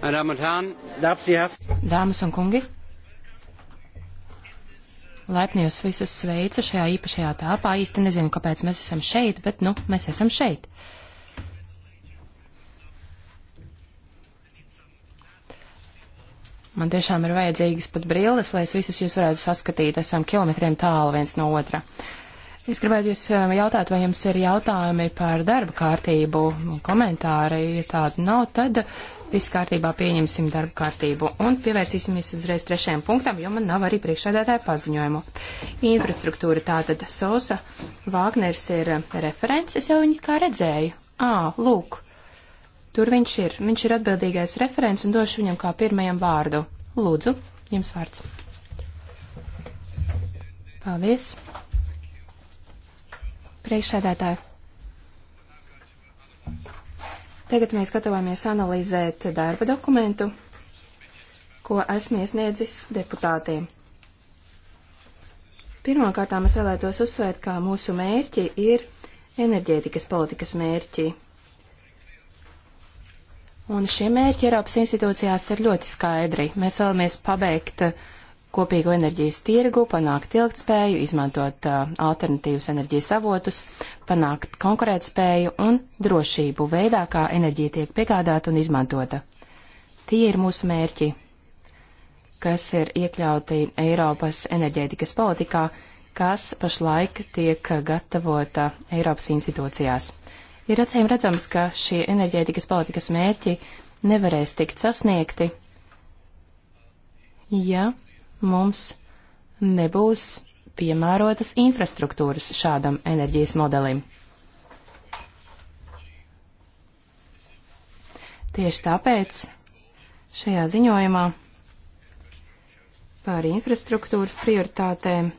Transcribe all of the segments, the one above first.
Dāmas un kungi, laipni jūs visus sveicu šajā īpašajā tāpā. Īsti nezinu, kāpēc mēs esam šeit, bet, nu, mēs esam šeit. Man tiešām ir vajadzīgas pat brilles, lai es visus jūs varētu saskatīt. Esam kilometriem tālu viens no otra. Uh, Es gribētu jūs um, jautāt, vai jums ir jautājumi par darba kārtību, komentāri, ja tāda nav, tad viss kārtībā pieņemsim darba kārtību un pievērsīsimies uzreiz trešajam punktam, jo man nav arī priekšsēdētāja paziņojumu. Infrastruktūra tātad Sosa, Vāgners ir um, referents, es jau viņu kā redzēju. Ā, lūk, tur viņš ir, viņš ir atbildīgais referents un došu viņam kā pirmajam vārdu. Lūdzu, jums vārds. Paldies priekšsēdētāji. Tagad mēs gatavojamies analizēt darba dokumentu, ko esmu iesniedzis deputātiem. Pirmkārt, es vēlētos uzsvērt, kā mūsu mērķi ir enerģētikas politikas mērķi. Un šie mērķi Eiropas institūcijās ir ļoti skaidri. Mēs vēlamies pabeigt uh, kopīgo enerģijas tirgu, panākt ilgtspēju, izmantot uh, alternatīvas enerģijas avotus, panākt konkurētspēju un drošību veidā, kā enerģija tiek piegādāta un izmantota. Tie ir mūsu mērķi, kas ir iekļauti Eiropas enerģētikas politikā, kas pašlaik tiek gatavota Eiropas institūcijās. Ir acīm redzams, ka šie enerģētikas politikas mērķi nevarēs tikt sasniegti, ja mums nebūs piemērotas infrastruktūras šādam enerģijas modelim. Tieši tāpēc šajā ziņojumā par infrastruktūras prioritātēm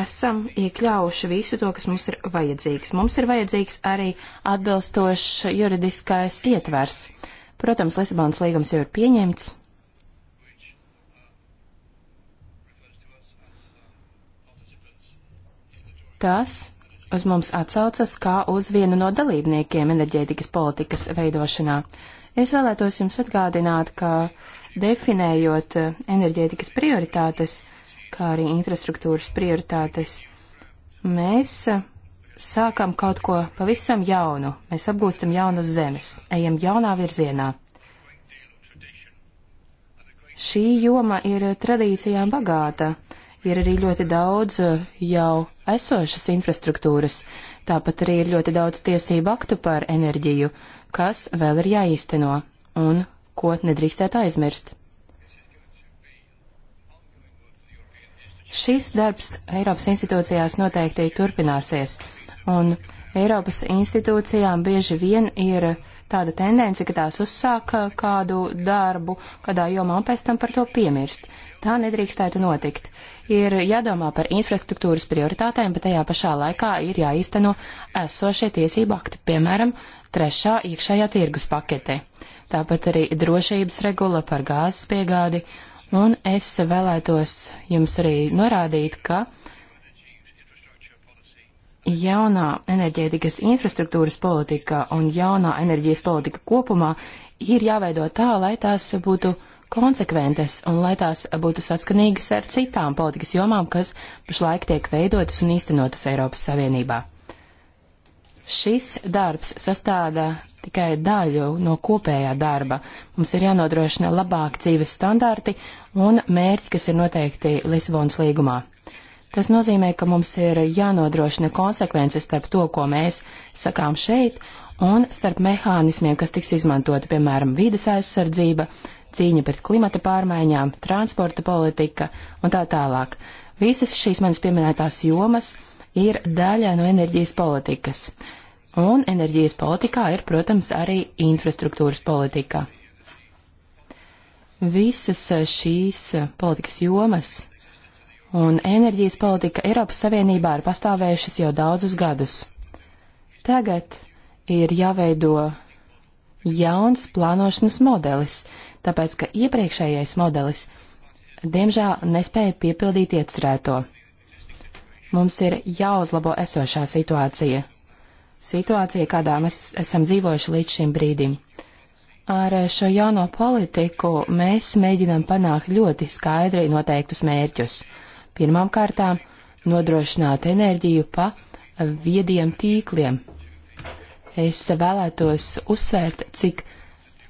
esam iekļāvuši visu to, kas mums ir vajadzīgs. Mums ir vajadzīgs arī atbilstošs juridiskais ietvers. Protams, Lisabonas līgums jau ir pieņemts. Tas uz mums atsaucas kā uz vienu no dalībniekiem enerģētikas politikas veidošanā. Es vēlētos jums atgādināt, ka definējot enerģētikas prioritātes, kā arī infrastruktūras prioritātes, mēs sākam kaut ko pavisam jaunu, mēs apgūstam jaunas zemes, ejam jaunā virzienā. Šī joma ir tradīcijām bagāta, ir arī ļoti daudz uh, jau esošas infrastruktūras, tāpat arī ir ļoti daudz tiesību aktu par enerģiju, kas vēl ir jāīsteno un ko nedrīkstētu aizmirst. Šis darbs Eiropas institūcijās noteikti turpināsies. Un Eiropas institūcijām bieži vien ir tāda tendence, ka tās uzsāk uh, kādu darbu, kādā jomā un pēc tam par to piemirst. Tā nedrīkstētu notikt. Ir jādomā par infrastruktūras prioritātēm, bet tajā pašā laikā ir jāīsteno esošie tiesību akti, piemēram, trešā iekšējā tirgus pakete. Tāpat arī drošības regula par gāzes piegādi, un es vēlētos jums arī norādīt, ka jaunā enerģētikas infrastruktūras politika un jaunā enerģijas politika kopumā ir jāveido tā, lai tās būtu konsekventas un lai tās būtu saskanīgas ar citām politikas jomām, kas pašlaik tiek veidotas un īstenotas Eiropas Savienībā. Šis darbs sastāda tikai daļu no kopējā darba. Mums ir jānodrošina labāk dzīves standarti un mērķi, kas ir noteikti Lisabonas līgumā. Tas nozīmē, ka mums ir jānodrošina konsekvences starp to, ko mēs sakām šeit, un starp mehānismiem, kas tiks izmantoti, piemēram, vides aizsardzība, cīņa pret klimata pārmaiņām, transporta politika un tā tālāk. Visas šīs manas pieminētās jomas ir daļa no enerģijas politikas. Un enerģijas politikā ir, protams, arī infrastruktūras politika. Visas šīs politikas jomas un enerģijas politika Eiropas Savienībā ir pastāvējušas jau daudzus gadus. Tagad ir jāveido jauns plānošanas modelis, tāpēc ka iepriekšējais modelis diemžēl nespēja piepildīt iecerēto. Mums ir jāuzlabo esošā situācija. Situācija, kādā mēs esam dzīvojuši līdz šim brīdim. Ar šo jauno politiku mēs mēģinām panākt ļoti skaidri noteiktus mērķus. Pirmām kārtām nodrošināt enerģiju pa viediem tīkliem. Es vēlētos uzsvērt, cik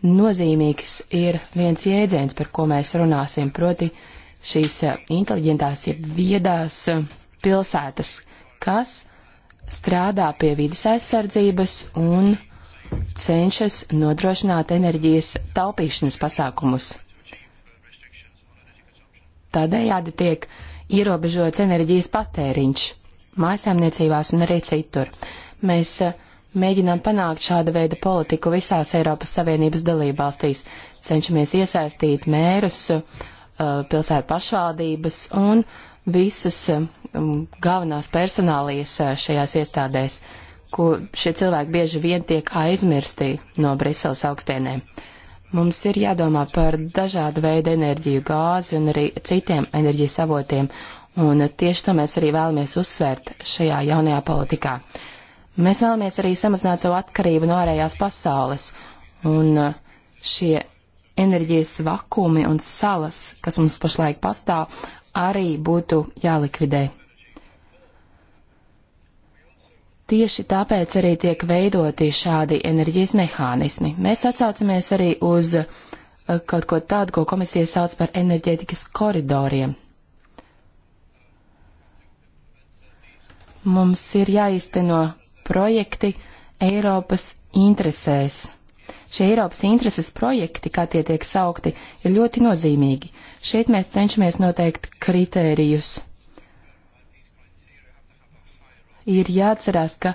nozīmīgs ir viens jēdziens, par ko mēs runāsim, proti šīs eh, inteliģentās, jeb viedās eh, pilsētas, kas strādā pie vidas aizsardzības un cenšas nodrošināt enerģijas taupīšanas pasākumus. Tādējādi tiek uh, ierobežots enerģijas patēriņš mājasēmniecībās un arī citur. Mēs eh, mēģinām panākt šāda veida politiku visās Eiropas Savienības dalībvalstīs. Cenšamies iesaistīt mērus, eh, pilsētu pašvaldības un visas eh, galvenās personālijas šajās iestādēs, ko šie cilvēki bieži vien tiek aizmirsti no Briseles augstienēm. Mums ir jādomā par dažādu veidu enerģiju, gāzi un arī citiem enerģijas avotiem, un tieši to mēs arī vēlamies uzsvērt šajā jaunajā politikā. Mēs vēlamies arī samazināt savu atkarību no ārējās pasaules, un šie enerģijas vakumi un salas, kas mums pašlaik pastāv, arī būtu jālikvidē. Tieši tāpēc arī tiek veidoti šādi enerģijas mehānismi. Mēs atsaucamies arī uz eh, kaut ko tādu, ko komisija sauc par enerģētikas koridoriem. Mums ir jāizteno projekti Eiropas interesēs. Šie Eiropas intereses projekti, kā tie tiek saukti, ir ļoti nozīmīgi. Šeit mēs cenšamies noteikt kritērijus ir jāatcerās, ka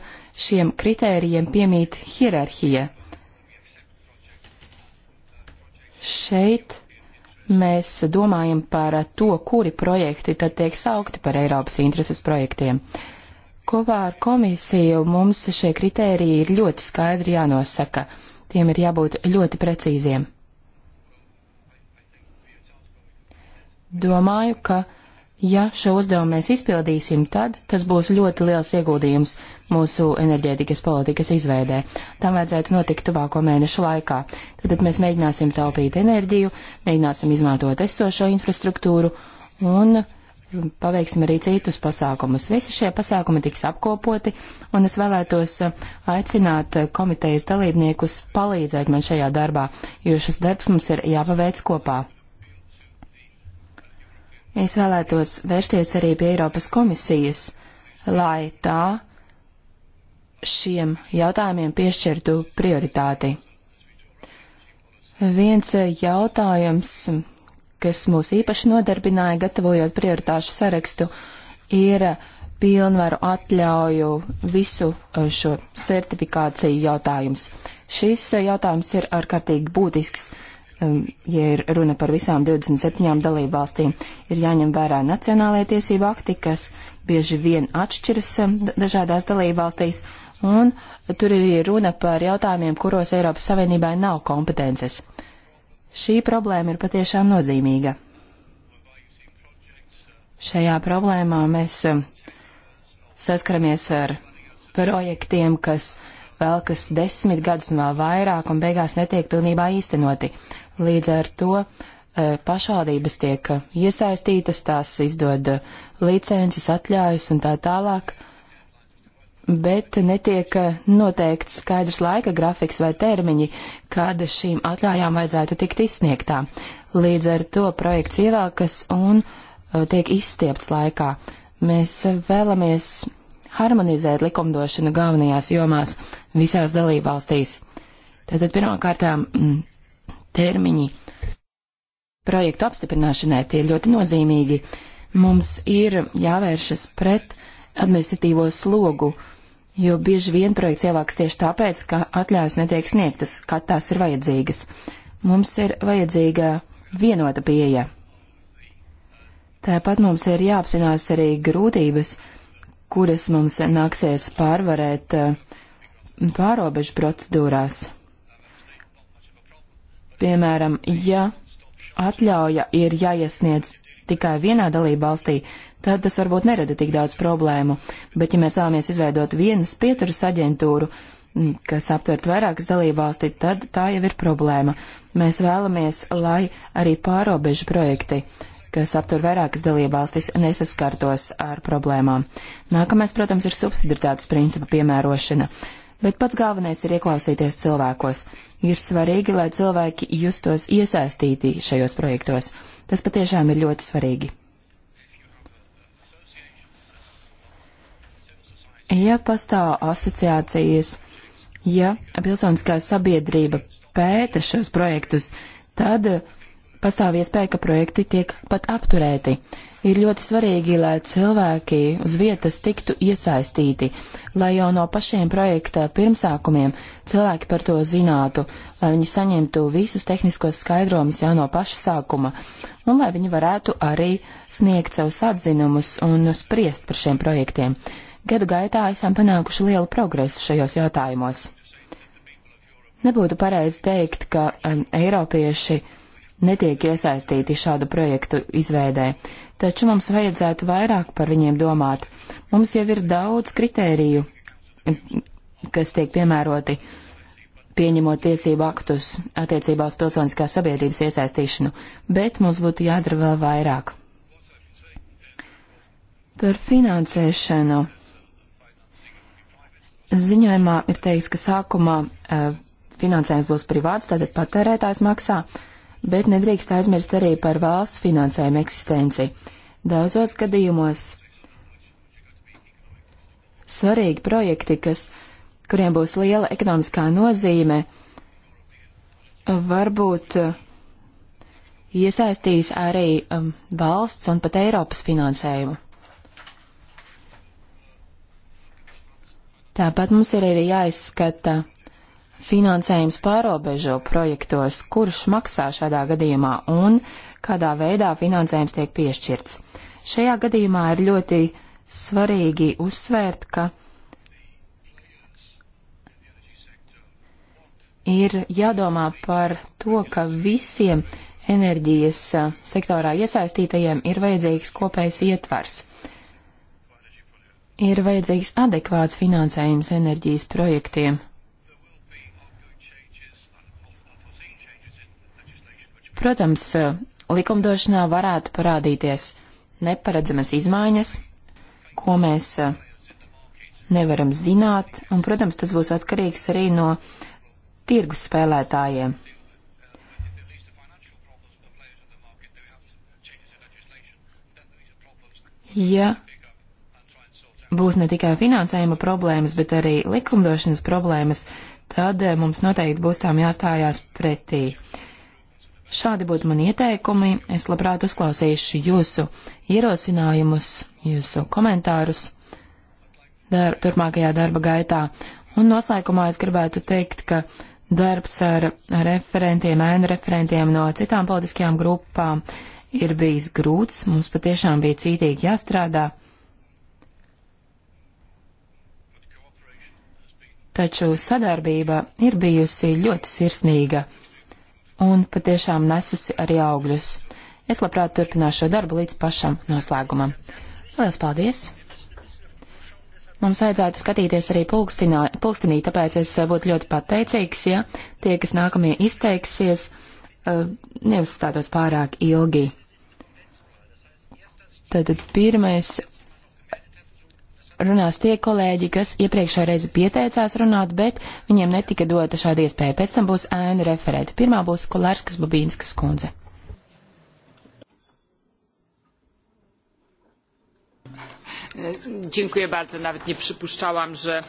šiem kritērijiem piemīt hierarhija. Šeit mēs domājam par to, kuri projekti tad tiek saukti par Eiropas intereses projektiem. Kopā ar komisiju mums šie kritēriji ir ļoti skaidri jānosaka. Tiem ir jābūt ļoti precīziem. Domāju, ka Ja šo uzdevumu mēs izpildīsim, tad tas būs ļoti liels ieguldījums mūsu enerģētikas politikas izveidē. Tam vajadzētu notikt tuvāko mēnešu laikā. Tad mēs mēģināsim taupīt enerģiju, mēģināsim izmantot esošo infrastruktūru un um, paveiksim arī citus pasākumus. Visi šie pasākumi tiks apkopoti, un es vēlētos uh, aicināt uh, komitejas dalībniekus palīdzēt man šajā darbā, jo šis darbs mums ir jāpaveic kopā. Es vēlētos vērsties arī pie Eiropas komisijas, lai tā šiem jautājumiem piešķirtu prioritāti. Viens jautājums, kas mūs īpaši nodarbināja, gatavojot prioritāšu sarakstu, ir pilnvaru atļauju visu uh, šo certifikāciju jautājums. Šis jautājums ir ārkārtīgi būtisks. Um, ja ir runa par visām 27 dalībvalstīm, ir jāņem vērā nacionālajie tiesību akti, kas bieži vien atšķiras um, dažādās dalībvalstīs, un tur ir runa par jautājumiem, kuros Eiropas Savienībai nav kompetences. Šī problēma ir patiešām nozīmīga. Šajā problēmā mēs um, saskaramies ar projektiem, kas velkas desmit gadus un vēl vairāk, un beigās netiek pilnībā īstenoti. Līdz ar to e, pašvaldības tiek e, iesaistītas, tās izdod e, licences, atļaujas un tā tālāk, bet netiek noteikts skaidrs laika grafiks vai termiņi, kad šīm atļaujām vajadzētu tikt izsniegtām. Līdz ar to projekts ievelkas un tiek izstiepts laikā. Mēs vēlamies harmonizēt likumdošanu galvenajās jomās visās dalībvalstīs. Tātad pirmkārtām mm, termiņi projektu apstiprināšanai tie ir ļoti nozīmīgi. Mums ir jāvēršas pret administratīvo slogu, jo bieži vien projekts ievāks tieši tāpēc, ka atļaujas netiek sniegtas, kā tās ir vajadzīgas. Mums ir vajadzīga vienota pieeja. Tāpat mums ir jāapzinās arī grūtības, kuras mums nāksies pārvarēt uh, pārobežu procedūrās. Piemēram, ja atļauja ir jāiesniedz tikai vienā dalībvalstī, tad tas varbūt nerada tik daudz problēmu, bet ja mēs vēlamies izveidot vienas pieturas aģentūru, mm, kas aptvert vairākas dalībvalstī, tad tā jau ir problēma. Mēs vēlamies, lai arī pārobežu projekti, kas aptver vairākas dalībvalstis, nesaskartos ar problēmām. Nākamais, protams, ir subsidiaritātes principa piemērošana bet pats galvenais ir ieklausīties cilvēkos. Ir svarīgi, lai cilvēki justos iesaistīti šajos projektos. Tas patiešām ir ļoti svarīgi. Ja pastāv asociācijas, ja pilsoniskā sabiedrība pēta šos projektus, tad pastāv iespēja, ka projekti tiek pat apturēti. Ir ļoti svarīgi, lai cilvēki uz vietas tiktu iesaistīti, lai jau no pašiem projekta pirmsākumiem cilvēki par to zinātu, lai viņi saņemtu visus tehniskos skaidrojumus jau no paša sākuma, un lai viņi varētu arī sniegt savus atzinumus un spriest par šiem projektiem. Gadu gaitā esam panākuši lielu progresu šajos jautājumos. Nebūtu pareizi teikt, ka um, Eiropieši netiek iesaistīti šādu projektu izveidē taču mums vajadzētu vairāk par viņiem domāt. Mums jau ir daudz kritēriju, kas tiek piemēroti pieņemot tiesību aktus attiecībā uz pilsoniskās sabiedrības iesaistīšanu, bet mums būtu jādara vēl vairāk. Par finansēšanu. Ziņojumā ir teiks, ka sākumā uh, finansējums būs privāts, tātad patērētājs maksā, uh, bet nedrīkst aizmirst arī par valsts finansējumu eksistenci. Daudzos gadījumos svarīgi projekti, kas, kuriem būs liela ekonomiskā nozīme, varbūt uh, iesaistīs arī um, valsts un pat Eiropas finansējumu. Tāpat mums ir arī jāizskata finansējums pārobežu projektos, kurš maksā šādā gadījumā un kādā veidā finansējums tiek piešķirts. Šajā gadījumā ir ļoti svarīgi uzsvērt, ka ir jādomā par to, ka visiem enerģijas sektorā iesaistītajiem ir vajadzīgs kopējs ietvars. Ir vajadzīgs adekvāts finansējums enerģijas projektiem. Protams, likumdošanā varētu parādīties neparedzamas izmaiņas, ko mēs eh, nevaram zināt, un, protams, tas būs atkarīgs arī no tirgus spēlētājiem. Ja būs ne tikai finansējuma problēmas, bet arī likumdošanas problēmas, tad eh, mums noteikti būs tām jāstājās pretī. Uh, Šādi būtu mani ieteikumi. Es labprāt uzklausīšu jūsu ierosinājumus, jūsu komentārus dar turpmākajā darba gaitā. Un noslēgumā es gribētu teikt, ka darbs ar referentiem, ēnu referentiem no citām politiskajām grupām ir bijis grūts. Mums patiešām bija cītīgi jāstrādā. Taču sadarbība ir bijusi ļoti sirsnīga un patiešām nesusi arī augļus. Es labprāt turpināšu šo darbu līdz pašam noslēgumam. Lielas paldies! Mums vajadzētu skatīties arī pulkstinī, tāpēc es būtu ļoti pateicīgs, ja tie, kas nākamie izteiksies, eh, neuzstātos pārāk ilgi. Tad pirmais runās tie kolēģi, kas iepriekšējā reize pieteicās runāt, bet viņiem netika dota šāda iespēja. Pēc tam būs ēnu referēta. Pirmā būs Kolārskas Babīnskas kundze. Dziękuję bardzo, nawet nie przypuszczałam, że.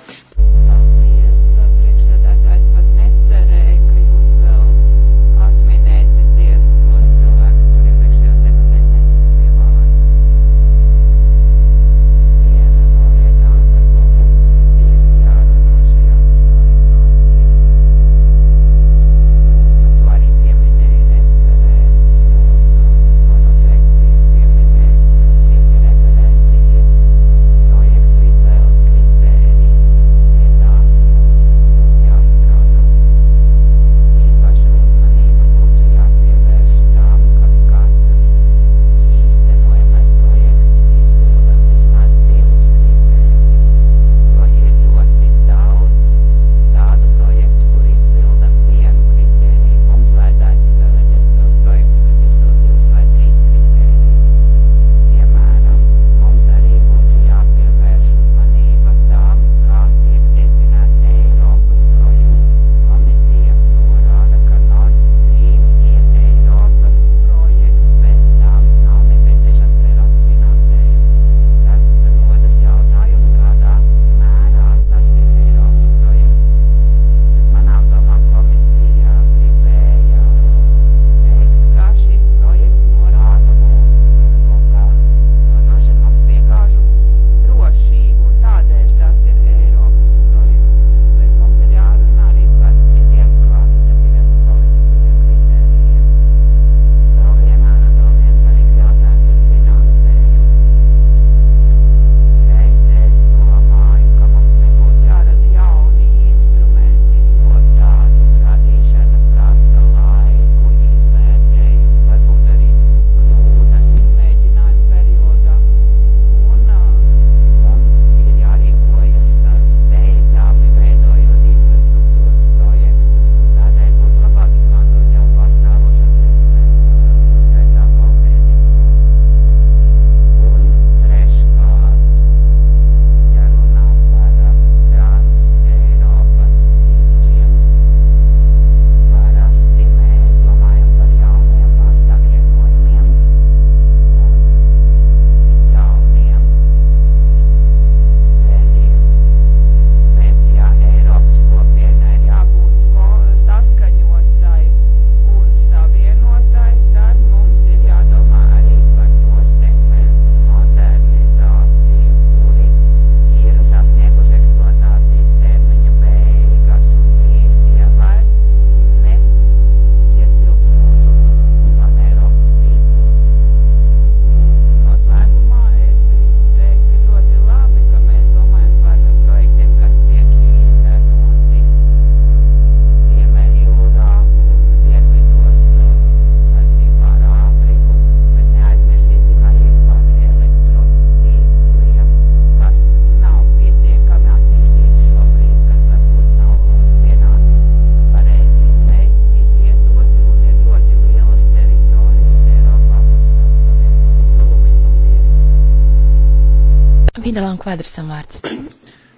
Kvadrasam vārds.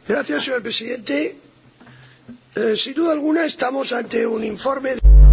Gracias, señor presidente. Eh, sin duda alguna estamos ante un informe. De...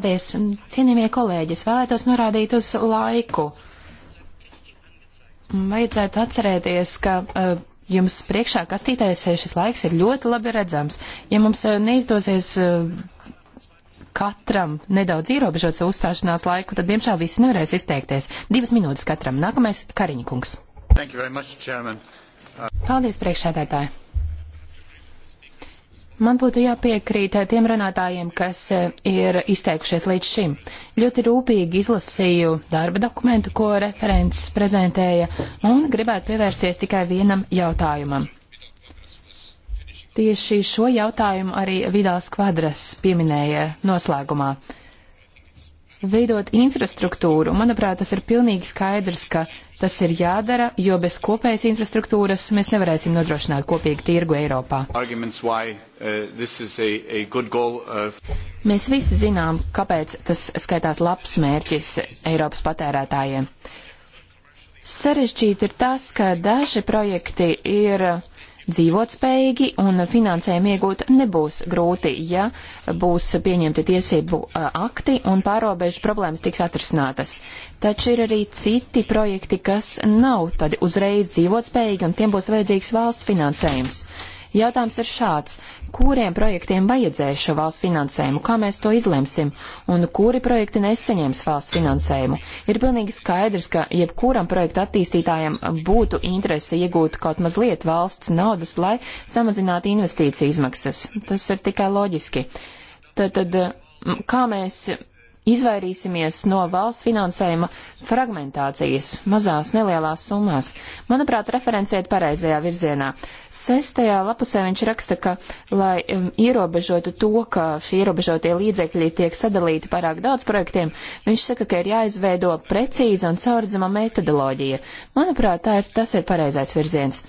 Paldies, cienījamie kolēģi, es vēlētos norādīt uz laiku. Vajadzētu atcerēties, ka uh, jums priekšā kastītēs eh, šis laiks ir ļoti labi redzams. Ja mums uh, neizdosies uh, katram nedaudz ierobežot savu uzstāšanās laiku, tad, diemžēl, visi nevarēs izteikties. Divas minūtes katram. Nākamais Kariņkungs. Much, Paldies, priekšsēdētāji. Man būtu jāpiekrīt tiem runātājiem, kas eh, ir izteikušies līdz šim. Ļoti rūpīgi izlasīju darba dokumentu, ko referents prezentēja, un gribētu pievērsties tikai vienam jautājumam. Tieši šo jautājumu arī Vidāls Kvadras pieminēja noslēgumā. Veidot infrastruktūru, manuprāt, tas ir pilnīgi skaidrs, ka Tas ir jādara, jo bez kopējas infrastruktūras mēs nevarēsim nodrošināt kopīgu tirgu Eiropā. Why, uh, a, a goal, uh... Mēs visi zinām, kāpēc tas skaitās labs mērķis Eiropas patērētājiem. Sarežģīti ir tas, ka daži projekti ir dzīvotspējīgi un finansējumu iegūt nebūs grūti, ja būs pieņemti tiesību akti un pārobežu problēmas tiks atrisinātas. Taču ir arī citi projekti, kas nav tādi uzreiz dzīvotspējīgi un tiem būs vajadzīgs valsts finansējums. Jautājums ir šāds. Kuriem projektiem vajadzēs šo valsts finansējumu? Kā mēs to izlemsim? Un kuri projekti nesaņems valsts finansējumu? Ir pilnīgi skaidrs, ka jebkuram projektu attīstītājam būtu interese iegūt kaut mazliet valsts naudas, lai samazinātu investīciju izmaksas. Tas ir tikai loģiski. Tad, tad kā mēs izvairīsimies no valsts finansējuma fragmentācijas mazās nelielās summās. Manuprāt, referenciet pareizajā virzienā. Sestajā lapusē viņš raksta, ka, lai um, ierobežotu to, ka šie ierobežotie līdzekļi tiek sadalīti pārāk daudz projektiem, viņš saka, ka ir jāizveido precīza un caurdzama metodoloģija. Manuprāt, ir, tas ir pareizais virziens.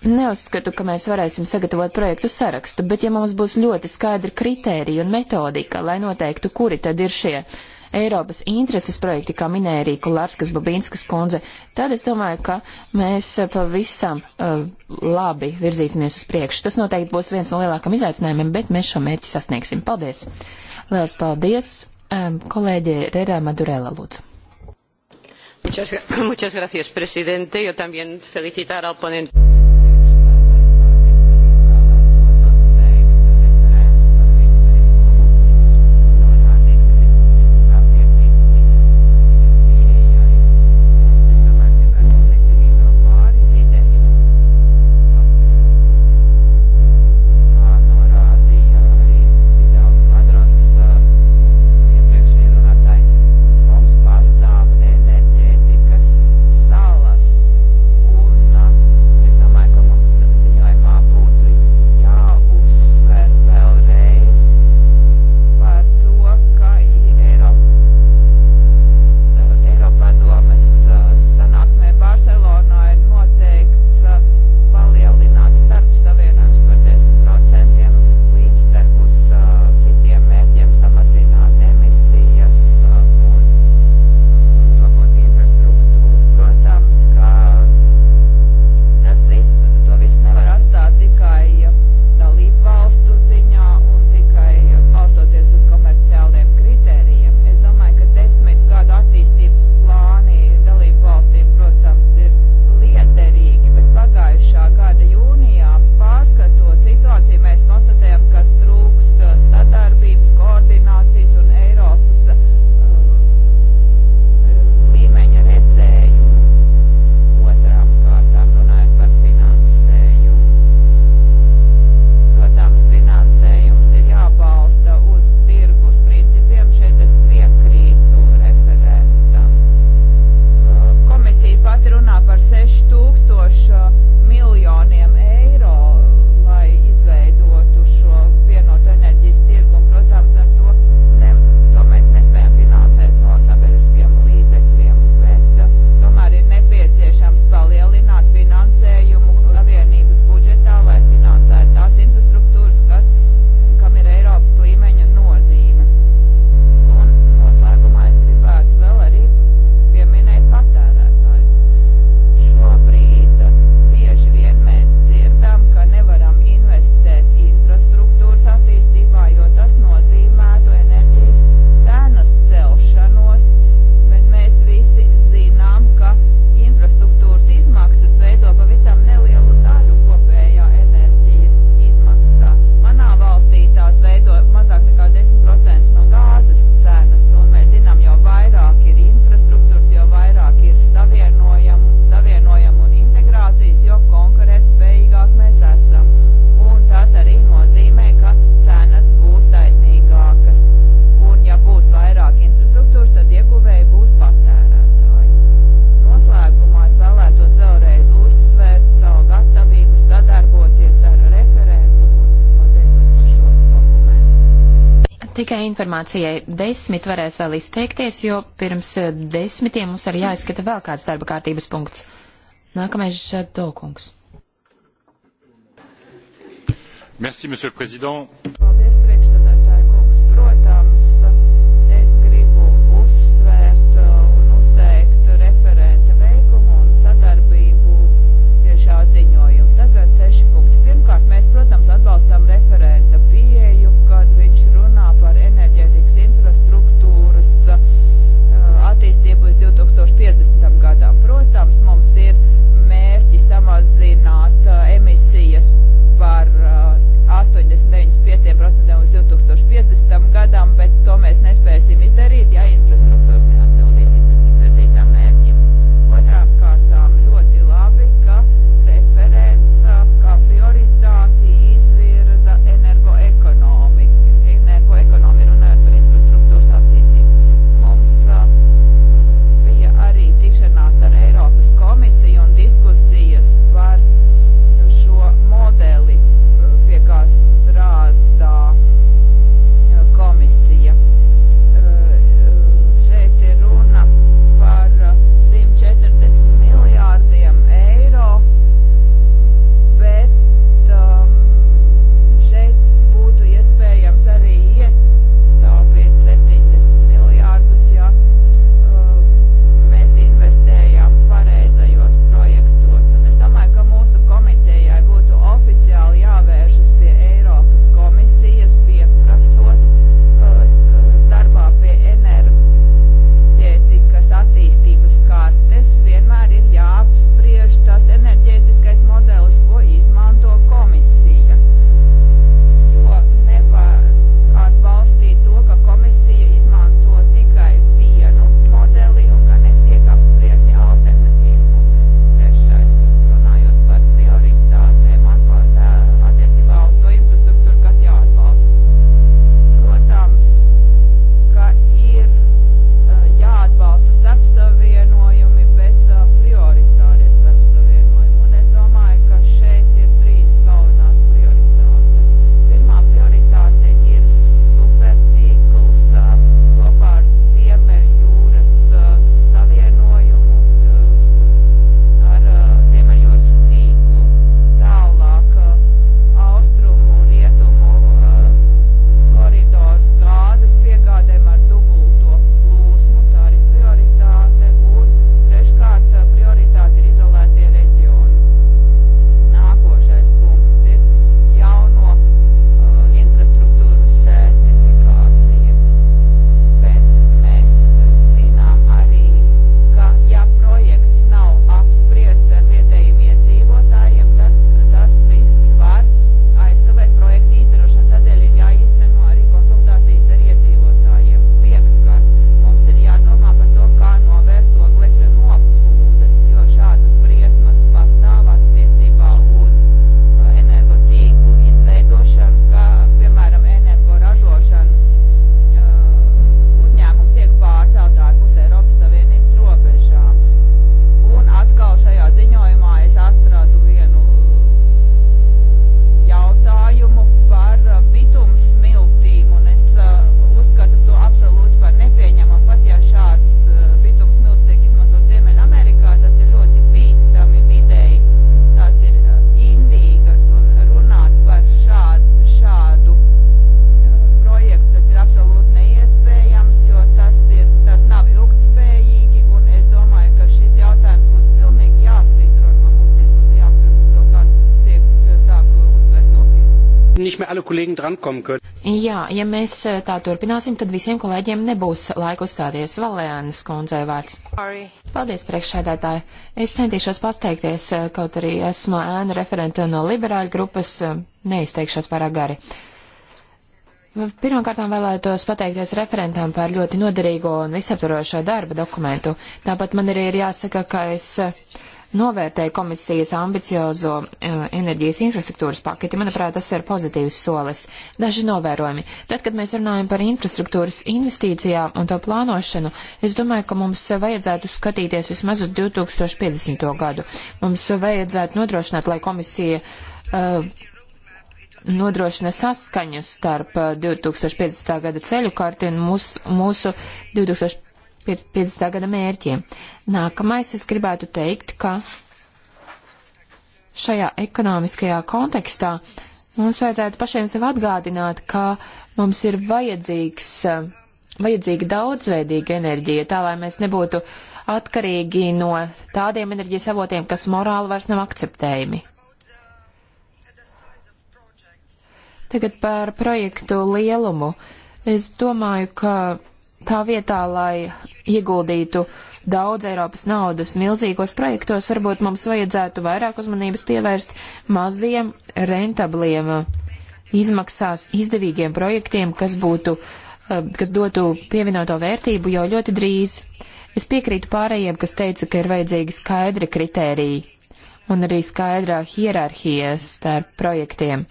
Neuzskatu, ka mēs varēsim sagatavot projektu sarakstu, bet ja mums būs ļoti skaidri kriteriji un metodika, lai noteiktu, kuri tad ir šie Eiropas intereses projekti, kā minēja arī Kulārskas Babīnskas kundze, tad es domāju, ka mēs pavisam uh, labi virzīsimies uz priekšu. Tas noteikti būs viens no lielākam izaicinājumiem, bet mēs šo mērķi sasniegsim. Paldies! Lielas paldies! Um, eh, kolēģi Rerā Madurela, lūdzu. Muchas, muchas gracias, presidente. Yo también felicitar al ponente. informācijai. Desmit varēs vēl izteikties, jo pirms eh, desmitiem mums arī jāizskata vēl kāds darba kārtības punkts. Nākamais Žadokungs. Merci, monsieur le président. alle Kollegen drankommen können. Jā, ja mēs eh, tā turpināsim, tad visiem kolēģiem nebūs laika uzstāties. Valēnas kundzei vārds. Sorry. Paldies, priekšsēdētāji. Es centīšos pasteikties, eh, kaut arī esmu ēna referenta no liberāļu grupas, eh, neizteikšos pārāk gari. Pirmkārt, vēlētos pateikties referentam par ļoti noderīgo un visaptvarošo darba dokumentu. Tāpat man arī ir jāsaka, ka es. Uh, novērtēja komisijas ambiciozo uh, enerģijas infrastruktūras paketi. Manuprāt, tas ir pozitīvs solis. Daži novērojumi. Tad, kad mēs runājam par infrastruktūras investīcijām un to plānošanu, es domāju, ka mums vajadzētu skatīties vismaz uz 2050. gadu. Mums vajadzētu nodrošināt, lai komisija. Uh, nodrošina saskaņu starp 2050. Eh, gada ceļu karti un mūsu, mūsu 2050 50. gada mērķiem. Nākamais es gribētu teikt, ka šajā ekonomiskajā kontekstā mums vajadzētu pašiem sev atgādināt, ka mums ir vajadzīgs, eh, vajadzīga daudzveidīga enerģija, tā lai mēs nebūtu atkarīgi no tādiem enerģijas avotiem, kas morāli vairs nav akceptējami. Tagad par projektu lielumu. Es domāju, ka tā vietā, lai ieguldītu daudz Eiropas naudas milzīgos projektos, varbūt mums vajadzētu vairāk uzmanības pievērst maziem, rentabliem, uh, izmaksās izdevīgiem projektiem, kas būtu, uh, kas dotu pievienoto vērtību jau ļoti drīz. Es piekrītu pārējiem, kas teica, ka ir vajadzīgi skaidri kritēriji un arī skaidrā hierarhija starp projektiem.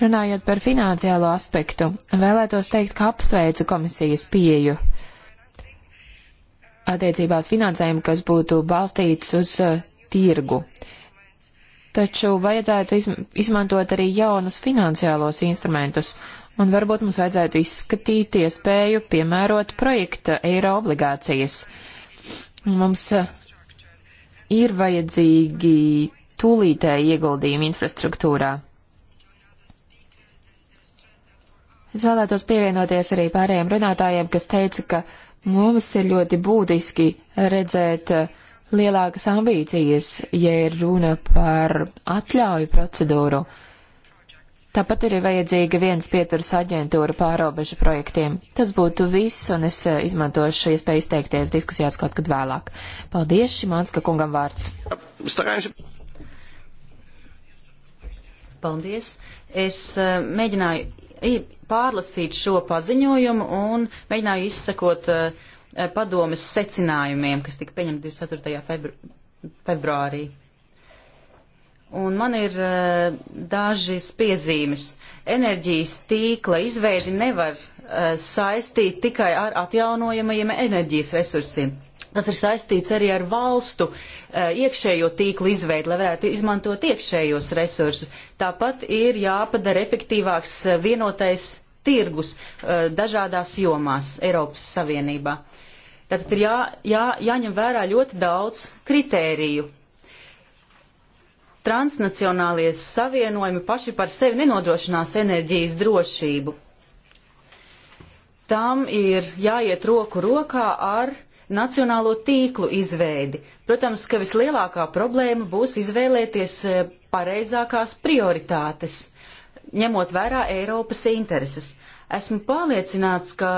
Runājot par finansiālo aspektu, vēlētos teikt, ka apsveicu komisijas pieju attiecībā uz finansējumu, kas būtu balstīts uz uh, tirgu. Taču vajadzētu izm izmantot arī jaunus finansiālos instrumentus, un varbūt mums vajadzētu izskatīt iespēju piemērot projekta eiro obligācijas. Mums uh, ir vajadzīgi tūlītēji ieguldījumi infrastruktūrā. Es vēlētos pievienoties arī pārējiem runātājiem, kas teica, ka mums ir ļoti būtiski redzēt eh, lielākas ambīcijas, ja ir runa par atļauju procedūru. Tāpat ir vajadzīga viens pieturas aģentūra pārobežu projektiem. Tas būtu viss, un es eh, izmantošu iespēju izteikties diskusijās kaut kad vēlāk. Paldies, Šimanska kungam vārds. Paldies. Es eh, mēģināju pārlasīt šo paziņojumu un mēģināju izsekot eh, padomes secinājumiem, kas tika pieņemti 24. Febru februārī. Un man ir uh, dažas piezīmes. Enerģijas tīkla izveidi nevar uh, saistīt tikai ar atjaunojamajiem enerģijas resursiem. Uh, Tas ir saistīts arī ar valstu eh, iekšējo tīklu izveidu, lai varētu izmantot iekšējos resursus. Tāpat ir jāpadara efektīvāks eh, vienotais tirgus eh, dažādās jomās Eiropas Savienībā. Tātad ir jā, jā, jāņem vērā ļoti daudz kritēriju. Transnacionālie savienojumi paši par sevi nenodrošinās enerģijas drošību. Tam ir jāiet roku rokā ar uh, nacionālo tīklu izveidi. Protams, ka vislielākā problēma būs izvēlēties eh, pareizākās prioritātes, ņemot vērā Eiropas intereses. Esmu pārliecināts, ka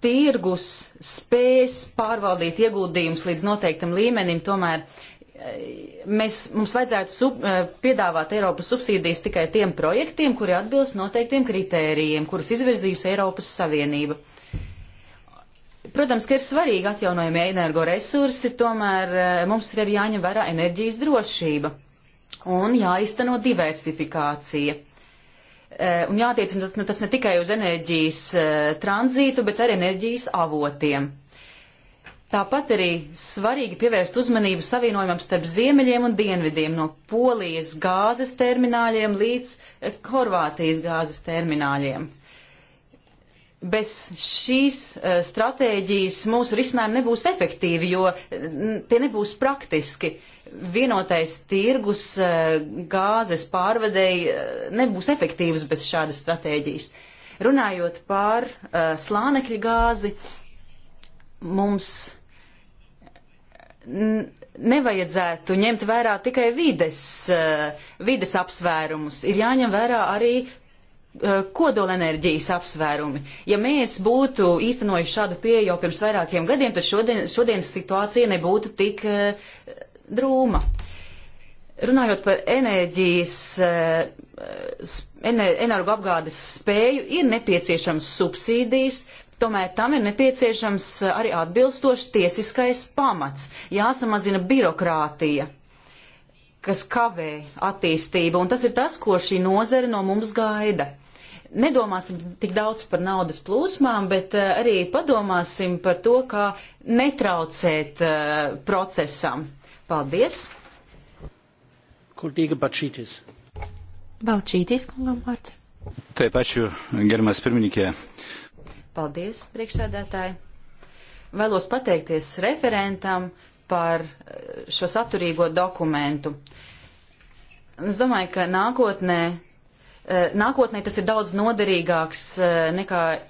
tirgus spēs pārvaldīt ieguldījumus līdz noteiktam līmenim, tomēr eh, mēs, mums vajadzētu sub, eh, piedāvāt Eiropas subsīdijas tikai tiem projektiem, kuri atbilst noteiktiem kritērijiem, kurus izvirzījusi Eiropas Savienība. Uh, Protams, ka ir svarīgi atjaunojami energoresursi, tomēr eh, mums ir arī jāņem vērā enerģijas drošība un jāizteno diversifikācija. Eh, un jātiecina nu, tas ne tikai uz enerģijas eh, tranzītu, bet arī enerģijas avotiem. Tāpat arī svarīgi pievērst uzmanību savienojumam starp ziemeļiem un dienvidiem, no Polijas gāzes termināļiem līdz Horvātijas gāzes termināļiem bez šīs eh, stratēģijas mūsu risinājumi nebūs efektīvi, jo tie nebūs praktiski. Vienotais tirgus eh, gāzes pārvedēji eh, nebūs efektīvs bez šādas stratēģijas. Runājot par slānekļa gāzi, mums nevajadzētu ņemt vērā tikai vides, vides apsvērumus. Ir jāņem vērā arī Eh, kodolenerģijas apsvērumi. Ja mēs būtu īstenojuši šādu pieeju jau pirms vairākiem gadiem, tad šodien, šodienas situācija nebūtu tik uh, drūma. Runājot par enerģijas, uh, ener, energoapgādes spēju, ir nepieciešams subsīdijas, tomēr tam ir nepieciešams arī atbilstošs tiesiskais pamats, jāsamazina birokrātija kas kavē attīstību, un tas ir tas, ko šī nozare no mums gaida nedomāsim tik daudz par naudas plūsmām, bet eh, arī padomāsim par to, kā netraucēt uh, procesam. Paldies! Kultīga Bačītis. Balčītis, kungam vārds. Taip, ačiū, gerbiamas pirmininkė. Paldies, priekšsēdētāji. Vēlos pateikties referentam par eh, šo saturīgo dokumentu. Es domāju, ka nākotnē Eh, nākotnē tas ir daudz noderīgāks eh, nekā eh,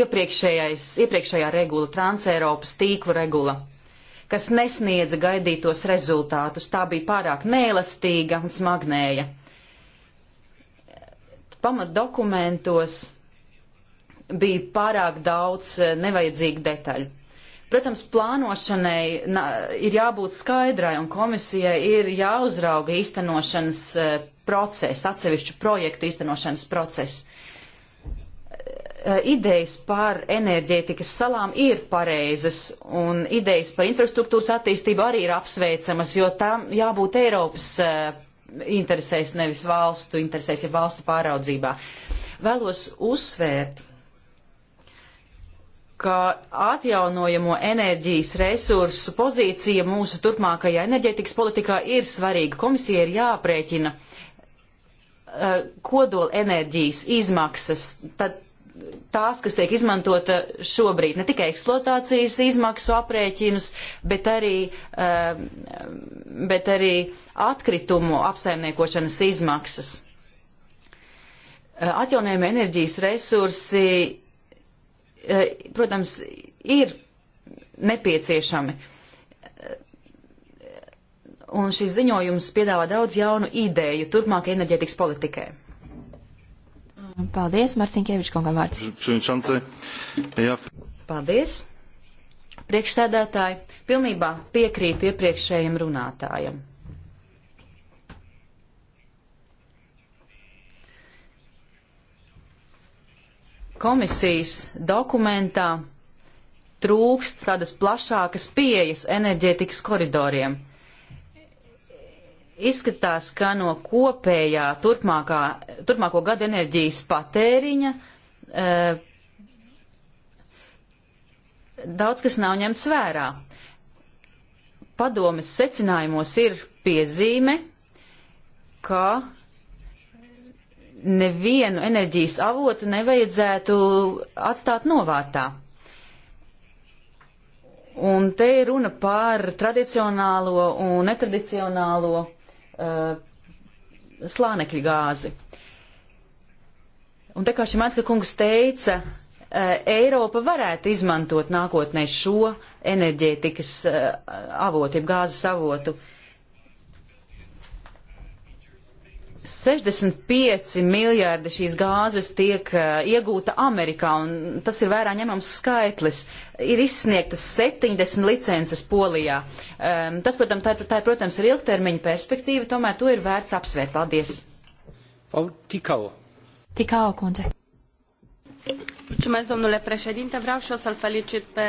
iepriekšējā regula, Transeiropas tīkla regula, kas nesniedza gaidītos rezultātus. Tā bija pārāk neelastīga un smagnēja. Pamatdokumentos bija pārāk daudz nevajadzīgu detaļu. Protams, plānošanai ir jābūt skaidrai un komisijai ir jāuzrauga īstenošanas process, atsevišķu projektu īstenošanas process. Eh, idejas par enerģētikas salām ir pareizas, un idejas par infrastruktūras attīstību arī ir apsveicamas, jo tam jābūt Eiropas eh, interesēs, nevis valstu interesēs, ja valstu pāraudzībā. Vēlos uzsvērt, ka atjaunojamo enerģijas resursu pozīcija mūsu turpmākajā enerģētikas politikā ir svarīga. Komisija ir jāprēķina uh, kodola enerģijas izmaksas, tad tās, kas tiek izmantota šobrīd, ne tikai eksploatācijas izmaksu aprēķinus, bet arī, um, bet arī atkritumu apsaimniekošanas izmaksas. Atjaunējuma enerģijas resursi, eh, protams, ir nepieciešami un šis ziņojums piedāvā daudz jaunu ideju turpmākai enerģētikas politikai. Paldies, Marcinkievičs kungam vārds. Paldies. Priekšsēdētāji, pilnībā piekrītu iepriekšējiem runātājiem. Komisijas dokumentā trūkst tādas plašākas pieejas enerģētikas koridoriem izskatās, ka no kopējā turpmākā, turpmāko gadu enerģijas patēriņa e, daudz kas nav ņemts vērā. Padomes secinājumos ir piezīme, ka nevienu enerģijas avotu nevajadzētu atstāt novārtā. Un te ir runa par tradicionālo un netradicionālo Uh, slānekļa gāzi. Un tā kā Šimanska kungs teica, uh, Eiropa varētu izmantot nākotnē šo enerģētikas uh, avotu, jeb gāzes avotu 65 miljārdi šīs gāzes tiek uh, iegūta Amerikā, un tas ir vērā ņemams skaitlis. Ir izsniegtas 70 licences Polijā. Um, tas, protams, tā, ir, tā ir, protams, ir ilgtermiņa perspektīva, tomēr to ir vērts apsvērt. Paldies! Tikau. Tikau, kundze. Mulțumesc, domnule președinte. Vreau și eu să-l felicit pe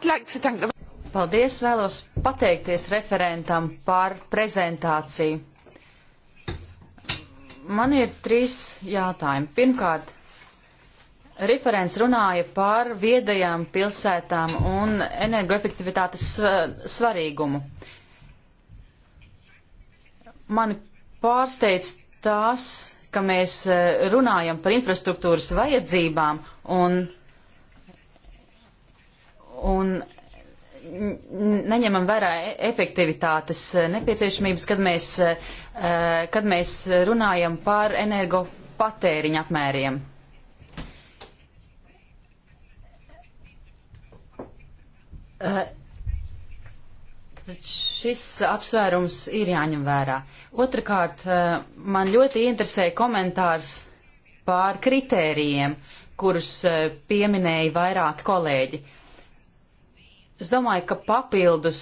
like Paldies, vēlos pateikties referentam par prezentāciju. Man ir trīs jautājumi. Pirmkārt, referents runāja par viedajām pilsētām un energoefektivitātes svarīgumu. Mani pārsteidz tas, ka mēs eh, runājam par infrastruktūras vajadzībām un un neņemam vērā e, efektivitātes e, nepieciešamības, kad mēs, e, kad mēs runājam par energo patēriņa apmēriem. Tad šis apsvērums ir jāņem vērā. Otrakārt, man ļoti interesē komentārs par kritērijiem, kurus pieminēja vairāki kolēģi. Es domāju, ka papildus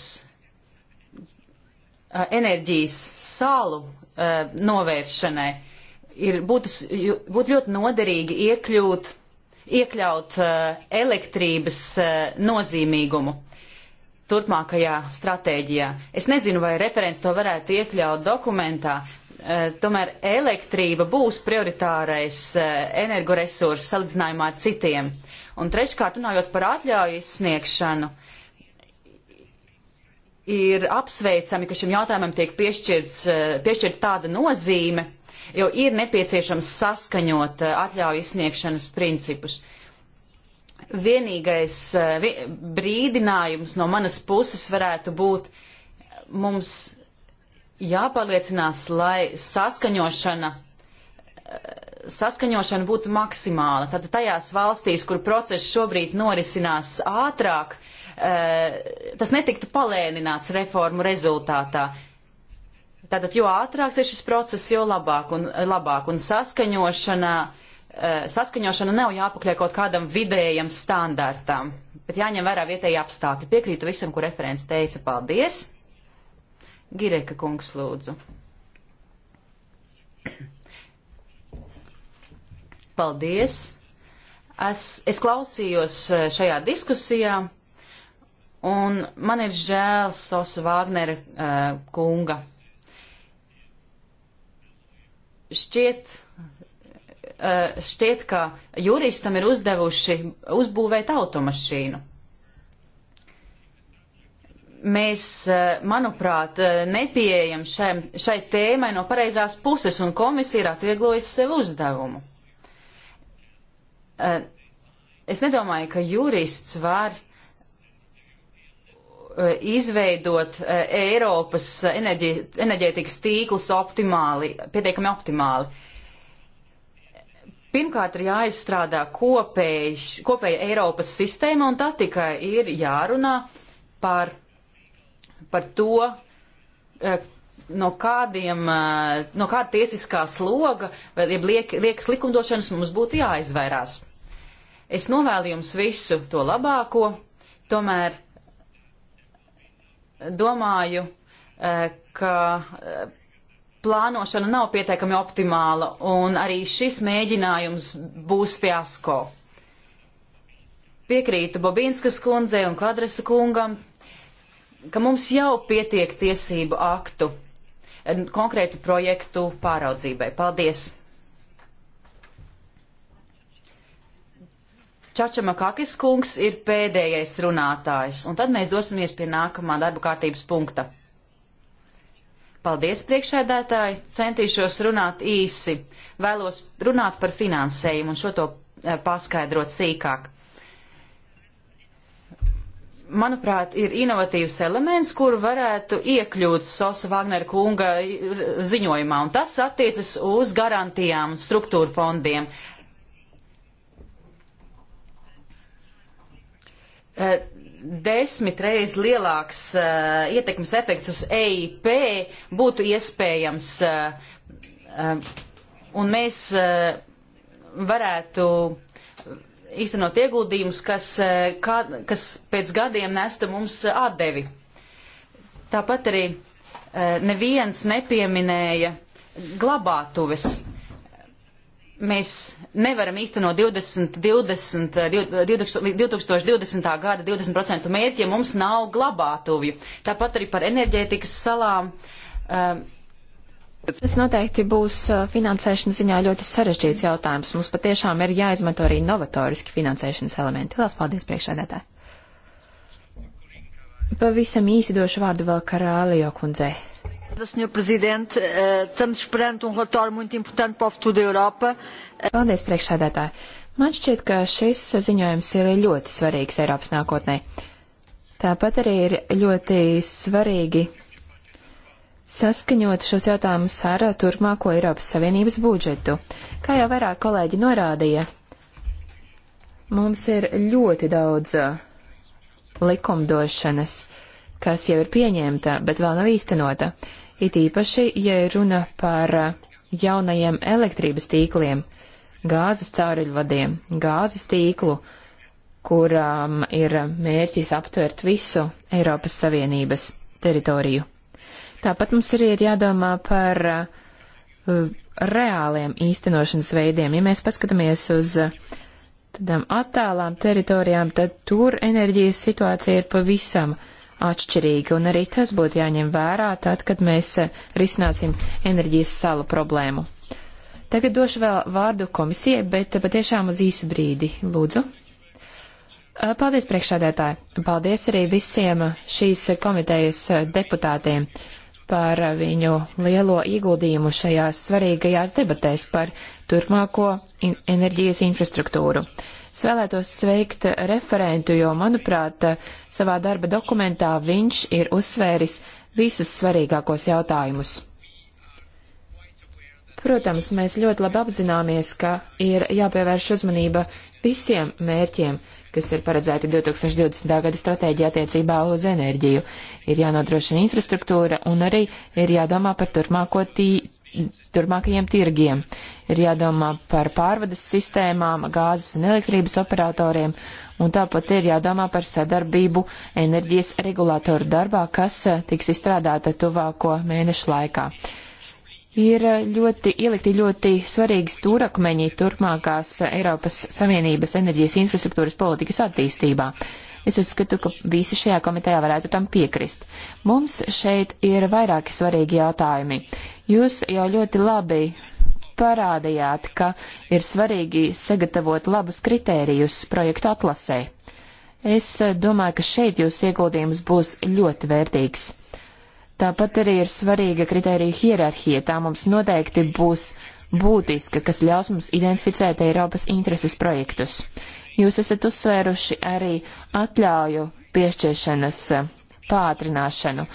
eh, enerģijas salu eh, novēršanai ir būtu, būtu ļoti noderīgi iekļūt, iekļaut eh, elektrības nozīmīgumu turpmākajā stratēģijā. Es nezinu, vai referents to varētu iekļaut dokumentā. Tomēr elektrība būs prioritārais energoresurss salīdzinājumā ar citiem. Un treškārt, runājot par atļauju izsniegšanu, uh, ir apsveicami, ka šim jautājumam tiek piešķirts, eh, piešķirta tāda nozīme, jo ir nepieciešams saskaņot eh, atļauju izsniegšanas principus. Vienīgais eh, brīdinājums no manas puses varētu būt mums jāpaliecinās, lai saskaņošana, saskaņošana būtu maksimāla. Tātad tajās valstīs, kur process šobrīd norisinās ātrāk, uh, Eh, tas netiktu palēnināts reformu rezultātā. Tātad, jo ātrāks ir šis process, jo labāk un, labāk un saskaņošanā eh, saskaņošana nav jāpakļauj kaut kādam vidējam standartam, bet jāņem vērā vietēji apstākļi. Piekrītu visam, ko referents teica. Paldies! Gireka kungs lūdzu. Paldies! Es, es klausījos eh, šajā diskusijā. Un man ir žēl Sosa Vāgnera uh, kunga. Šķiet, uh, šķiet, ka juristam ir uzdevuši uzbūvēt automašīnu. Mēs, uh, manuprāt, nepieejam šai, šai tēmai no pareizās puses, un komisija ir atvieglojusi sev uzdevumu. Uh, es nedomāju, ka jurists var E, izveidot e, Eiropas enerģi, enerģētikas tīklus optimāli, pietiekami optimāli. Pirmkārt ir jāizstrādā kopēj, kopēja Eiropas sistēma, un tā tikai ir jārunā par, par to, e, no, kādiem, no kāda tiesiskā sloga vai liek, liekas likumdošanas mums būtu jāizvairās. Es novēlu jums visu to labāko, tomēr domāju, eh, ka eh, plānošana nav pietiekami optimāla, un arī šis mēģinājums būs fiasko. Piekrītu Bobīnskas kundzei un Kadresa kungam, ka mums jau pietiek tiesību aktu eh, konkrētu projektu pāraudzībai. Paldies! Čačamakakis kungs ir pēdējais runātājs, un tad mēs dosimies pie nākamā darba kārtības punkta. Paldies, priekšēdētāji, centīšos runāt īsi. Vēlos runāt par finansējumu un šo to eh, paskaidrot sīkāk. Manuprāt, ir inovatīvs elements, kuru varētu iekļūt Sosa Vagner kunga ziņojumā, un tas attiecas uz garantijām un struktūra fondiem. Eh, desmit reizes lielāks uh, ietekmes efekts uz EIP būtu iespējams, uh, uh, un mēs uh, varētu īstenot ieguldījumus, kas, uh, kā, kas pēc gadiem nestu mums atdevi. Tāpat arī uh, neviens nepieminēja glabātuves mēs nevaram īstenot 20, 20, 20, 2020. gada 20% mērķi, ja mums nav glabātuvju. Tāpat arī par enerģētikas salām. Um, Tas noteikti būs uh, finansēšanas ziņā ļoti sarežģīts jautājums. Mums patiešām ir jāizmanto arī novatoriski finansēšanas elementi. Lielas paldies priekšsēdētāji. Pavisam īsi došu vārdu vēl Karālijo kundzei. Sr. Presidente, eh, estamos perante um relatório muito importante para o futuro da Eiropa. Eh, Paldies, priekšsēdētāji. Man šķiet, ka šis ziņojums ir ļoti svarīgs Eiropas nākotnē. Tāpat arī ir ļoti svarīgi saskaņot šos jautājumus ar turpmāko Eiropas Savienības budžetu. Kā jau vairāk kolēģi norādīja, mums ir ļoti daudz uh, likumdošanas, kas jau ir pieņemta, bet vēl nav īstenota it īpaši, ja runa par uh, jaunajiem elektrības tīkliem, gāzes cauruļvadiem, gāzes tīklu, kurām ir mērķis aptvert visu Eiropas Savienības teritoriju. Tāpat mums arī ir jādomā par uh, reāliem īstenošanas veidiem. Ja mēs paskatāmies uz uh, tādām attālām teritorijām, tad tur enerģijas situācija ir pavisam uh, atšķirīgi, un arī tas būtu jāņem vērā tad, kad mēs eh, risināsim enerģijas salu problēmu. Tagad došu vēl vārdu komisijai, bet patiešām uz īsu brīdi, lūdzu. Eh, paldies priekšādētāji. Paldies arī visiem šīs komitejas eh, deputātiem par viņu lielo ieguldījumu šajās svarīgajās debatēs par turpmāko enerģijas infrastruktūru. Uh, Es vēlētos sveikt referentu, jo, manuprāt, savā darba dokumentā viņš ir uzsvēris visus svarīgākos jautājumus. Protams, mēs ļoti labi apzināmies, ka ir jāpievērš uzmanība visiem mērķiem, kas ir paredzēti 2020. gada stratēģija attiecībā uz enerģiju. Ir jānodrošina infrastruktūra un arī ir jādomā par turpmāko tī turmākajiem tirgiem. Ir jādomā par pārvades sistēmām, gāzes un elektrības operatoriem, un tāpat ir jādomā par sadarbību enerģijas regulātoru darbā, kas eh, tiks izstrādāta tuvāko mēnešu laikā. Ir eh, ļoti ielikti ļoti svarīgi stūrakmeņi turpmākās Eiropas Savienības enerģijas infrastruktūras politikas attīstībā. Es uzskatu, ka visi šajā komitejā varētu tam piekrist. Mums šeit ir vairāki svarīgi jautājumi. Jūs jau ļoti labi parādījāt, ka ir svarīgi sagatavot labus kritērijus projektu atlasē. Es eh, domāju, ka šeit jūsu ieguldījums būs ļoti vērtīgs. Tāpat arī ir svarīga kritērija hierarhija. Tā mums noteikti būs būtiska, kas ļaus mums identificēt Eiropas intereses projektus. Jūs esat uzsvēruši arī atļauju piešķiršanas eh, pātrināšanu.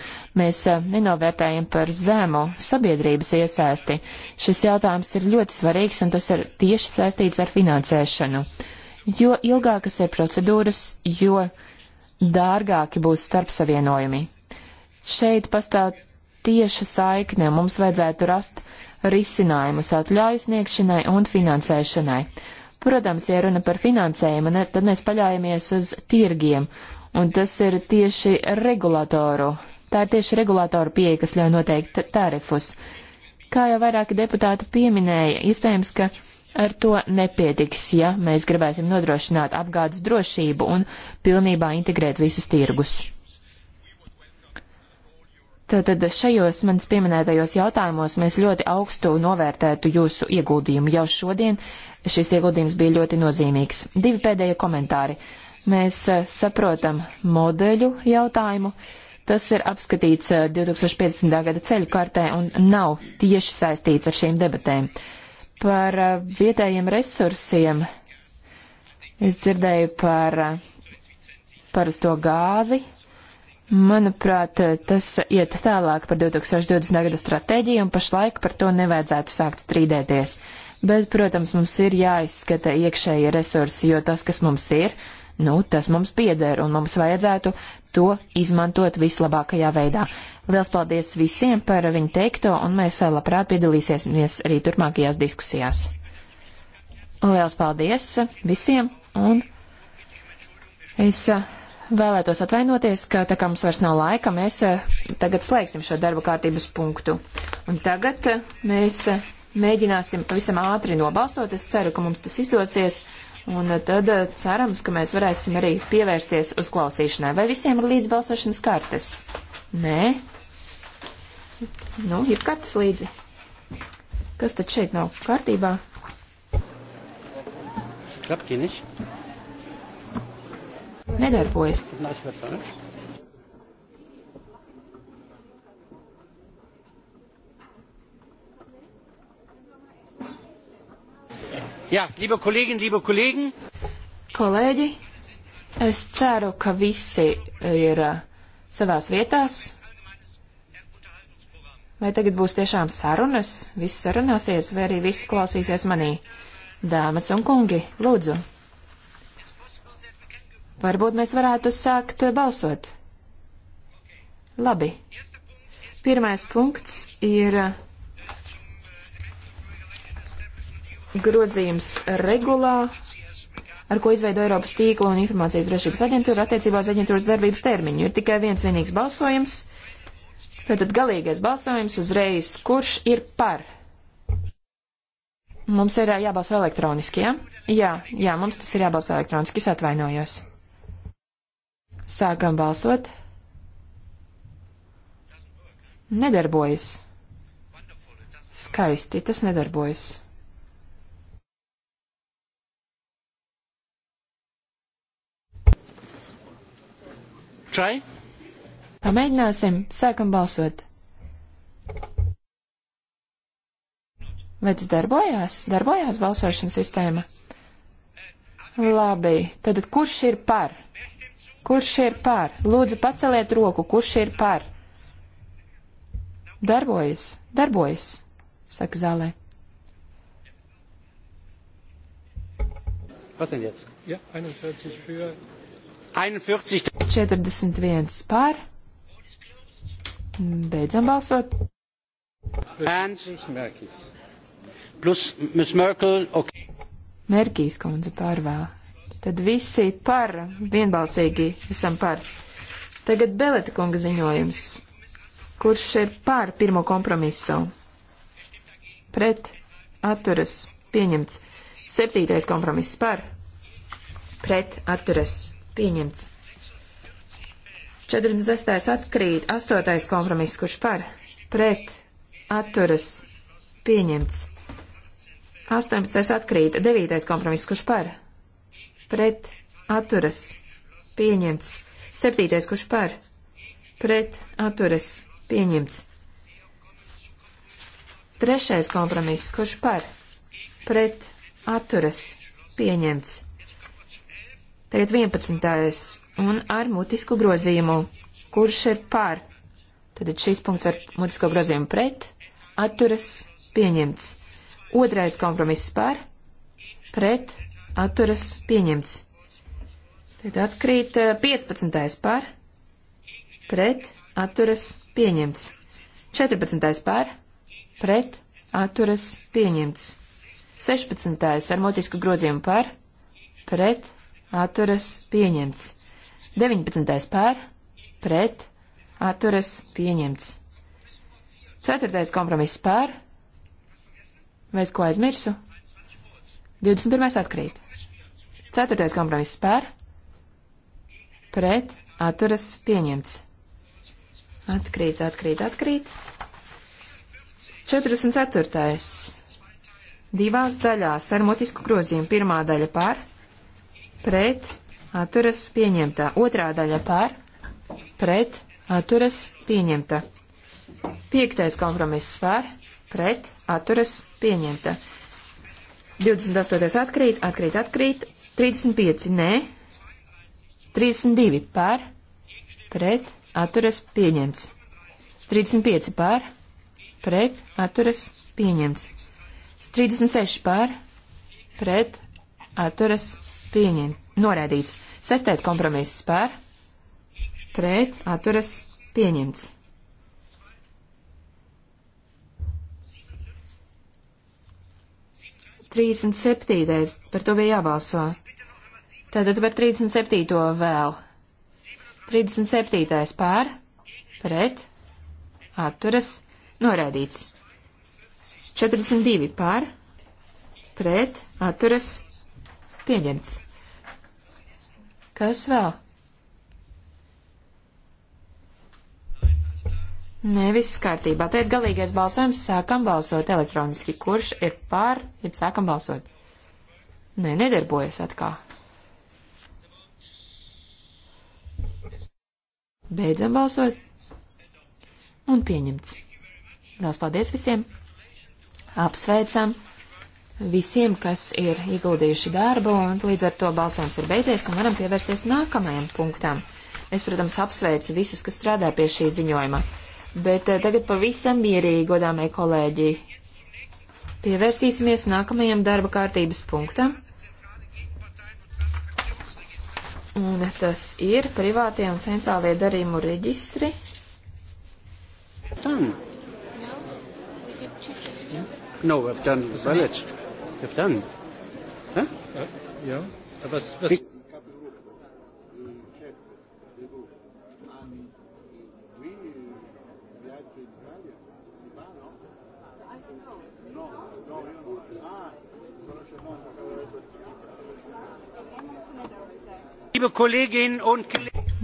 Mēs eh, nenovērtējam par zemu sabiedrības iesaisti. Šis jautājums ir ļoti svarīgs un tas ir tieši saistīts ar finansēšanu. Jo ilgākas ir procedūras, jo dārgāki būs starpsavienojumi. Šeit pastāv tieša saikne, mums vajadzētu rast risinājumus atļauju sniegšanai un finansēšanai. Protams, ja runa par finansējumu, ne, tad mēs paļaujamies uz tirgiem, un tas ir tieši regulātoru. Tā ir tieši regulātoru pieeja, kas ļauj noteikt tarifus. Kā jau vairāki deputāti pieminēja, iespējams, ka ar to nepietiks, ja mēs gribēsim nodrošināt apgādes drošību un pilnībā integrēt visus tirgus. Tātad šajos manis pieminētajos jautājumos mēs ļoti augstu novērtētu jūsu ieguldījumu jau šodien, šis ieguldījums bija ļoti nozīmīgs. Divi pēdējie komentāri. Mēs eh, saprotam modeļu jautājumu. Tas ir apskatīts 2050. Eh, gada ceļu kartē un nav tieši saistīts ar šīm debatēm. Par eh, vietējiem resursiem es dzirdēju par parasto gāzi. Manuprāt, tas iet tālāk par 2020. gada stratēģiju un pašlaik par to nevajadzētu sākt strīdēties. Uh, Bet, protams, mums ir jāizskata iekšējie resursi, jo tas, kas mums ir, nu, tas mums pieder, un mums vajadzētu to izmantot vislabākajā veidā. Liels paldies visiem par viņu teikto, un mēs labprāt piedalīsimies arī turpmākajās diskusijās. Liels paldies visiem, un es eh, vēlētos atvainoties, ka tā kā mums vairs nav laika, mēs eh, tagad slēgsim šo darba kārtības punktu. Un tagad eh, mēs Mēģināsim pavisam ātri nobalsot. Es ceru, ka mums tas izdosies. Un eh, tad eh, cerams, ka mēs varēsim arī pievērsties uzklausīšanai. Vai visiem ir līdz balsošanas kartes? Nē. Nu, ir kartes līdzi. Kas tad šeit nav kārtībā? Klapķiņš. Nedarbojas. Tas nāk, Jā, liebe kolēģi, liebe kolēģi. Kolēģi, es ceru, ka visi ir eh, savās vietās. Vai tagad būs tiešām sarunas? Visi sarunāsies, vai arī visi klausīsies manī? Dāmas un kungi, lūdzu. Varbūt mēs varētu sākt eh, balsot. Labi. Pirmais punkts ir grozījums regulā, ar ko izveido Eiropas tīkla un informācijas drošības aģentūra attiecībā uz aģentūras darbības termiņu. Ir tikai viens vienīgs balsojums. Tātad galīgais balsojums uzreiz, kurš ir par. Mums ir jābalso elektroniski, jā? Ja? Jā, jā, mums tas ir jābalso elektroniski, es atvainojos. Sākam balsot. Nedarbojas. Skaisti, tas nedarbojas. Try? Pamēģināsim, sākam balsot. Vai tas darbojās? Darbojās balsošanas sistēma? Labi, tad kurš ir par? Kurš ir par? Lūdzu, paceliet roku, kurš ir par? Darbojas, darbojas, saka zālē. Was denn jetzt? Ja, 41 für 41 par. Beidzam balsot. And plus Ms. Merkel, okay. Merkīs kundze pārvēl. Tad visi par, vienbalsīgi esam par. Tagad Beleta kunga ziņojums. Kurš ir par pirmo kompromisu? Pret, atturas, pieņemts. Septītais kompromiss par. Pret, atturas, Pieņemts. 46. atkrīt, 8. kompromiss, kurš par, pret, atturas, pieņemts. 18. atkrīt, 9. kompromiss, kurš par, pret, atturas, pieņemts. 7. kurš par, pret, atturas, pieņemts. 3. kompromiss, kurš par, pret, atturas, pieņemts. Tagad 11. un ar mutisku grozījumu. Kurš ir par? Tad šis punkts ar mutisko grozījumu pret, atturas, pieņemts. Otrais kompromiss par, pret, atturas, pieņemts. Tad atkrīt 15. Eh, par, pret, atturas, pieņemts. 14. par, pret, atturas, pieņemts. 16. ar mutisku grozījumu par, pret, atturas pieņemts. 19. pār, pret, atturas pieņemts. 4. kompromiss pār, vai es ko aizmirsu? 21. atkrīt. 4. kompromiss pār, pret, atturas pieņemts. Atkrīt, atkrīt, atkrīt. 44. divās daļās ar motisku grozījumu pirmā daļa pār pret, atturas pieņemtā. Otrā daļa par, pret, atturas pieņemta. Piektais kompromiss par, pret, atturas pieņemta. 28. atkrīt, atkrīt, atkrīt, 35 nē, 32 par, pret, atturas pieņemts. 35 par, pret, atturas pieņemts. 36 par, pret, atturas pieņemts pieņem, noraidīts. Sestais kompromiss par, pret, atturas, pieņemts. Trīsdesmit septītais, par to bija jābalso. Tātad par 37. vēl. 37. pār, pret, atturas, noraidīts. 42 pār, pret, atturas, Pieņemts. Kas vēl? Nē, viss kārtībā. Te ir galīgais balsojums. Sākam balsot elektroniski. Kurš ir pār, ja sākam balsot? Nē, nedarbojas atkal. Beidzam balsot. Un pieņemts. Lielas paldies visiem. Apsveicam visiem, kas ir ieguldījuši darbu, un līdz ar to balsojums ir beidzies, un varam pievērsties nākamajam punktam. Es, protams, apsveicu visus, kas strādā pie šī ziņojuma, bet eh, tagad pavisam mierīgi, godāmie kolēģi, pievērsīsimies nākamajam darba kārtības punktam. Un tas ir privātie un centrālie darījumu reģistri. Done. No, we've done the village have done. Huh? Uh, yeah. Was, was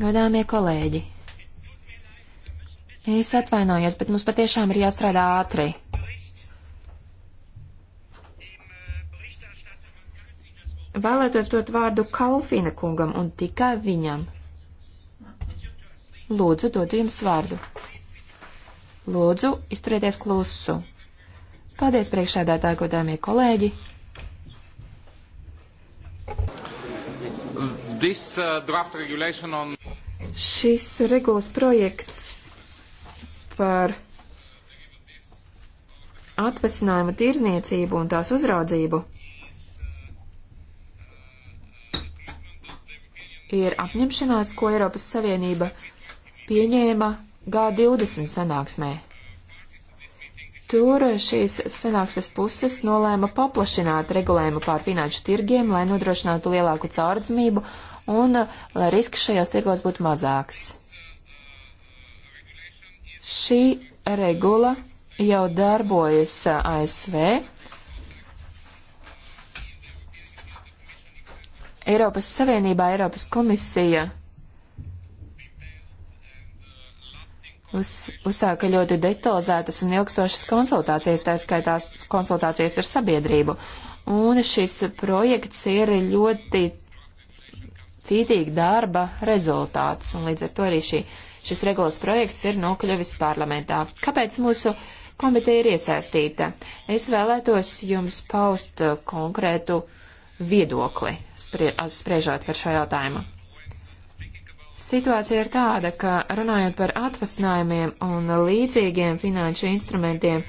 Godāmie kolēģi, es atvainojos, bet mums patiešām ir jāstrādā ātri. Vēlētos dot vārdu Kalfina kungam un tikai viņam. Lūdzu, dodu jums vārdu. Lūdzu, izturieties klusu. Paldies priekšādātā godāmie kolēģi. This, uh, on... Šis regulas projekts par atvesinājuma tirzniecību un tās uzraudzību ir apņemšanās, ko Eiropas Savienība pieņēma G20 sanāksmē. Tur šīs sanāksmes puses nolēma paplašināt regulējumu pār finanšu tirgiem, lai nodrošinātu lielāku caurdzamību un lai riski šajās tirgos būtu mazāks. Šī regula jau darbojas ASV, Eiropas Savienībā Eiropas komisija uz, uzsāka ļoti detalizētas un ilgstošas konsultācijas, tā skaitās konsultācijas ar sabiedrību. Un šis projekts ir ļoti cītīgi darba rezultāts, un līdz ar to arī šī, šis regulas projekts ir nokļuvis parlamentā. Kāpēc mūsu komiteja ir iesaistīta? Es vēlētos jums paust uh, konkrētu uh, viedokli, spriežot par šo jautājumu. Situācija ir tāda, ka runājot par atvasinājumiem un līdzīgiem finanšu instrumentiem,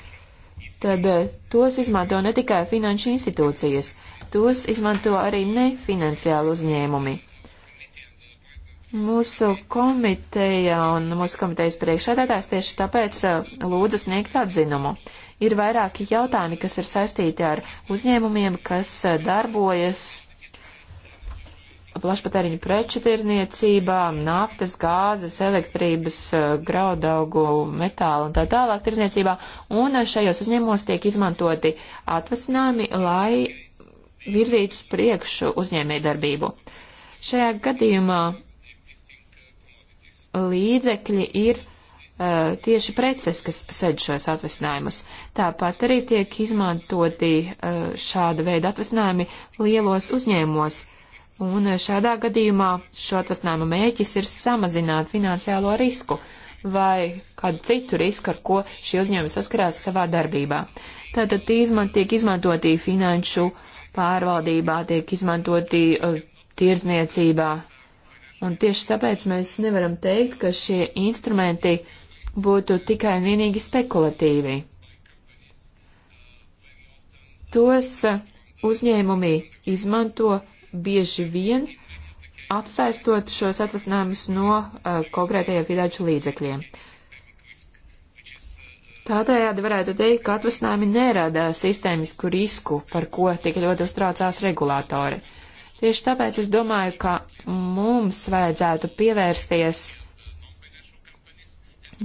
tad eh, tos izmanto ne tikai finanšu institūcijas, tos izmanto arī nefinanciāli uzņēmumi. Mūsu komiteja un mūsu komitejas priekšādātājs tieši tāpēc eh, lūdza sniegt atzinumu. Ir vairāki jautājumi, kas ir saistīti ar uzņēmumiem, kas eh, darbojas plašpatēriņu preču tirzniecībā, naftas, gāzes, elektrības, eh, graudaugu, metāla un tā tālāk tirzniecībā, un eh, šajos uzņēmumos tiek izmantoti atvasinājumi, lai virzītu uz priekšu uzņēmējdarbību. Šajā gadījumā līdzekļi ir Uh, tieši preces, kas sedz šos atvesinājumus. Tāpat arī tiek izmantoti uh, šāda veida atvesinājumi lielos uzņēmumos, un uh, šādā gadījumā šo atvesinājumu mēķis ir samazināt finansiālo risku vai kādu citu risku, ar ko šie uzņēmumi saskarās savā darbībā. Tātad izmant, tiek izmantoti finanšu pārvaldībā, tiek izmantoti uh, tirdzniecībā. Un tieši tāpēc mēs nevaram teikt, ka šie instrumenti uh, būtu tikai un vienīgi spekulatīvi. Tos uzņēmumi izmanto bieži vien, atsaistot šos atvasinājumus no uh, konkrētajiem finanšu līdzekļiem. Tādējādi varētu teikt, ka atvasinājumi nerada sistēmisku risku, par ko tik ļoti uztraucās regulātori. Tieši tāpēc es domāju, ka mums vajadzētu pievērsties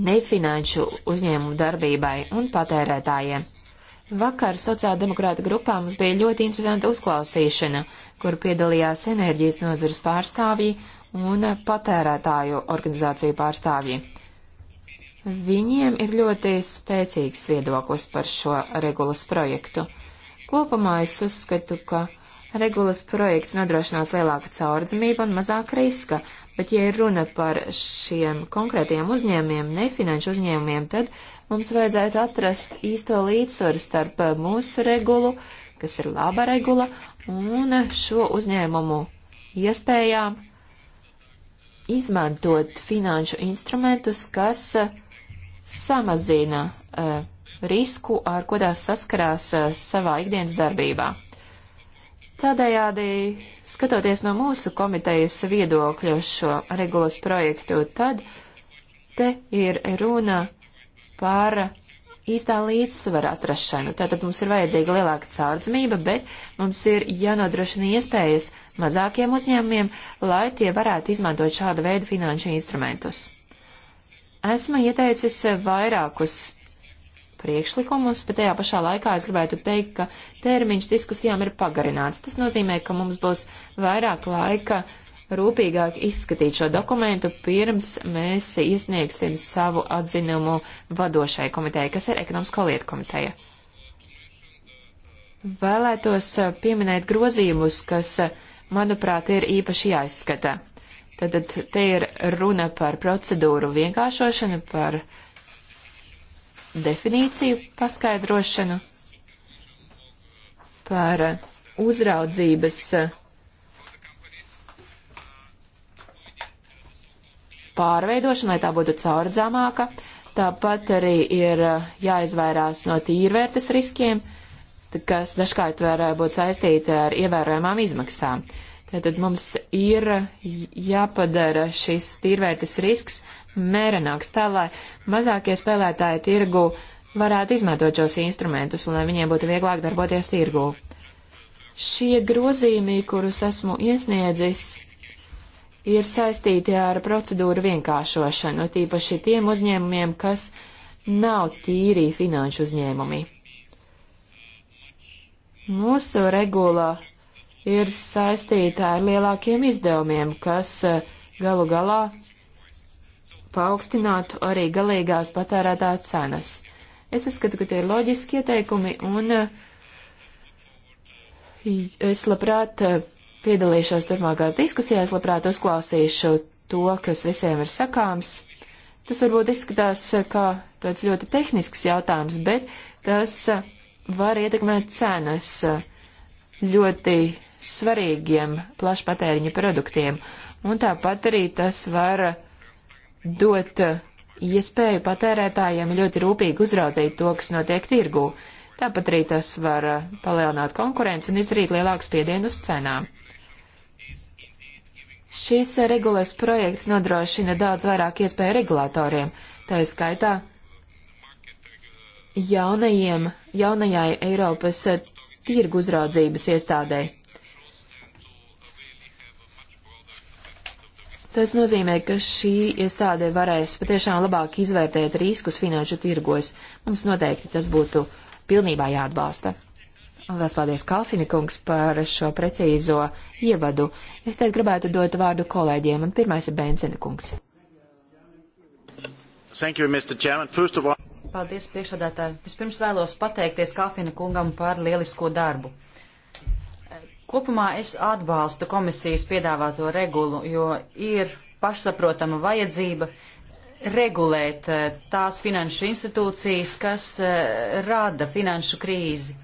nefinanšu uzņēmumu darbībai un patērētājiem. Vakar sociāldemokrāta grupā mums bija ļoti interesanta uzklausīšana, kur piedalījās enerģijas nozares pārstāvji un patērētāju organizāciju pārstāvji. Viņiem ir ļoti spēcīgs viedoklis par šo regulas projektu. Kopumā es uzskatu, ka Regulas projekts nodrošinās lielāku caurdzamību un mazāk riska, bet ja ir runa par šiem konkrētiem uzņēmiem, nefinanšu uzņēmiem, tad mums vajadzētu atrast īsto līdzsvaru starp eh, mūsu regulu, kas ir laba regula, un šo uzņēmumu iespējām izmantot finanšu instrumentus, kas eh, samazina uh, risku, ar ko tās saskarās uh, savā ikdienas darbībā. Tādējādi, skatoties no mūsu komitejas viedokļa uz šo regulas projektu, tad te ir runa par īstā līdzsvara atrašanu. Tātad mums ir vajadzīga lielāka caurdzmība, bet mums ir jānodrošina iespējas mazākiem uzņēmumiem, lai tie varētu izmantot šāda veida finanšu instrumentus. Esmu ieteicis vairākus priekšlikumus, bet tajā pašā laikā es gribētu teikt, ka termiņš diskusijām ir pagarināts. Tas nozīmē, ka mums būs vairāk laika rūpīgāk izskatīt šo dokumentu, pirms mēs iesniegsim savu atzinumu vadošai komitejai, kas ir ekonomisko lietu komiteja. Vēlētos pieminēt grozījumus, kas, manuprāt, ir īpaši jāizskata. Tad te ir runa par procedūru vienkāršošanu, par uh, definīciju paskaidrošanu, par uzraudzības eh, pārveidošanu, lai tā būtu caurdzāmāka. Tāpat arī ir eh, jāizvairās no tīrvērtes riskiem, kas dažkārt var eh, būt saistīti ar ievērojamām izmaksām. Tātad mums ir jāpadara šis tīrvērtes risks mērenāks, tā lai mazākie spēlētāji tirgu varētu izmantot šos instrumentus un lai viņiem būtu vieglāk darboties tirgu. Šie grozījumi, kurus esmu iesniedzis, ir saistīti ar procedūru vienkāršošanu, tīpaši tiem uzņēmumiem, kas nav tīri finanšu uzņēmumi. Mūsu regula ir saistīta ar lielākiem izdevumiem, kas eh, galu galā paaugstinātu arī galīgās patērētāju cenas. Es uzskatu, ka tie ir loģiski ieteikumi, un eh, es labprāt eh, piedalīšos turpmākās diskusijās, labprāt uzklausīšu to, kas visiem ir sakāms. Tas varbūt izskatās eh, kā tāds ļoti tehnisks jautājums, bet tas var ietekmēt cenas ļoti svarīgiem plašpatēriņa produktiem, un tāpat arī tas var dot iespēju patērētājiem ļoti rūpīgi uzraudzīt to, kas notiek tirgū. Tāpat arī tas var uh, palielināt konkurenci un izdarīt lielāku spiedienu uz cenām. Šis uh, regulēs projekts nodrošina daudz vairāk iespēju regulātoriem, tā skaitā jaunajiem, jaunajai Eiropas uh, tirgu uzraudzības iestādēji. Tas nozīmē, ka šī iestāde varēs patiešām labāk izvērtēt riskus finanšu tirgos. Mums noteikti tas būtu pilnībā jāatbalsta. Lielas paldies, Kalfini kungs, par šo precīzo ievadu. Es tagad gribētu dot vārdu kolēģiem, un pirmais ir Bensina kungs. Thank you, Mr. Chairman. First of all... Paldies, priekšsādātāji. Vispirms vēlos pateikties Kalfina kungam par lielisko darbu. Kopumā es atbalstu komisijas piedāvāto regulu, jo ir pašsaprotama vajadzība regulēt eh, tās finanšu institūcijas, kas eh, rada finanšu krīzi.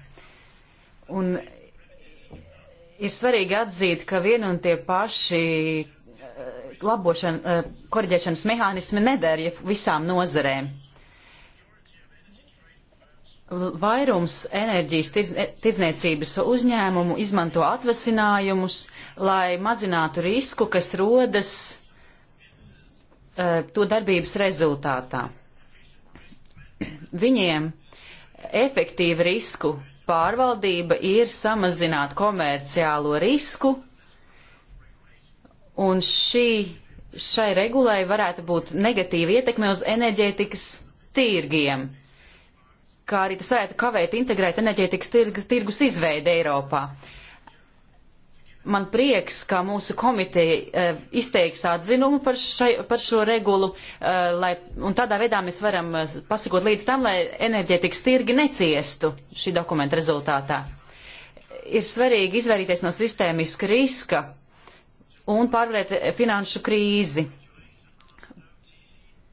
Un ir svarīgi atzīt, ka vien un tie paši eh, labošana, korģēšanas mehānismi nedara visām nozarēm. Vairums enerģijas tirz, e, tirdzniecības uzņēmumu izmanto atvasinājumus, lai mazinātu risku, kas rodas uh, to darbības rezultātā. Viņiem efektīva risku pārvaldība ir samazināt komerciālo risku, un šī, šai regulai varētu būt negatīva ietekme uz enerģētikas tīrgiem kā arī tas varētu kavēt integrēt enerģētikas tirgus, tirgus izveidi Eiropā. Man prieks, ka mūsu komiteja e, izteiks atzinumu par, šai, par šo regulu, e, lai, un tādā veidā mēs varam e, pasakot līdz tam, lai enerģētikas tirgi neciestu šī dokumenta rezultātā. Ir svarīgi izvairīties no sistēmiska riska un pārvarēt finanšu krīzi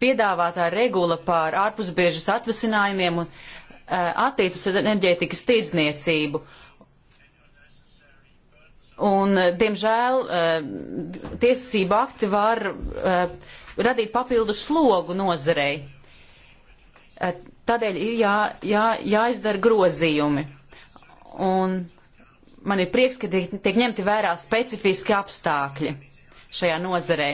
piedāvātā regula par ārpusbiežas atvasinājumiem un, Eh, attiecas uz enerģētikas tīdzniecību. Un, eh, diemžēl, eh, tiesasība akti var radīt papildu slogu nozarei. Tādēļ ir jā, jā, jāizdara grozījumi. Un man ir prieks, ka tiek ņemti vērā specifiski apstākļi šajā nozarei.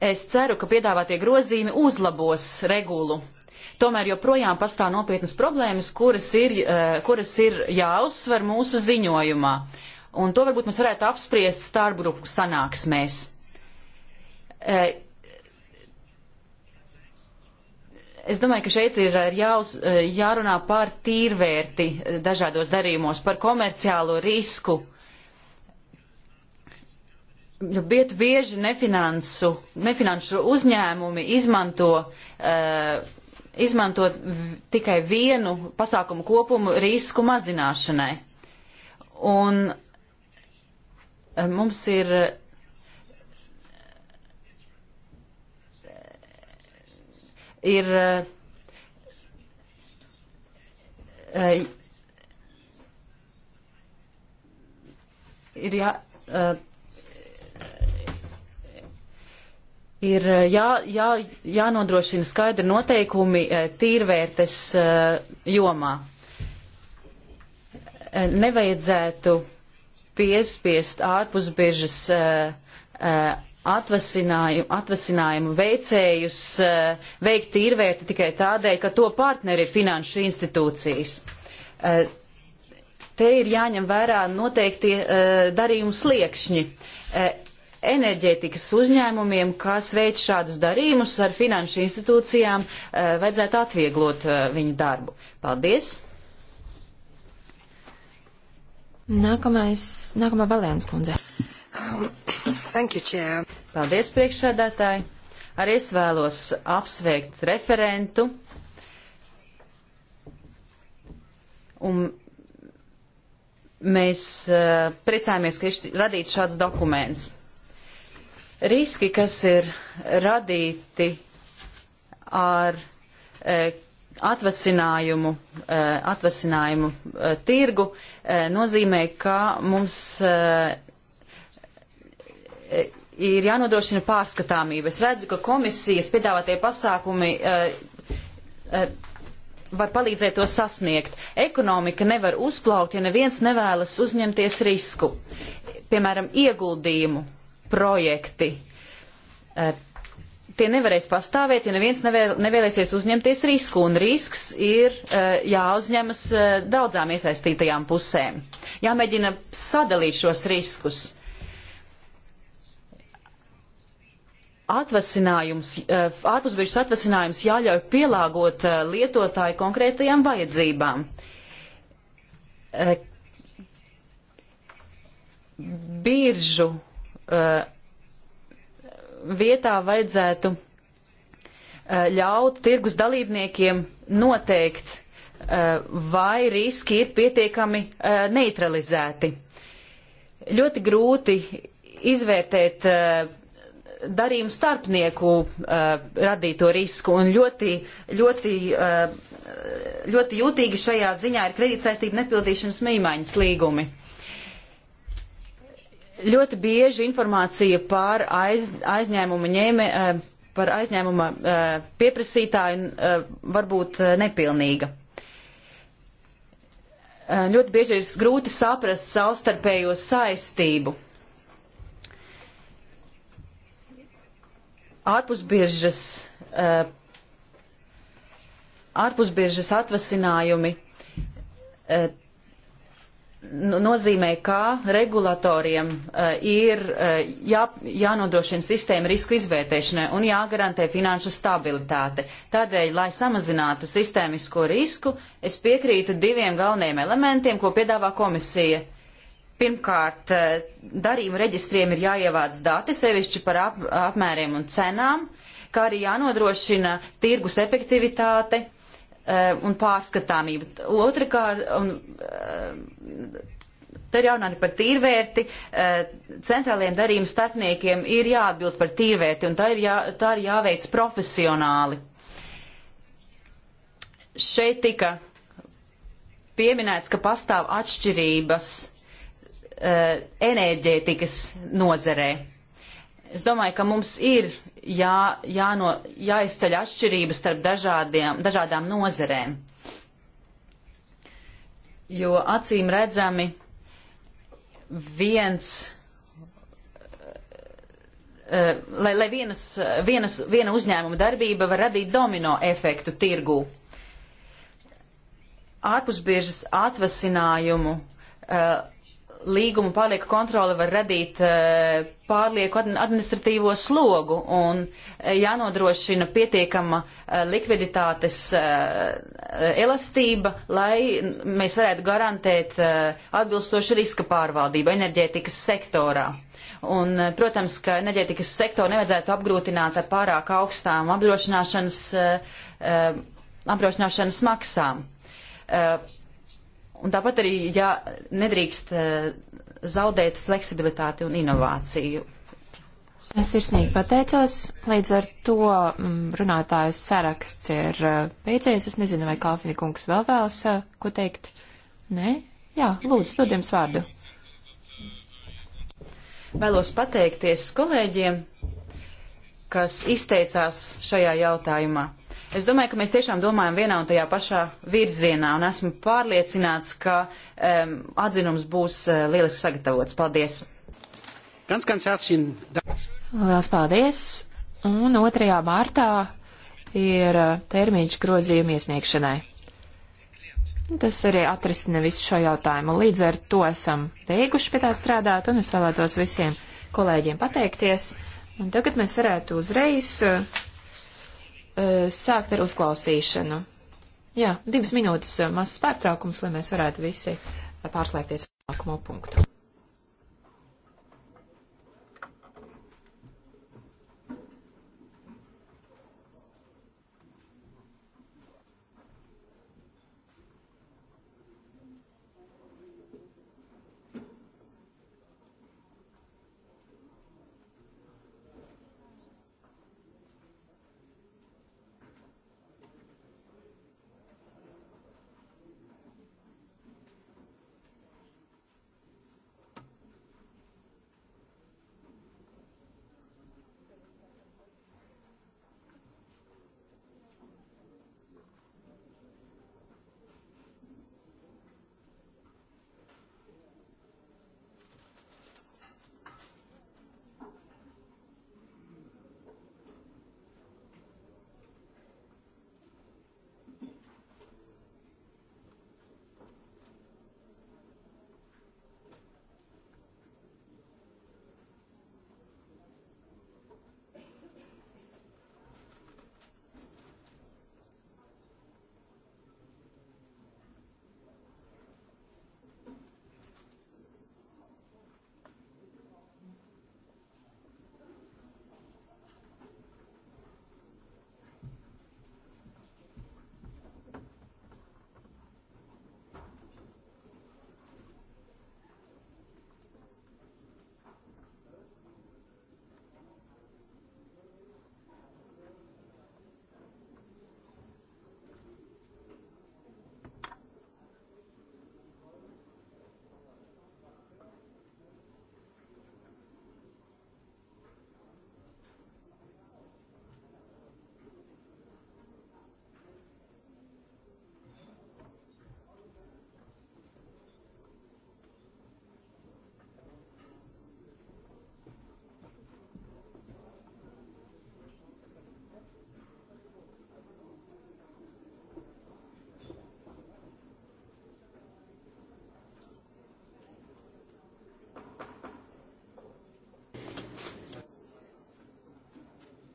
Es ceru, ka piedāvātie grozījumi uzlabos regulu. Tomēr joprojām pastāv nopietnas problēmas, kuras ir, eh, kuras ir jāuzsver mūsu ziņojumā. Un to varbūt mēs varētu apspriest starpgrupu sanāksmēs. Eh, es domāju, ka šeit ir jāuz, eh, jārunā par tīrvērti dažādos darījumos, par komerciālo risku uh, Jo nu, biet bieži nefinansu, nefinanšu uzņēmumi izmanto, uh, izmanto tikai vienu pasākumu kopumu risku mazināšanai. Un uh, mums ir. Uh, ir uh, ir jā. Uh, ir eh, jā, jā, jānodrošina skaidri noteikumi eh, tīrvērtes eh, jomā. Nevajadzētu piespiest ārpus biežas atvasinājumu, atvasinājumu veicējus veikt tīrvērti tikai tādēļ, ka to partneri ir finanšu institūcijas. Te ir jāņem vērā noteikti darījumu sliekšņi enerģētikas uzņēmumiem, kas veic šādus darījumus ar finanšu institūcijām, eh, vajadzētu atvieglot eh, viņu darbu. Paldies! Nākamais, nākamā Valēnas kundze. Thank you, Chair. Paldies, priekšsēdētāji. Arī es vēlos apsveikt referentu. Un mēs uh, priecājamies, ka ir radīts šāds dokuments riski, kas ir radīti ar e, atvasinājumu, e, atvasinājumu e, tirgu, e, nozīmē, ka mums e, e, ir jānodrošina pārskatāmība. Es redzu, ka komisijas piedāvātie pasākumi e, e, var palīdzēt to sasniegt. Ekonomika nevar uzplaukt, ja neviens nevēlas uzņemties risku, piemēram, ieguldījumu projekti. E, tie nevarēs pastāvēt, ja neviens nevēl, nevēlēsies uzņemties risku, un risks ir e, jāuzņemas e, daudzām iesaistītajām pusēm. Jāmēģina sadalīt šos riskus. atvasinājums, ārpusbiežas atvasinājums jāļauj pielāgot lietotāju konkrētajām vajadzībām. Biržu Uh, vietā vajadzētu uh, ļaut tirgus dalībniekiem noteikt, uh, vai riski ir pietiekami neutralizēti. Ļoti grūti izvērtēt darījumu starpnieku radīto risku un ļoti, ļoti, ļoti jūtīgi šajā ziņā ir kredītsaistību nepildīšanas mīmaiņas līgumi. Uh, Ļoti bieži informācija par aiz, aizņēmumu ņēmē, eh, par aizņēmuma eh, pieprasītāju eh, var būt nepilnīga. Ļoti bieži ir grūti saprast savstarpējo saistību. Ārpusbiežas, ārpusbiežas atvasinājumi Nu, nozīmē, ka regulatoriem uh, ir uh, jā, jānodrošina sistēma risku izvērtēšanai un jāgarantē finanšu stabilitāte. Tādēļ, lai samazinātu sistēmisko risku, es piekrītu diviem galvenajiem elementiem, ko piedāvā komisija. Pirmkārt, uh, darījumu reģistriem ir jāievāc dati, sevišķi par ap, apmēriem un cenām, kā arī jānodrošina tirgus efektivitāte Eh, un pārskatāmību. Otrakārt, un, eh, te ir jaunāni par tīrvērti, eh, centrāliem darījuma starpniekiem ir jāatbild par tīrvērti, un tā ir, jā, tā ir jāveic profesionāli. Šeit tika pieminēts, ka pastāv atšķirības enerģētikas nozerē. Es domāju, ka mums ir jā, jāno, jāizceļ atšķirības starp dažādiem, dažādām nozerēm. Jo acīm redzami viens, eh, lai, lai vienas, vienas, viena uzņēmuma darbība var radīt domino efektu tirgū. Ārpusbiežas atvasinājumu uh, līguma pārlieku kontrole var radīt e, pārlieku administratīvo slogu un e, jānodrošina pietiekama e, likviditātes elastība, lai mēs varētu garantēt atbilstošu riska pārvaldību enerģētikas sektorā. Un, protams, ka enerģētikas sektoru nevajadzētu apgrūtināt ar pārāk augstām apdrošināšanas, apdrošināšanas maksām Un tāpat arī jā, nedrīkst eh, zaudēt fleksibilitāti un inovāciju. Es sirsnīgi pateicos. Līdz ar to mm, runātājs saraksts ir eh, beidzies. Es nezinu, vai Kalfini kungs vēl vēlas eh, ko teikt. Nē? Jā, lūdzu, dod jums vārdu. Vēlos pateikties kolēģiem, kas izteicās šajā jautājumā. Es domāju, ka mēs tiešām domājam vienā un tajā pašā virzienā, un esmu pārliecināts, ka um, atzinums būs uh, lieliski sagatavots. Paldies! Ganz, ganz herzlichen Dank. Lielas paldies! Un 2. martā ir eh, termiņš grozījuma iesniegšanai. Tas arī atrisina visu šo jautājumu. Līdz ar to esam beiguši pie tā strādāt, un es vēlētos visiem kolēģiem pateikties. Un tagad mēs varētu uzreiz eh, Uh, sākt ar uzklausīšanu. Jā, divas minūtes uh, mazs pārtraukums, lai mēs varētu visi uh, pārslēgties nākamo punktu.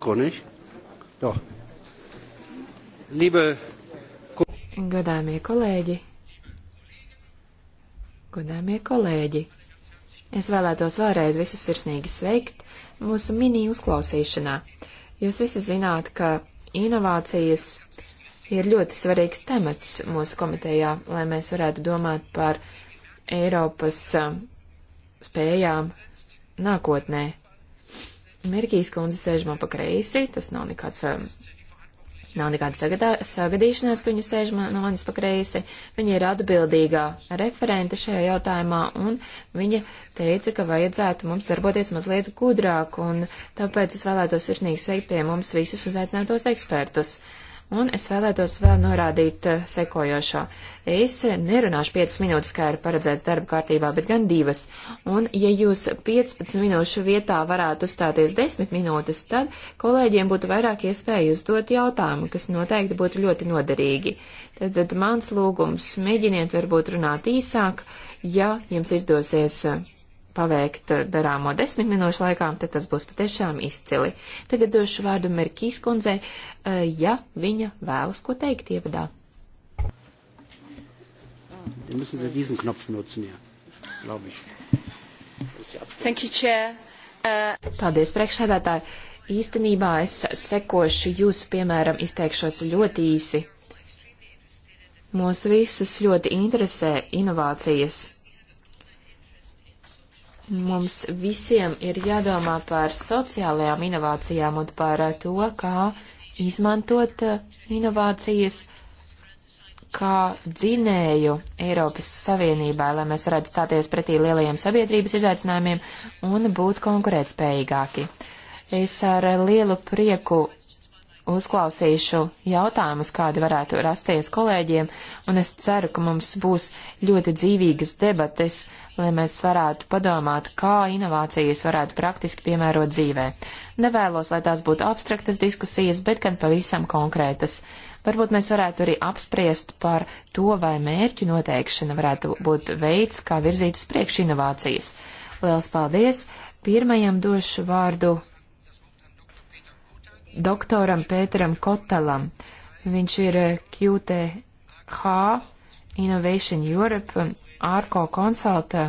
Konig. Doch. Liebe Godāmie kolēģi, godāmie kolēģi, es vēlētos vēlreiz visus sirsnīgi sveikt mūsu mini uzklausīšanā. Jūs visi zināt, ka inovācijas ir ļoti svarīgs temats mūsu komitejā, lai mēs varētu domāt par Eiropas spējām nākotnē. Merkīs kundze sēž man pa kreisi, tas nav nekāds. Um, nav nekāda sagadā, sagadīšanās, ka viņa sēž man, no manis pa kreisi. Viņa ir atbildīgā referente šajā jautājumā, un viņa teica, ka vajadzētu mums darboties mazliet gudrāk, un tāpēc es vēlētos sirsnīgi sveikt pie mums visus uzaicinātos ekspertus. Uh, Un es vēlētos vēl norādīt eh, sekojošo. Es nerunāšu 5 minūtes, kā ir paredzēts darba kārtībā, bet gan 2. Un ja jūs 15 minūšu vietā varētu uzstāties 10 minūtes, tad kolēģiem būtu vairāk iespēju uzdot jautājumu, kas noteikti būtu ļoti noderīgi. Tad, tad mans lūgums - mēģiniet varbūt runāt īsāk, ja jums izdosies eh, paveikt eh, darāmo desmit minūšu laikām, tad tas būs patiešām izcili. Tagad došu vārdu Merkīs kundzei, eh, ja viņa vēlas ko teikt ievadā. Wir müssen Sie diesen Knopf nutzen, ja, glaube ich. Thank you, Chair. Uh... Paldies, priekšsēdētāji. Īstenībā es sekošu jūsu, piemēram, izteikšos ļoti īsi. Mūs visus ļoti interesē inovācijas Mums visiem ir jādomā par sociālajām inovācijām un par to, kā izmantot eh, inovācijas kā dzinēju Eiropas Savienībā, lai mēs varētu stāties pretī lielajiem sabiedrības izaicinājumiem un būt konkurētspējīgāki. Es ar lielu prieku uzklausīšu jautājumus, kādi varētu rasties kolēģiem, un es ceru, ka mums būs ļoti dzīvīgas debates lai mēs varētu padomāt, kā inovācijas varētu praktiski piemērot dzīvē. Nevēlos, lai tās būtu abstraktas diskusijas, bet gan pavisam konkrētas. Varbūt mēs varētu arī apspriest par to, vai mērķu noteikšana varētu būt veids, kā virzīt uz priekšu inovācijas. Liels paldies! Pirmajam došu vārdu doktoram Pēteram Kotalam. Viņš ir QTH Innovation Europe ārko konsulta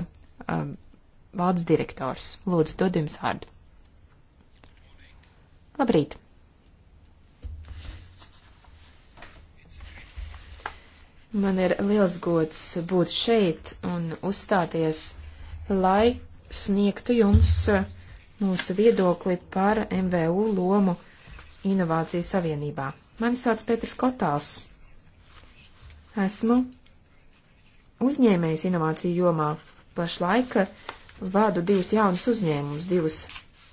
um, valdes direktors. Lūdzu, dod jums vārdu. Labrīt! Man ir liels gods būt šeit un uzstāties, lai sniegtu jums uh, mūsu viedokli par MVU lomu Inovāciju savienībā. Mani sauc Pēters Kotāls. Esmu uzņēmējs inovāciju jomā. Pašlaik vādu divus jaunus uzņēmumus, divus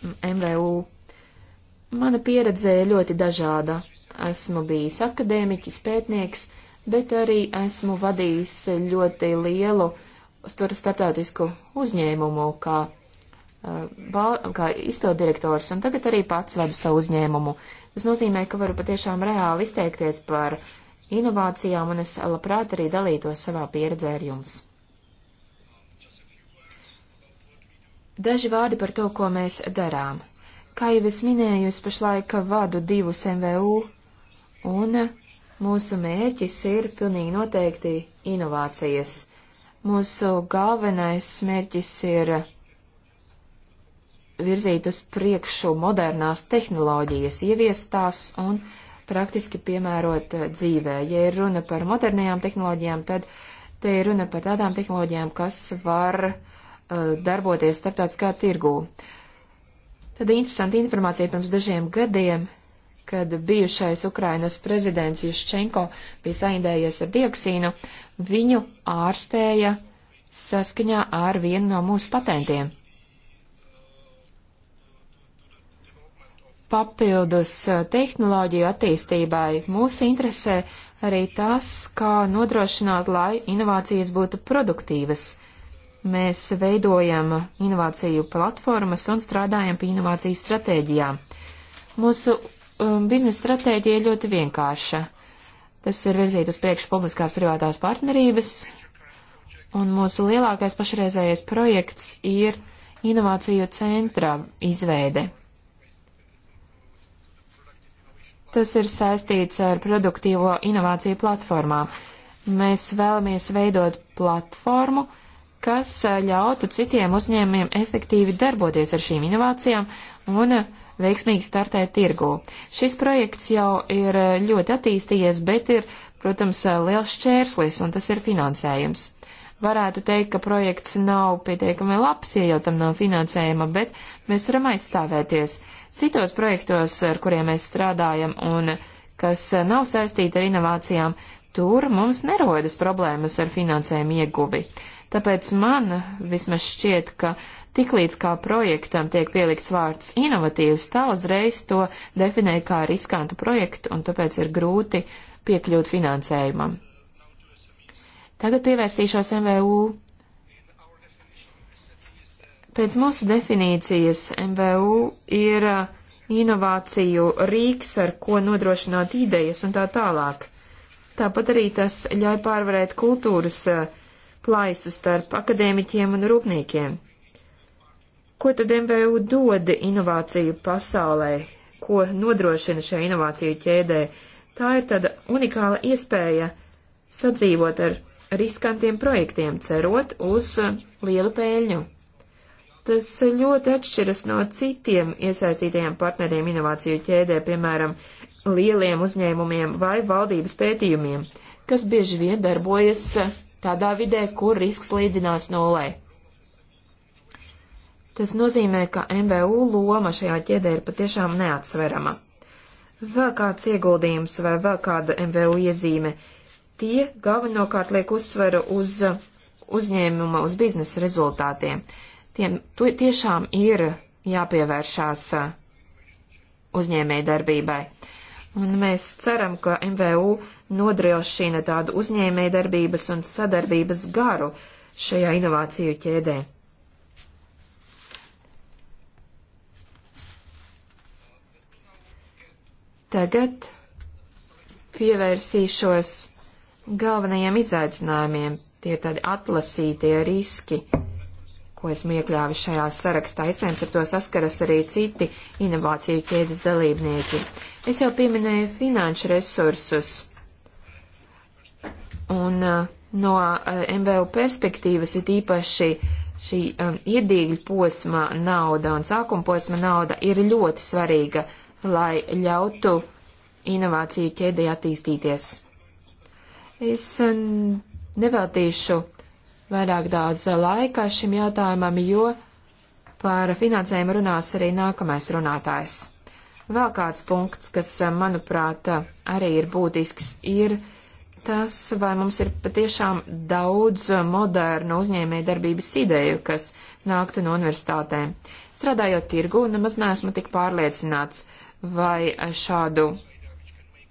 MVU. Mm, Mana pieredze ir ļoti dažāda. Esmu bijis akadēmiķis, pētnieks, bet arī esmu vadījis ļoti lielu starptautisku uzņēmumu, kā, eh, kā izpildirektors, un tagad arī pats vadu savu uzņēmumu. Tas nozīmē, ka varu patiešām reāli izteikties par uh, inovācijām, un es labprāt arī dalītos savā pieredzē ar jums. Daži vārdi par to, ko mēs darām. Kā jau es minēju, es pašlaik vadu divus MVU, un mūsu mērķis ir pilnīgi noteikti inovācijas. Mūsu galvenais mērķis ir virzīt uz priekšu modernās tehnoloģijas, ieviest tās un uh, praktiski piemērot eh, dzīvē. Ja ir runa par modernajām tehnoloģijām, tad te ir runa par tādām tehnoloģijām, kas var uh, darboties starptautiskā tirgū. Tad interesanti informācija pirms dažiem gadiem, kad bijušais Ukrainas prezidents Juščenko bija saindējies ar dioksīnu, viņu ārstēja saskaņā ar vienu no mūsu patentiem. Papildus eh, tehnoloģiju attīstībai mūs interesē arī tas, kā nodrošināt, lai inovācijas būtu produktīvas. Mēs veidojam inovāciju platformas un strādājam pie inovāciju stratēģijām. Mūsu um, biznesa stratēģija ir ļoti vienkārša. Tas ir virzīt uz priekšu publiskās privātās partnerības, un mūsu lielākais pašreizējais projekts ir inovāciju centra izveide. Tas ir saistīts ar produktīvo inovāciju platformām. Mēs vēlamies veidot platformu, kas ļautu citiem uzņēmumiem efektīvi darboties ar šīm inovācijām un veiksmīgi startēt tirgū. Šis projekts jau ir ļoti attīstījies, bet ir, protams, liels šķērslis, un tas ir finansējums. Varētu teikt, ka projekts nav pietiekami labs, ja jau tam nav finansējuma, bet mēs varam aizstāvēties. Uh, Citos projektos, ar kuriem mēs strādājam un kas nav saistīti ar inovācijām, tur mums nerodas problēmas ar finansējumu ieguvi. Tāpēc man vismaz šķiet, ka tiklīdz kā projektam tiek pielikts vārds inovatīvs, tā uzreiz to definē kā riskantu projektu un tāpēc ir grūti piekļūt finansējumam. Tagad pievērsīšos MVU. Pēc mūsu definīcijas MVU ir uh, inovāciju rīks, ar ko nodrošināt idejas un tā tālāk. Tāpat arī tas ļauj pārvarēt kultūras uh, plaisu starp akadēmiķiem un rūpniekiem. Ko tad MVU dod inovāciju pasaulē? Ko nodrošina šajā inovāciju ķēdē? Tā ir tāda unikāla iespēja sadzīvot ar riskantiem projektiem, cerot uz uh, lielu pēļņu tas ļoti atšķiras no citiem iesaistītajiem partneriem inovāciju ķēdē, piemēram, lieliem uzņēmumiem vai valdības pētījumiem, kas bieži vien darbojas tādā vidē, kur risks līdzinās nulē. Tas nozīmē, ka MVU loma šajā ķēdē ir patiešām neatsverama. Vēl kāds ieguldījums vai vēl kāda MVU iezīme tie galvenokārt liek uzsveru uz uzņēmuma, uz biznesa rezultātiem. Tiem tiešām ir jāpievēršās uzņēmēja darbībai. Un mēs ceram, ka MVU nodrošina tādu uzņēmēja darbības un sadarbības garu šajā inovāciju ķēdē. Tagad pievērsīšos galvenajiem izaicinājumiem, tie tādi atlasītie riski, ko esmu iekļāvis šajā sarakstā. Iespējams, ar to saskaras arī citi inovāciju ķēdes dalībnieki. Es jau pieminēju finanšu resursus. Un uh, no uh, MVU perspektīvas ir īpaši šī um, iedīgļa posma nauda un sākuma posma nauda ir ļoti svarīga, lai ļautu inovāciju ķēdē attīstīties. Es um, neveltīšu vairāk daudz laika šim jautājumam, jo par finansējumu runās arī nākamais runātājs. Vēl kāds punkts, kas, manuprāt, arī ir būtisks, ir tas, vai mums ir patiešām daudz modernu uzņēmēju darbības ideju, kas nāktu no universitātēm. Strādājot tirgu, nemaz neesmu tik pārliecināts, vai šādu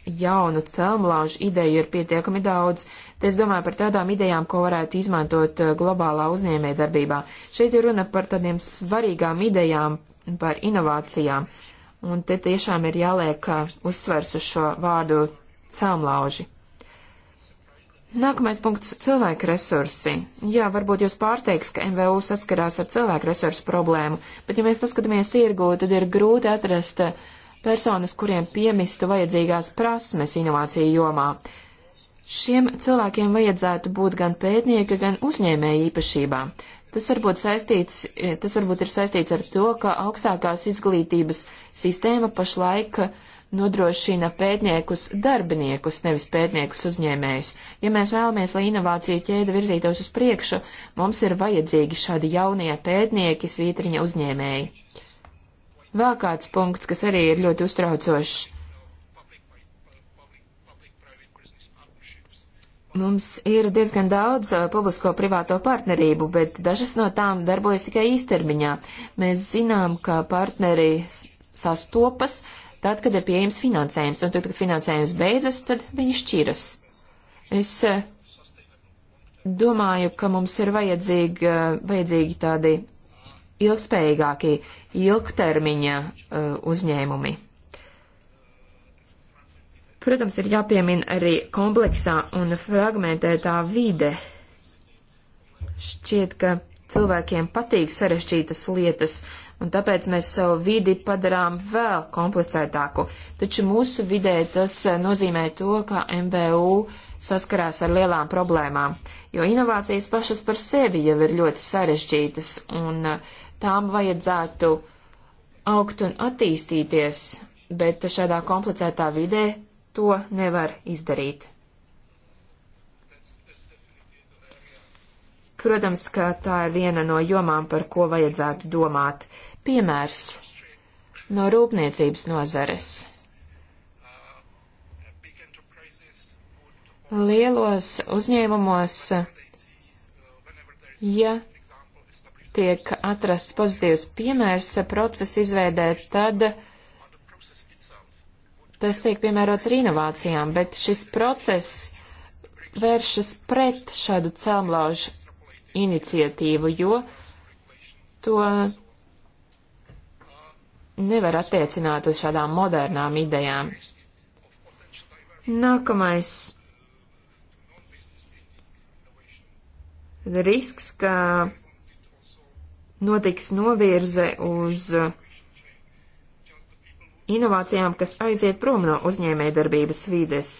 jaunu celmlāžu ideju ir pietiekami daudz. Te es domāju par tādām idejām, ko varētu izmantot uh, globālā uzņēmē darbībā. Šeit ir runa par tādiem svarīgām idejām, par inovācijām. Un te tiešām ir jāliek uh, uzsvers uz šo vārdu celmlauži. Nākamais punkts - cilvēku resursi. Jā, varbūt jūs pārsteigs, ka MVU saskarās ar cilvēku resursu problēmu, bet ja mēs paskatāmies tirgū, tad ir grūti atrast uh, personas, kuriem piemistu vajadzīgās prasmes inovāciju jomā. Šiem cilvēkiem vajadzētu būt gan pētnieka, gan uzņēmēja īpašībā. Tas varbūt, saistīts, e, tas varbūt ir saistīts ar to, ka augstākās izglītības sistēma pašlaik nodrošina pētniekus darbiniekus, nevis pētniekus uzņēmējus. Ja mēs vēlamies, lai inovāciju ķēde virzītos uz priekšu, mums ir vajadzīgi šādi jaunie pētnieki, svītriņa uzņēmēji. Vēl kāds punkts, kas arī ir ļoti uztraucošs. Mums ir diezgan daudz uh, publisko-privāto partnerību, bet dažas no tām darbojas tikai īstermiņā. Mēs zinām, ka partneri sastopas tad, kad ir pieejams finansējums, un tad, kad finansējums beidzas, tad viņi šķiras. Es uh, domāju, ka mums ir vajadzīgi, uh, vajadzīgi tādi ilgspējīgāki ilgtermiņa uh, uzņēmumi. Protams, ir jāpiemina arī kompleksā un fragmentētā vide. Šķiet, ka cilvēkiem patīk sarešķītas lietas, un tāpēc mēs savu vidi padarām vēl komplicētāku. Taču mūsu vidē tas eh, nozīmē to, ka MBU saskarās ar lielām problēmām, jo inovācijas pašas par sevi jau ir ļoti sarežģītas, un eh, tām vajadzētu augt un attīstīties, bet šādā komplicētā vidē to nevar izdarīt. Protams, ka tā ir viena no jomām, par ko vajadzētu domāt. Piemērs no rūpniecības nozares. Lielos uzņēmumos, ja tiek atrasts pozitīvs piemērs procesa izveidē, tad tas tiek piemērots ar inovācijām, bet šis process vēršas pret šādu celmlaužu iniciatīvu, jo to nevar attiecināt uz šādām modernām idejām. Nākamais risks, ka notiks novirze uz uh, inovācijām, kas aiziet prom no uzņēmējdarbības vides.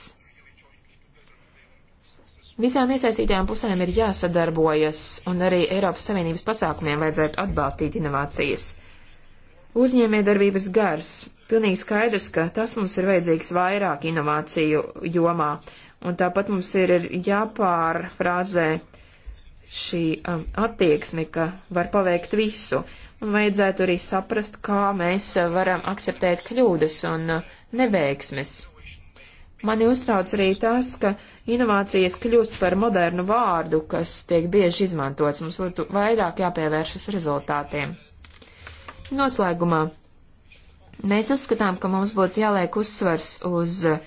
Visām iesaistītajām pusēm ir jāsadarbojas, un arī Eiropas Savienības pasākumiem vajadzētu atbalstīt inovācijas. Uzņēmējdarbības gars. Pilnīgi skaidrs, ka tas mums ir vajadzīgs vairāk inovāciju jomā, un tāpat mums ir, ir jāpārfrāzē uh, šī um, attieksme, ka var paveikt visu, un vajadzētu arī saprast, kā mēs varam akceptēt kļūdas un uh, neveiksmes. Mani uztrauc arī tas, ka inovācijas kļūst par modernu vārdu, kas tiek bieži izmantots. Mums būtu vairāk jāpievēršas rezultātiem. Noslēgumā. Mēs uzskatām, ka mums būtu jāliek uzsvers uz uh,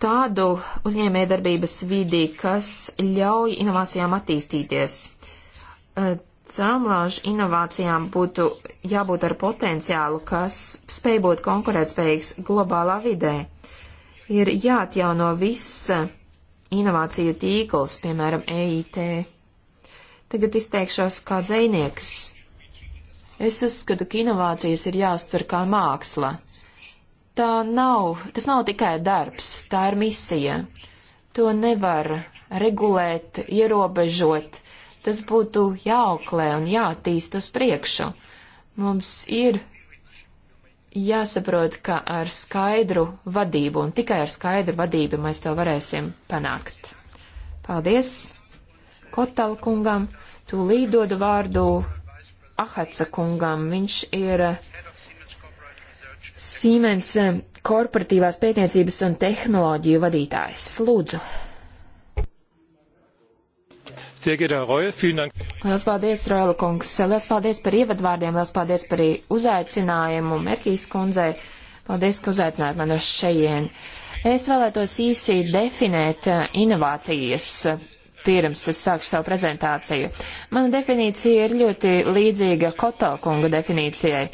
tādu uzņēmējdarbības vidi, kas ļauj inovācijām attīstīties. Cēlāžu inovācijām būtu jābūt ar potenciālu, kas spēj būt konkurētspējīgs globālā vidē. Ir jāatjauno viss inovāciju tīkls, piemēram, EIT. Tagad izteikšos kā dzēnieks. Es uzskatu, ka inovācijas ir jāuztver kā māksla tā nav, tas nav tikai darbs, tā ir misija. To nevar regulēt, ierobežot. Tas būtu jāauklē un jātīst uz priekšu. Mums ir jāsaprot, ka ar skaidru vadību un tikai ar skaidru vadību mēs to varēsim panākt. Paldies Kotal kungam, tūlīt dodu vārdu Ahaca kungam. Viņš ir uh, Siemens eh, korporatīvās pētniecības un tehnoloģiju vadītājs. Lūdzu. Lielas paldies, Roela kungs. Lielas paldies par ievadvārdiem, lielas paldies par uzaicinājumu Merkīs kundzei. Paldies, ka uzaicinājāt mani uz šejien. Es vēlētos īsi definēt eh, inovācijas pirms es sākšu savu prezentāciju. Mana definīcija ir ļoti līdzīga Kotokunga definīcijai.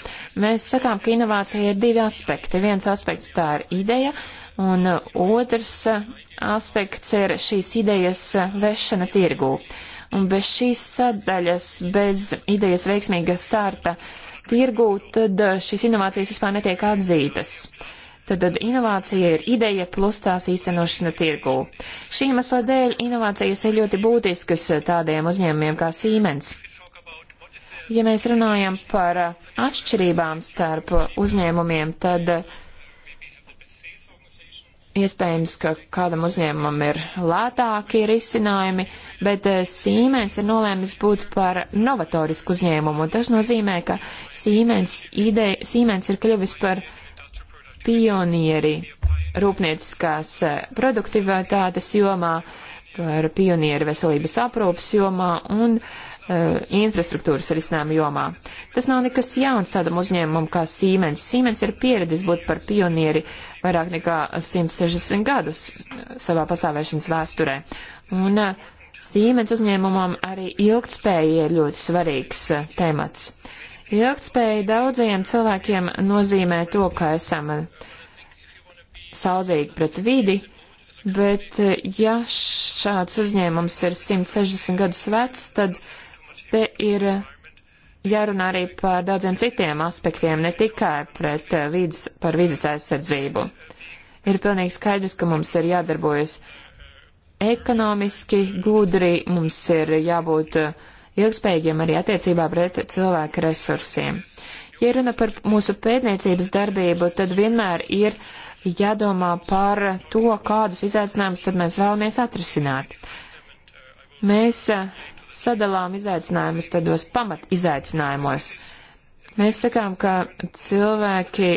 Mēs sakām, ka inovācija ir divi aspekti. Viens aspekts tā ir ideja, un otrs aspekts ir šīs idejas vešana tirgū. Un bez šīs sadaļas, bez idejas veiksmīga starta tirgū, tad šīs inovācijas vispār netiek atzītas. Uh, Tad, tad inovācija ir ideja plus tās īstenošana tirgū. Šī iemesla dēļ inovācijas ir ļoti būtiskas tādiem uzņēmumiem kā Siemens. Ja mēs runājam par atšķirībām starp uzņēmumiem, tad iespējams, ka kādam uzņēmumam ir lētākie risinājumi, bet eh, Siemens ir nolēmis būt par novatorisku uzņēmumu. Tas nozīmē, ka Siemens, ideja, Siemens ir kļuvis par pionieri rūpnieciskās eh, produktivitātes jomā, par pionieri veselības aprūpas jomā un uh, infrastruktūras risinājumu jomā. Tas nav nekas jauns tādam uzņēmumam kā Siemens. Siemens ir pieredzis būt par pionieri vairāk nekā 160 gadus eh, savā pastāvēšanas vēsturē. Un uh, Siemens uzņēmumam arī ilgtspēja ir ļoti svarīgs uh, temats. Uh, Ilgtspēja daudziem cilvēkiem nozīmē to, ka esam saudzīgi pret vidi, bet ja šāds uzņēmums ir 160 gadus vecs, tad te ir jārunā arī par daudziem citiem aspektiem, ne tikai pret eh, vidas, par vidas aizsardzību. Ir pilnīgi skaidrs, ka mums ir jādarbojas ekonomiski gudri, mums ir jābūt uh, ilgspējīgiem arī attiecībā pret cilvēku resursiem. Ja runa par mūsu pētniecības darbību, tad vienmēr ir jādomā par to, kādus izaicinājumus tad mēs vēlamies atrisināt. Mēs eh, sadalām izaicinājumus tādos pamat izaicinājumos. Mēs sakām, ka cilvēki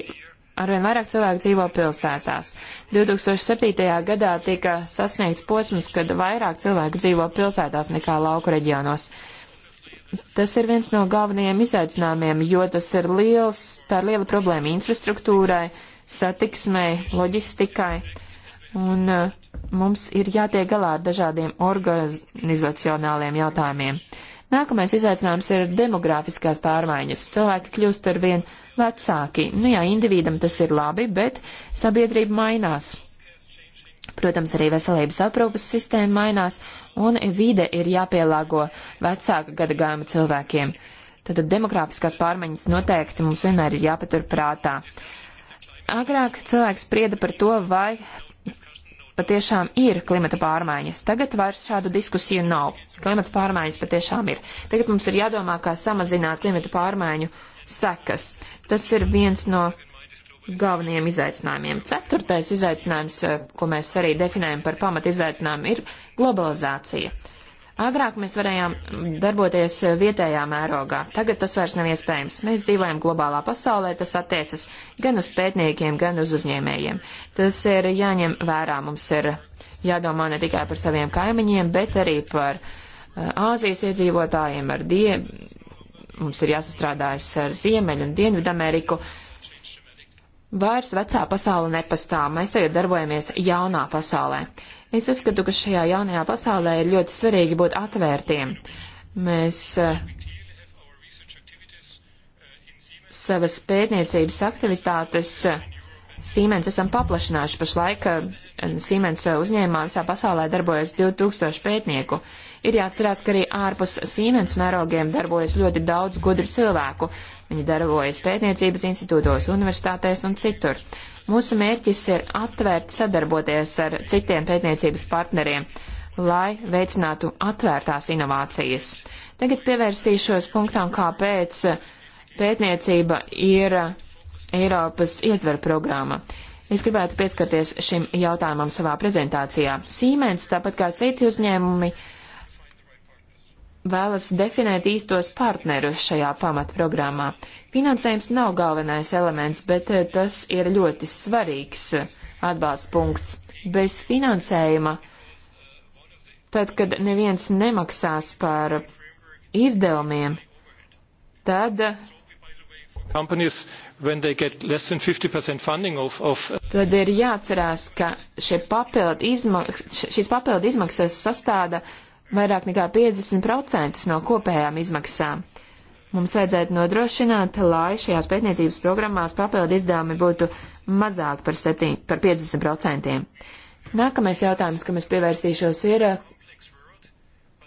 arvien vairāk cilvēku dzīvo pilsētās. 2007. gadā tika sasniegts posms, kad vairāk cilvēku dzīvo pilsētās nekā lauku reģionos. Tas ir viens no galvenajiem izaicinājumiem, jo tas ir liels, tā ir liela problēma infrastruktūrai, satiksmei, loģistikai. Un uh, mums ir jātiek galā ar dažādiem organizacionāliem jautājumiem. Nākamais izaicinājums ir demografiskās pārmaiņas. Cilvēki kļūst ar vien vecāki. Nu jā, individam tas ir labi, bet sabiedrība mainās. Protams, arī veselības aprūpas sistēma mainās, un vide ir jāpielāgo vecāka gada gājuma cilvēkiem. Tātad demografiskās pārmaiņas noteikti mums vienmēr ir jāpatur prātā. Agrāk cilvēks sprieda par to, vai patiešām ir klimata pārmaiņas. Tagad vairs šādu diskusiju nav. Klimata pārmaiņas patiešām ir. Tagad mums ir jādomā, kā samazināt klimata pārmaiņu sekas. Tas ir viens no galvenajiem izaicinājumiem. Ceturtais izaicinājums, eh, ko mēs arī definējam par pamat izaicinājumu, ir globalizācija. Agrāk mēs varējām darboties eh, vietējā mērogā, tagad tas vairs nav iespējams. Mēs dzīvojam globālā pasaulē, tas attiecas gan uz pētniekiem, gan uz uzņēmējiem. Tas ir jāņem vērā, mums ir jādomā ne tikai par saviem kaimiņiem, bet arī par eh, Āzijas iedzīvotājiem, ar die... mums ir jāsastrādājas ar Ziemeļu un Dienvidu Ameriku. Uh, Vairs vecā pasaule nepastāv, mēs tagad darbojamies jaunā pasaulē. Es uzskatu, ka šajā jaunajā pasaulē ir ļoti svarīgi būt atvērtiem. Mēs eh, savas pētniecības aktivitātes eh, Siemens esam paplašinājuši. Pašlaik eh, Siemens uzņēmumā visā pasaulē darbojas 2000 pētnieku. Ir jāatcerās, ka arī ārpus Siemens mērogiem darbojas ļoti daudz gudru cilvēku, Viņi darbojas pētniecības institūtos, universitātēs un citur. Mūsu mērķis ir atvērt sadarboties ar citiem pētniecības partneriem, lai veicinātu atvērtās inovācijas. Tagad pievērsīšos punktām, kāpēc pētniecība ir Eiropas ietver programma. Es gribētu pieskarties šim jautājumam savā prezentācijā. Siemens, tāpat kā citi uzņēmumi, uh, vēlas definēt īstos partnerus šajā pamatprogrammā. Finansējums nav galvenais elements, bet eh, tas ir ļoti svarīgs eh, atbalsts punkts. Bez finansējuma, tad, kad neviens nemaksās par izdevumiem, tad. Eh, of, of... Uh, tad ir jāatcerās, ka papildu izmaks, šīs papildu izmaksas sastāda uh, vairāk nekā 50% no kopējām izmaksām. Mums vajadzētu nodrošināt, lai šajās pētniecības programmās papildu izdevumi būtu mazāk par, 7, par 50%. Nākamais jautājums, kam es pievērsīšos, ir uh,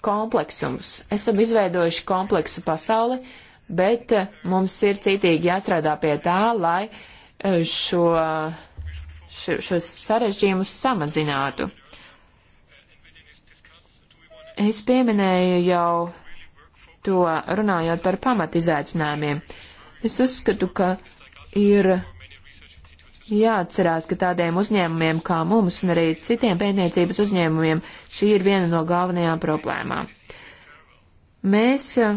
kompleksums. Esam izveidojuši kompleksu pasauli, bet uh, mums ir citīgi jāstrādā pie tā, lai uh, šo, šo, šos sarežģījumus samazinātu. Es pieminēju jau to runājot par pamat izaicinājumiem. Es uzskatu, ka ir jāatcerās, ka tādiem uzņēmumiem kā mums un arī citiem pētniecības uzņēmumiem šī ir viena no galvenajām problēmām. Mēs eh,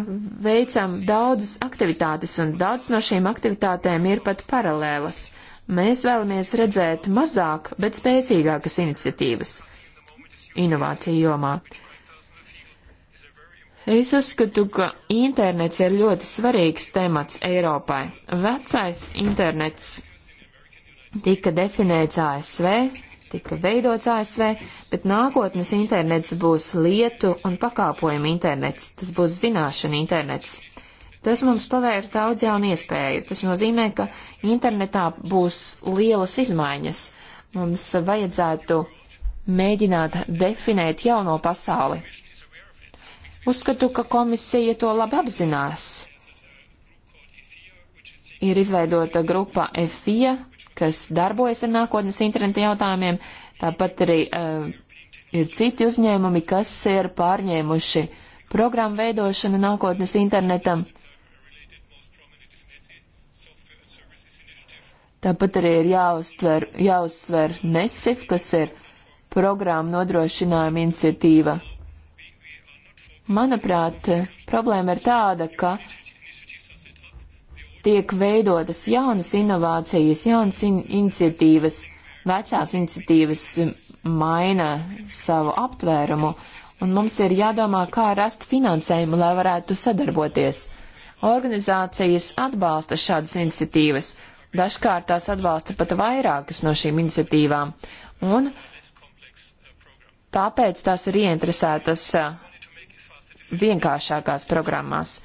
veicam daudzas aktivitātes, un daudz no šīm aktivitātēm ir pat paralēlas. Mēs vēlamies redzēt mazāk, bet spēcīgākas iniciatīvas inovāciju jomā. Es uzskatu, ka internets ir ļoti svarīgs temats Eiropai. Vecais internets tika definēts ASV, tika veidots ASV, bet nākotnes internets būs lietu un pakāpojumu internets, tas būs zināšana internets. Tas mums pavērs daudz jaunu iespēju. Tas nozīmē, ka internetā būs lielas izmaiņas. Mums vajadzētu mēģināt definēt jauno pasauli, Uzskatu, ka komisija to labi apzinās. Ir izveidota grupa e FIA, kas darbojas ar nākotnes interneta jautājumiem, tāpat arī uh, ir citi uzņēmumi, kas ir pārņēmuši programmu veidošanu nākotnes internetam. Tāpat arī ir jāuztver, jāuzsver NESIF, kas ir programma nodrošinājuma iniciatīva Manuprāt, problēma ir tāda, ka tiek veidotas jaunas inovācijas, jaunas in iniciatīvas, vecās iniciatīvas maina savu aptvērumu, un mums ir jādomā, kā rast finansējumu, lai varētu sadarboties. Organizācijas atbalsta šādas iniciatīvas, dažkārt tās atbalsta pat vairākas no šīm iniciatīvām, un tāpēc tās ir ieinteresētas vienkāršākās programmās.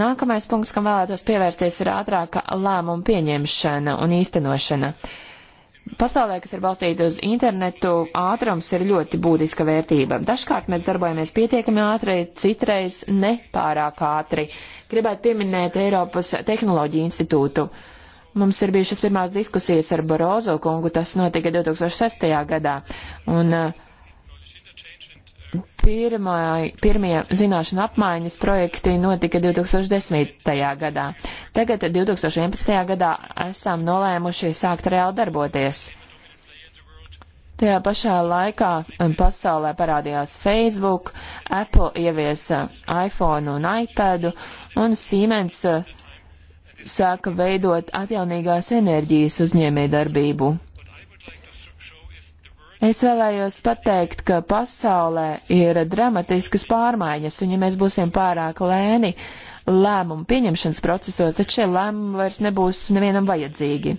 Nākamais punkts, kam vēlētos pievērsties, ir ātrāka lēmuma pieņemšana un īstenošana. Pasaulē, kas ir balstīta uz internetu, ātrums ir ļoti būtiska vērtība. Dažkārt mēs darbojamies pietiekami ātri, citreiz nepārāk ātri. Gribētu pieminēt Eiropas Tehnoloģiju institūtu. Mums ir bijušas pirmās diskusijas ar Barozo kungu, tas notika 2006. gadā. Un, uh, Pirmai, pirmie zināšanu apmaiņas projekti notika 2010. gadā. Tagad 2011. gadā esam nolēmuši sākt reāli darboties. Tajā pašā laikā um, pasaulē parādījās Facebook, Apple ieviesa iPhone un iPadu, un Siemens uh, sāka veidot atjaunīgās enerģijas uzņēmējdarbību. Es vēlējos pateikt, ka pasaulē ir dramatiskas pārmaiņas, un ja mēs būsim pārāk lēni lēmumu pieņemšanas procesos, tad šie lēmumi vairs nebūs nevienam vajadzīgi.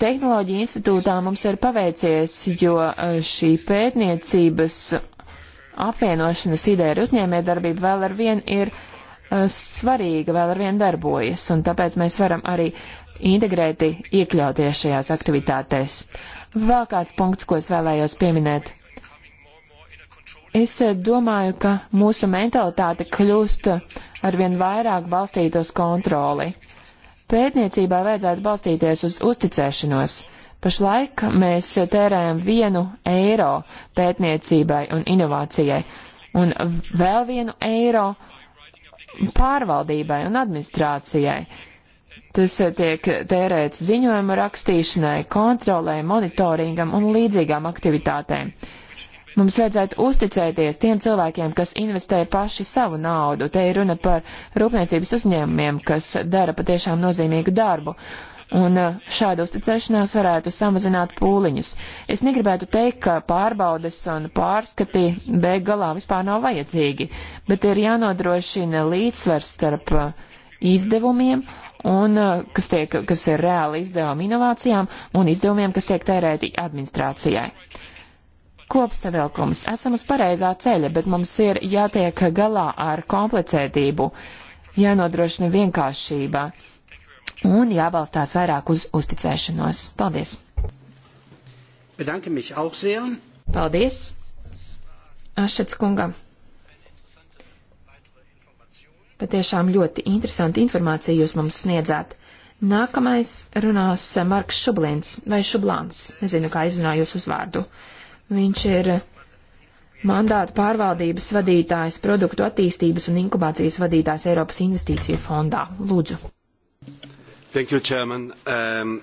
Tehnoloģija institūtā mums ir paveicies, jo e, šī pētniecības apvienošanas ideja ar uzņēmējdarbību vēl ar vien ir e, svarīga, vēl ar vien darbojas, un tāpēc mēs varam arī integrēti iekļauties šajās aktivitātēs. Uh, Vēl kāds punkts, ko es vēlējos pieminēt. Es eh, domāju, ka mūsu mentalitāte kļūst arvien vairāk balstīt uz kontroli. Pētniecībā vajadzētu balstīties uz uzticēšanos. Pašlaik mēs eh, tērējam vienu eiro pētniecībai un inovācijai, un vēl vienu eiro pārvaldībai un administrācijai. Tas tiek tērēts ziņojumu rakstīšanai, kontrolē, monitoringam un līdzīgām aktivitātēm. Mums vajadzētu uzticēties tiem cilvēkiem, kas investē paši savu naudu. Te ir runa par rūpniecības uzņēmumiem, kas dara patiešām nozīmīgu darbu. Un uh, šāda uzticēšanās varētu samazināt pūliņus. Es negribētu teikt, ka pārbaudes un pārskati beig galā vispār nav vajadzīgi, bet ir jānodrošina līdzsvars starp uh, izdevumiem un uh, kas, tiek, kas ir reāli izdevumi inovācijām un izdevumiem, kas tiek tērēti administrācijai. Kopsavilkums. Esam uz pareizā ceļa, bet mums ir jātiek galā ar komplicētību, jānodrošina vienkāršība un jābalstās vairāk uz uzticēšanos. Paldies! Bedanke mich auch sehr. Paldies! Ašets kungam! Patiešām ļoti interesanti informācija jūs mums sniedzāt. Nākamais runās Marks Šublins vai Šublāns, nezinu, kā izrunāju jūsu uzvārdu. Viņš ir mandāta pārvaldības vadītājs, produktu attīstības un inkubācijas vadītājs Eiropas investīciju fondā. Lūdzu. Thank you, Chairman. Um...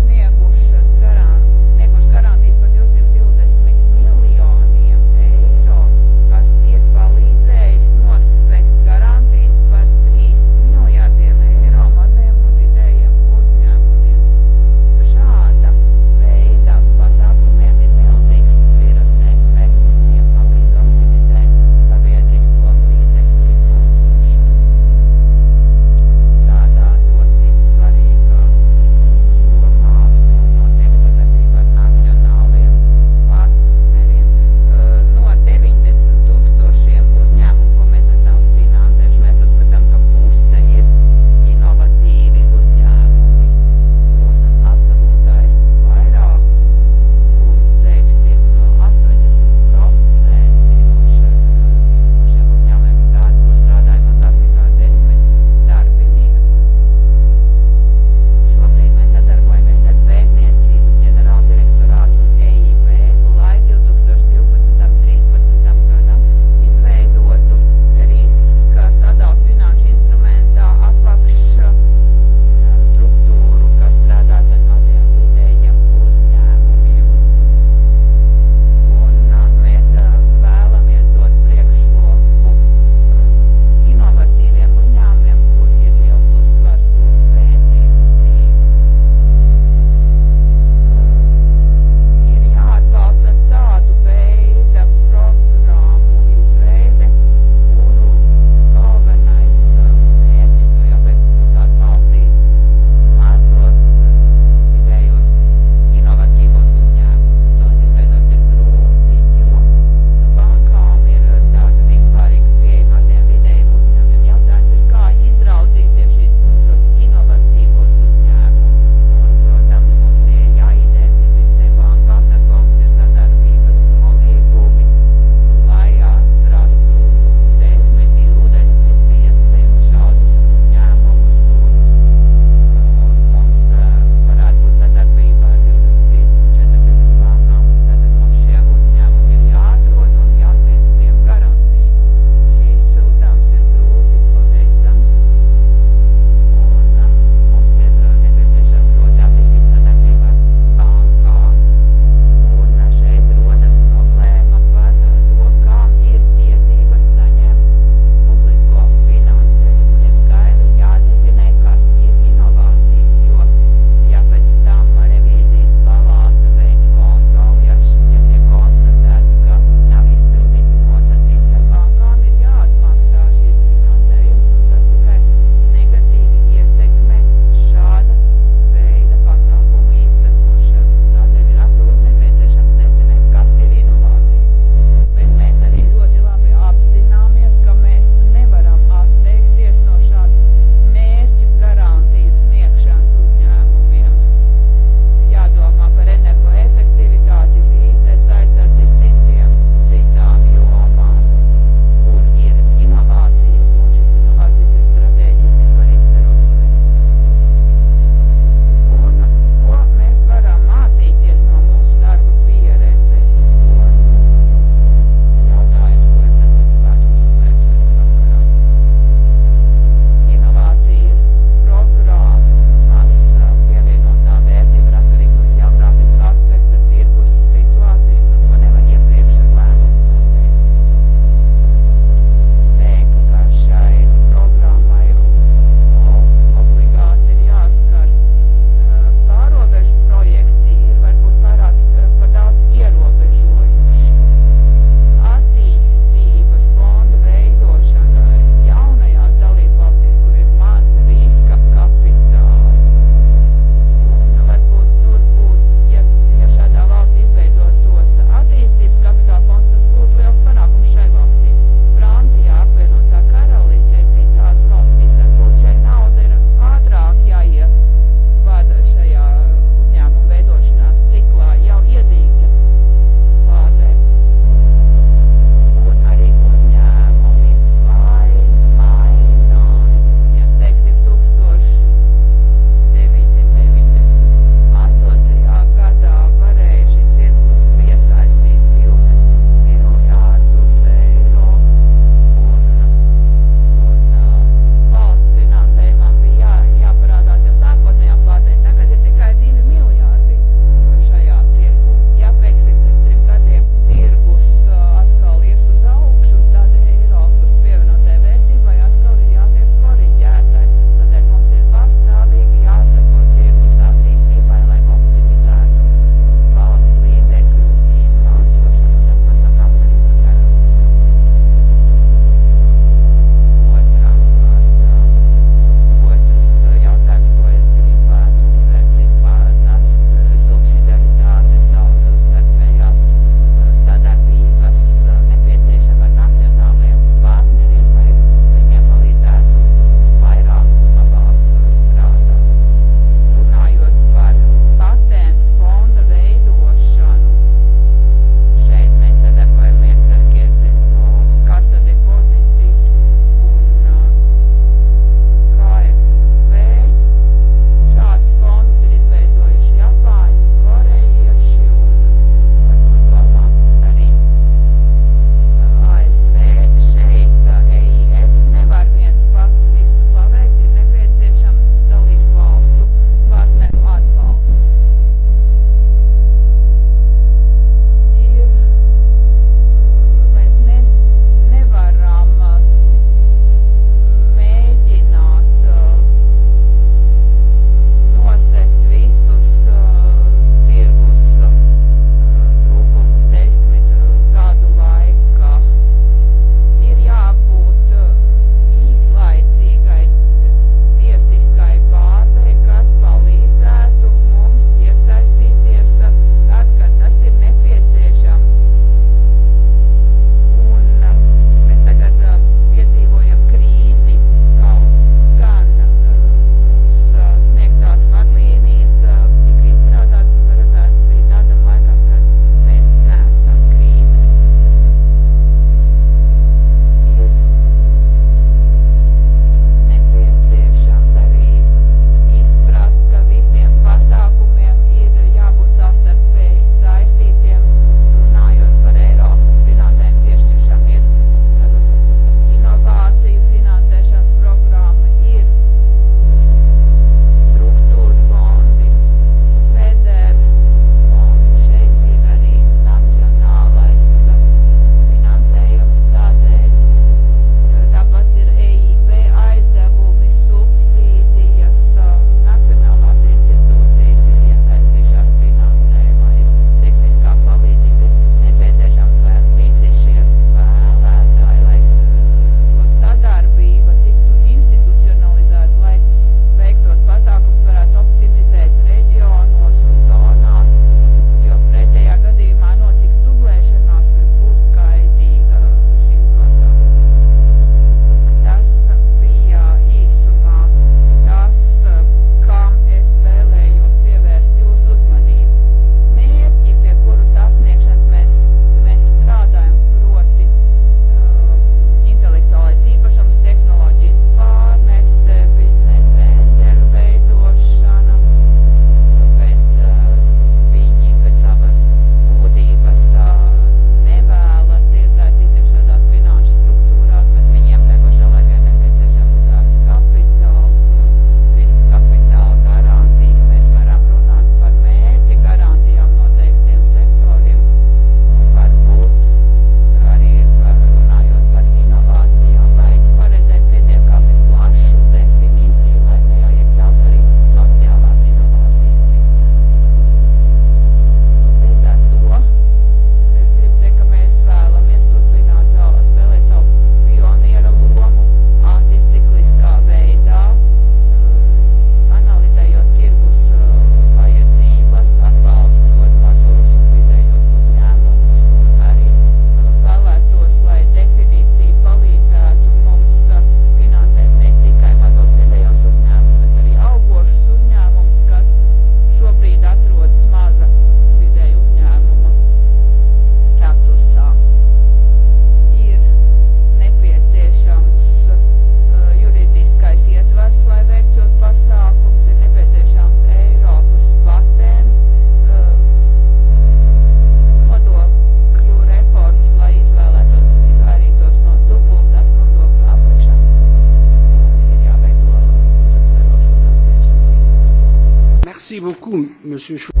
Monsieur Schulz.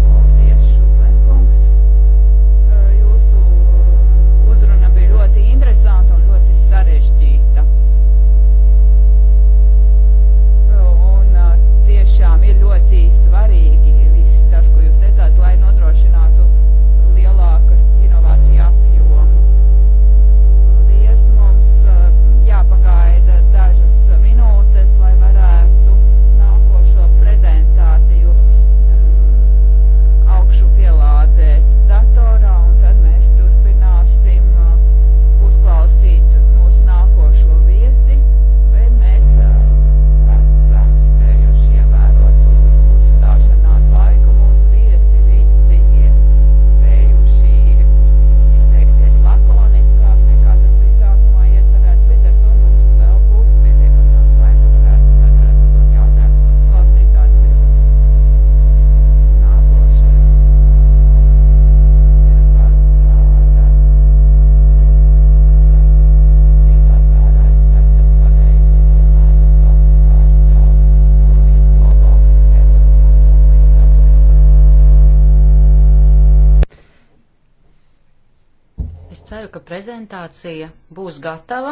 prezentācija būs gatava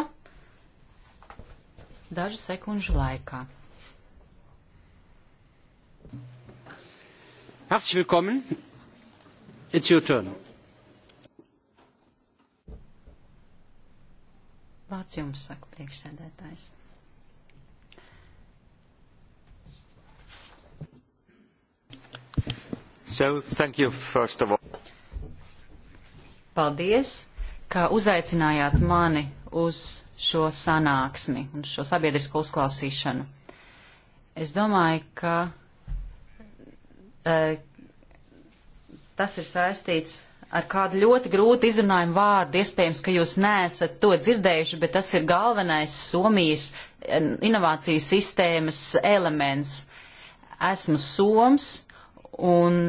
dažu sekundžu laikā. Herzlich willkommen. It's your turn. Vārds jums saka priekšsēdētājs. So, thank you first of all. Paldies ka uzaicinājāt mani uz šo sanāksmi un šo sabiedrisko uzklausīšanu. Es domāju, ka e, tas ir saistīts ar kādu ļoti grūti izrunājumu vārdu. Iespējams, ka jūs neesat to dzirdējuši, bet tas ir galvenais Somijas eh, inovācijas sistēmas elements. Esmu Soms un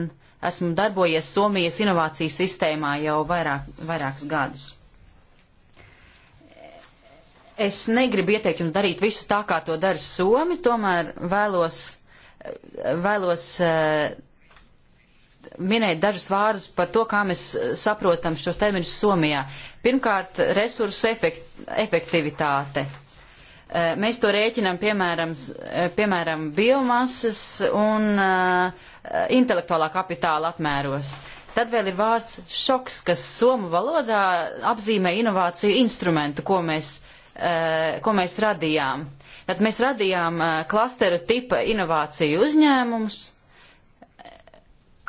esmu darbojies Somijas inovācijas sistēmā jau vairāk, vairākus gadus. Es negribu ieteikt jums darīt visu tā, kā to dara Somi, tomēr vēlos, vēlos eh, minēt dažus vārdus par to, kā mēs saprotam šos terminus Somijā. Pirmkārt, resursu efekt, efektivitāte. Eh, mēs to rēķinam, piemēram, eh, piemēram biomasas un uh, intelektuālā kapitāla apmēros. Tad vēl ir vārds šoks, kas somu valodā apzīmē inovāciju instrumentu, ko mēs, uh, ko mēs radījām. Tad mēs radījām uh, klasteru tipa inovāciju uzņēmumus,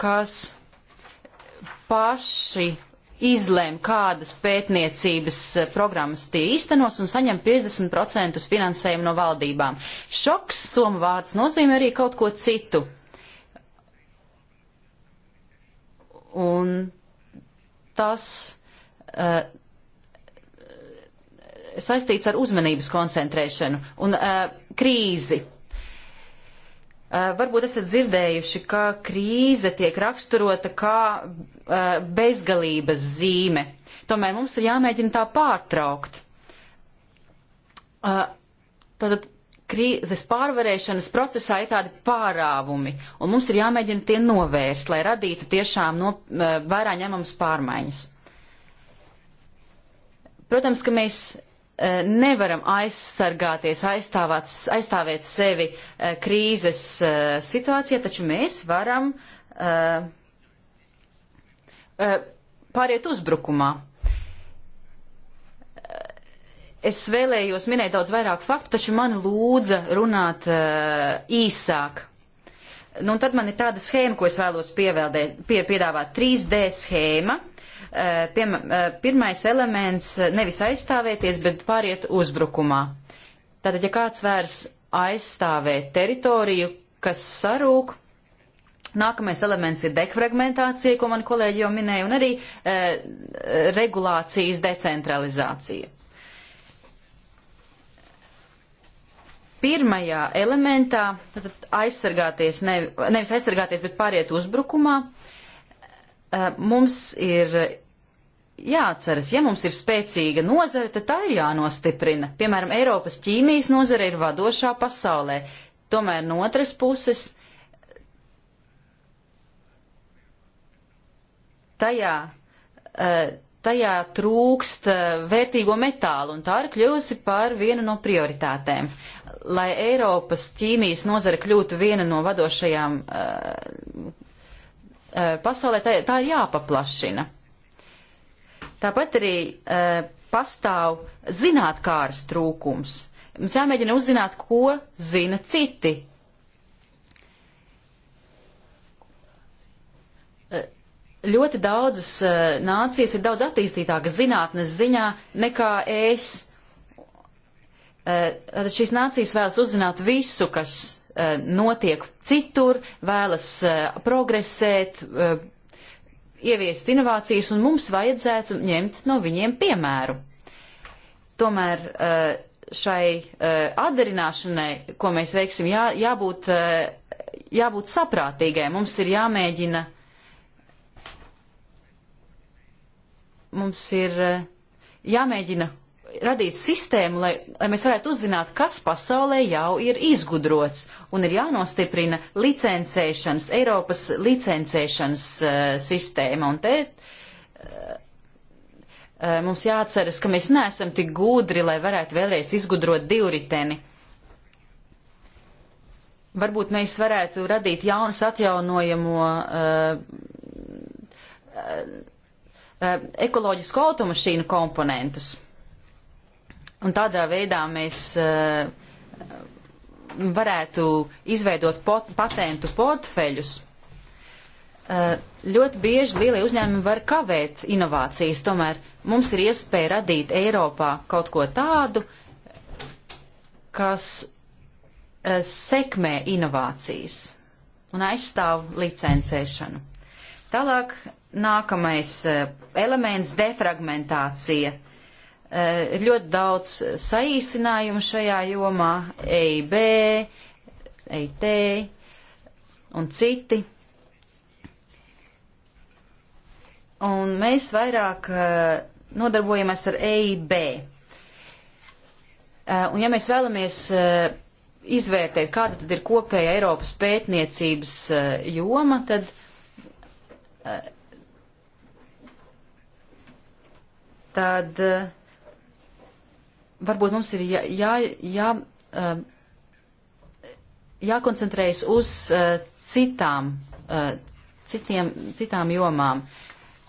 kas paši izlēm, kādas pētniecības eh, programmas tie īstenos un saņem 50% finansējumu no valdībām. Šoks somu vārds nozīmē arī kaut ko citu. Un tas uh, saistīts ar uzmanības koncentrēšanu un uh, krīzi. Eh, varbūt esat dzirdējuši, ka krīze tiek raksturota kā eh, bezgalības zīme. Tomēr mums ir jāmēģina tā pārtraukt. Eh, tātad krīzes pārvarēšanas procesā ir tādi pārāvumi, un mums ir jāmēģina tie novērst, lai radītu tiešām no, vērā ņemamas pārmaiņas. Protams, ka mēs E, nevaram aizsargāties, aizstāvāt, aizstāvēt sevi e, krīzes e, situācijā, taču mēs varam pāriet uzbrukumā. Es vēlējos minēt daudz vairāk faktu, taču man lūdza runāt īsāk. Nu, un tad man ir tāda schēma, ko es vēlos pievēldē, pie, piedāvāt 3D schēma. Uh, Eh, piem, eh, pirmais elements eh, nevis aizstāvēties, bet pāriet uzbrukumā. Tātad, ja kāds vērs aizstāvēt teritoriju, kas sarūk, Nākamais elements ir defragmentācija, ko man kolēģi jau minēja, un arī e, regulācijas decentralizācija. Pirmajā elementā, tad aizsargāties, ne, nevis aizsargāties, bet pāriet uzbrukumā, e, mums ir jāatceras, ja mums ir spēcīga nozare, tad tā ir jānostiprina. Piemēram, Eiropas ķīmijas nozare ir vadošā pasaulē. Tomēr no otras puses tajā, eh, tajā trūkst eh, vērtīgo metālu, un tā ir kļuvusi par vienu no prioritātēm. Lai Eiropas ķīmijas nozare kļūtu viena no vadošajām eh, pasaulē, tā, tā ir jāpaplašina. Tāpat arī uh, pastāv zinātkāras trūkums. Mums jāmēģina uzzināt, ko zina citi. Uh, ļoti daudzas uh, nācijas ir daudz attīstītākas zinātnes ziņā nekā es. Uh, šīs nācijas vēlas uzzināt visu, kas notiek citur, vēlas progresēt, ieviest inovācijas, un mums vajadzētu ņemt no viņiem piemēru. Tomēr eh, šai eh, atdarināšanai, ko mēs veiksim, jā, jābūt, eh, jābūt saprātīgai. Mums ir jāmēģina. Mums ir jāmēģina radīt sistēmu, lai, lai mēs varētu uzzināt, kas pasaulē jau ir izgudrots, un ir jānostiprina licencēšanas, Eiropas licencēšanas uh, sistēma. Un te uh, mums jāatceras, ka mēs neesam tik gudri, lai varētu vēlreiz izgudrot divriteni. Varbūt mēs varētu radīt jaunus atjaunojamo uh, uh, ekoloģisku automašīnu komponentus. Un tādā veidā mēs eh, varētu izveidot pot, patentu portfeļus. Eh, ļoti bieži lielie uzņēmumi var kavēt inovācijas, tomēr mums ir iespēja radīt Eiropā kaut ko tādu, kas eh, sekmē inovācijas un aizstāv licencēšanu. Tālāk nākamais elements - defragmentācija. Uh, Eh, ir ļoti daudz saīsinājumu šajā jomā, EIB, EIT un citi. Un mēs vairāk eh, nodarbojamies ar EIB. Eh, un ja mēs vēlamies izvērtēt, kāda tad ir kopēja Eiropas pētniecības joma, tad tad uh, varbūt mums ir jā, jā, jā, jākoncentrējas uz eh, citām, eh, citiem, citām jomām.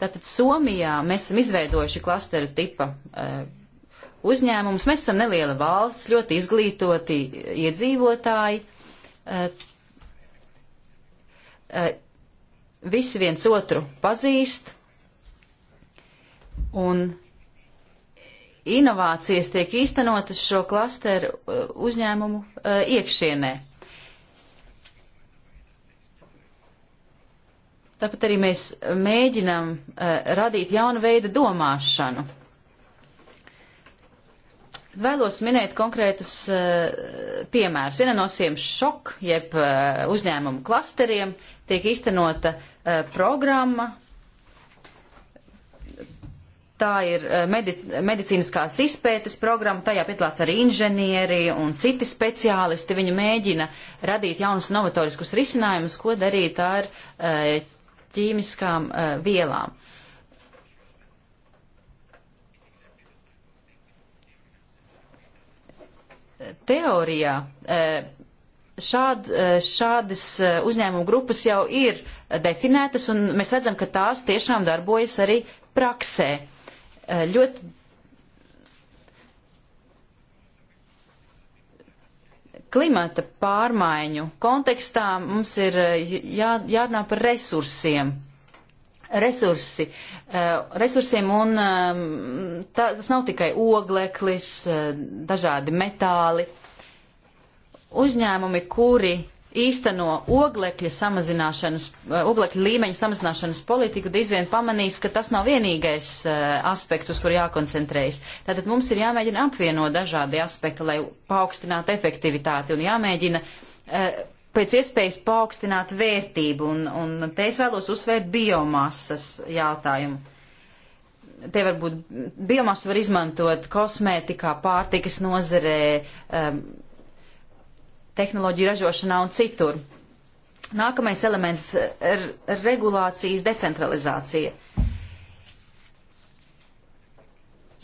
Tātad Somijā mēs esam izveidojuši klasteru tipa eh, uzņēmumus. Mēs esam neliela valsts, ļoti izglītoti iedzīvotāji. Visi viens otru pazīst. Un inovācijas tiek īstenotas šo klasteru uh, uzņēmumu uh, iekšienē. Tāpat arī mēs mēģinam uh, radīt jaunu veidu domāšanu. Vēlos minēt konkrētus piemērus. Viena no siem šok, jeb uzņēmumu klasteriem, tiek iztenota programma, tā ir eh, medi medicīniskās izpētes programma, tajā piedalās arī inženieri un citi speciālisti. Viņi mēģina radīt jaunus novatoriskus risinājumus, ko darīt ar eh, ķīmiskām eh, vielām. Teorijā šād, šādas uzņēmumu grupas jau ir definētas, un mēs redzam, ka tās tiešām darbojas arī praksē. Eh, ļoti. Klimata pārmaiņu kontekstā mums ir eh, jā, jārunā par resursiem, resursi, eh, resursiem un ehm, tā, tas nav tikai ogleklis, dažādi metāli. Uzņēmumi, kuri īsteno oglekļa samazināšanas, eh, oglekļa līmeņa samazināšanas politiku, drīz vien pamanīs, ka tas nav vienīgais uh, aspekts, uz kur jākoncentrējas. Tātad mums ir jāmēģina apvienot dažādi aspekti, lai paaugstinātu efektivitāti un jāmēģina uh, pēc iespējas paaugstināt vērtību. Un, un te es vēlos uzsvērt biomasas jautājumu. Te varbūt biomasu var izmantot kosmētikā, pārtikas nozarē, um, tehnoloģiju ražošanā un citur. Nākamais elements ir regulācijas decentralizācija.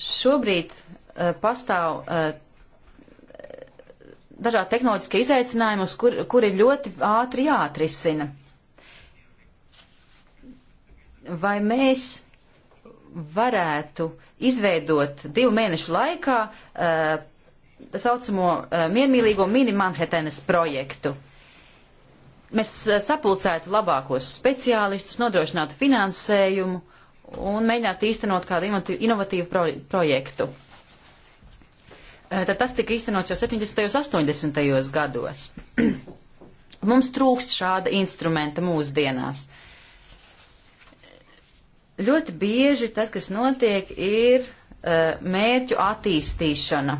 Šobrīd uh, pastāv uh, dažādi tehnoloģiski izaicinājumi, uz kur, kur ir ļoti ātri jāatrisina. Vai mēs varētu izveidot divu mēnešu laikā uh, tā saucamo eh, miermīlīgo mini Manhetenes projektu. Mēs eh, sapulcētu labākos speciālistus, nodrošinātu finansējumu un mēģinātu īstenot kādu inovatīvu pro projektu. Eh, tad tas tika īstenots jau 70. un 80. gados. Mums trūkst šāda instrumenta mūsdienās. Ļoti bieži tas, kas notiek, ir mērķu attīstīšana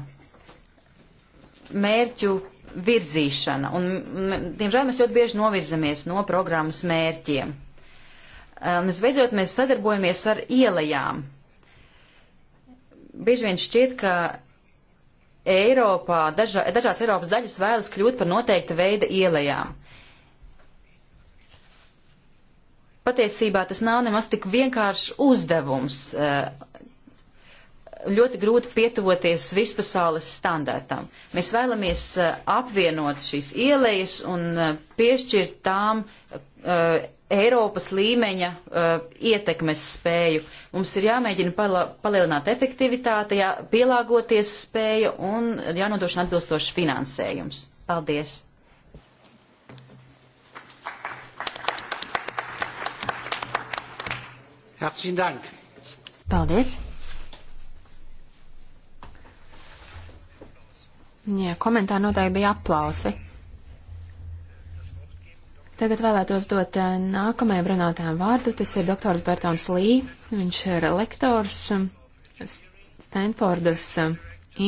mērķu virzīšana. Un, diemžēl, mēs ļoti bieži novirzamies no programmas mērķiem. Un, visbeidzot, mēs sadarbojamies ar ielajām. Bieži vien šķiet, ka Eiropā, dažā, dažās Eiropas daļas vēlas kļūt par noteikta veida ielajām. Patiesībā tas nav nemaz tik vienkāršs uzdevums uh, ļoti grūti pietuvoties vispasaules standartam. Mēs vēlamies eh, apvienot šīs ielejas un eh, piešķirt tām eh, Eiropas līmeņa ietekmes spēju. Mums ir jāmēģina palielināt efektivitāti, jā, pielāgoties spēju un jānodrošina atbilstošs finansējums. Paldies! Herzlichen Dank! Paldies! Jā, komentāri noteikti bija aplausi. Tagad vēlētos dot eh, nākamajam runātājam vārdu. Tas ir doktors Bertons Lī. Viņš ir lektors um, Stanfordas um,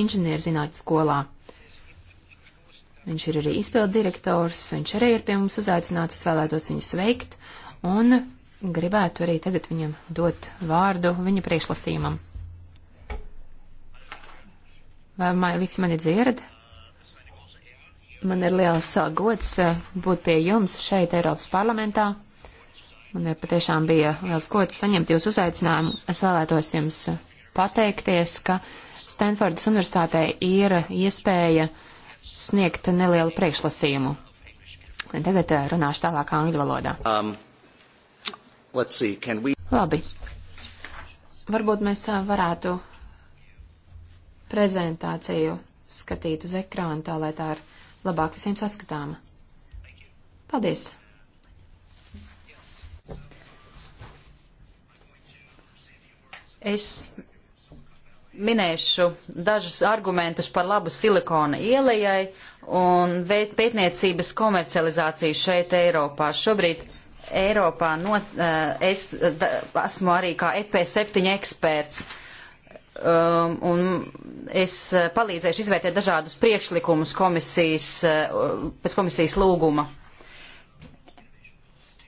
inženierzinātņu skolā. Viņš ir arī izpildu direktors, viņš arī ir pie mums uzaicināts, es vēlētos viņu sveikt un gribētu arī tagad viņam dot vārdu viņa priekšlasījumam. Vai man, visi mani dzird? Man ir liels uh, gods uh, būt pie jums šeit, Eiropas parlamentā. Man ir patiešām bija liels gods saņemt jūsu uzaicinājumu. Es vēlētos jums uh, pateikties, ka Stanfordas universitātē ir iespēja sniegt nelielu priekšlasījumu. Tagad runāšu tālāk angļu valodā. Um, see, we... Labi. Varbūt mēs varētu prezentāciju skatīt uz ekrānu, tā lai tā ir labāk visiem saskatāma. Paldies! Es minēšu dažus argumentus par labu silikona ielai un pētniecības komercializāciju šeit Eiropā. Šobrīd Eiropā not, eh, es esmu arī kā e EP7 eksperts um, un es uh, palīdzēšu izvērtēt dažādus priekšlikumus komisijas, uh, pēc komisijas lūguma.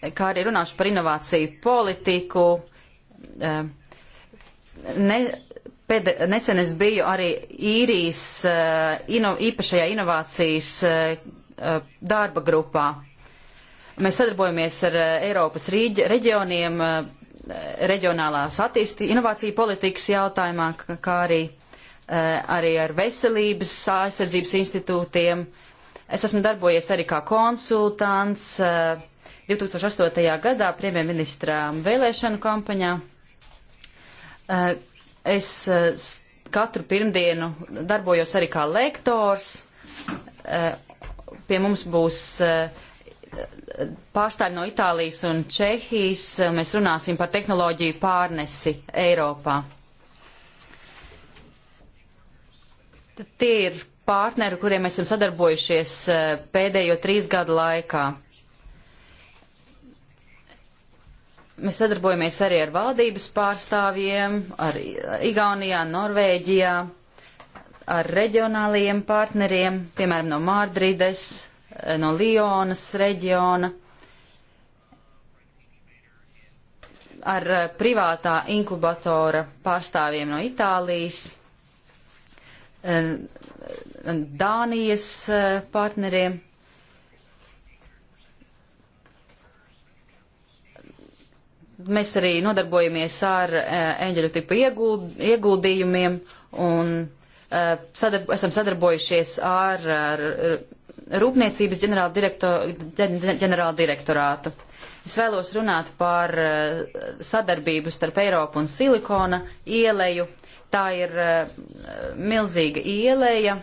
Kā arī runāšu par inovāciju politiku. Um, ne, pēd, nesen es biju arī īrijas uh, ino, īpašajā inovācijas darba grupā. Mēs sadarbojamies ar Eiropas rīģ, reģioniem Eh, reģionālās attīsti, inovāciju politikas jautājumā, kā arī, eh, arī ar veselības aizsardzības institūtiem. Es esmu darbojies arī kā konsultants 2008. Eh, gadā premjerministra vēlēšanu kampaņā. Es katru pirmdienu darbojos arī kā lektors. Pie mums būs uh, pārstāļi no Itālijas un Čehijas, mēs runāsim par tehnoloģiju pārnesi Eiropā. Tad tie ir partneri, kuriem esam sadarbojušies eh, pēdējo trīs gadu laikā. Mēs sadarbojamies arī ar valdības pārstāvjiem, ar Igaunijā, Norvēģijā, ar reģionālajiem partneriem, piemēram, no Mārdrīdes, Eh, no Lionas reģiona ar eh, privātā inkubatora pārstāvjiem no Itālijas, eh, Dānijas partneriem. Mēs arī nodarbojamies ar eņģeļu tipu ieguld, ieguldījumiem un sadarb esam sadarbojušies ar, ar Rūpniecības ģenerāldirektorātu. Es vēlos runāt par eh, sadarbību starp Eiropu un Silikona ieleju. Tā ir eh, milzīga ieleja.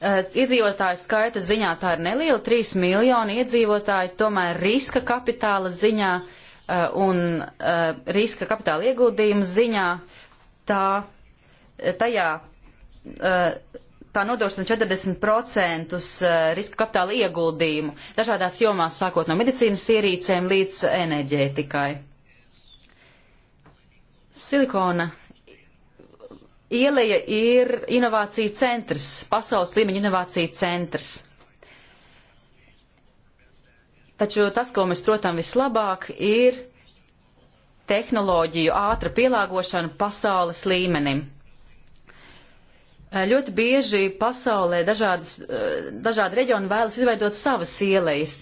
Eh, iedzīvotāju skaita ziņā tā ir neliela, 3 miljoni iedzīvotāji, tomēr riska kapitāla ziņā un riska kapitāla ieguldījumu ziņā tā, tajā tā nodrošina 40% eh, riska kapitāla ieguldījumu dažādās jomās, sākot no medicīnas ierīcēm līdz enerģētikai. Silikona ieleja ir inovācija centrs, pasaules līmeņa inovācija centrs. Taču tas, ko mēs protam vislabāk, ir tehnoloģiju ātra pielāgošana pasaules līmenim. Eh, ļoti bieži pasaulē dažādas, eh, dažādi reģioni vēlas izveidot savas ielejas.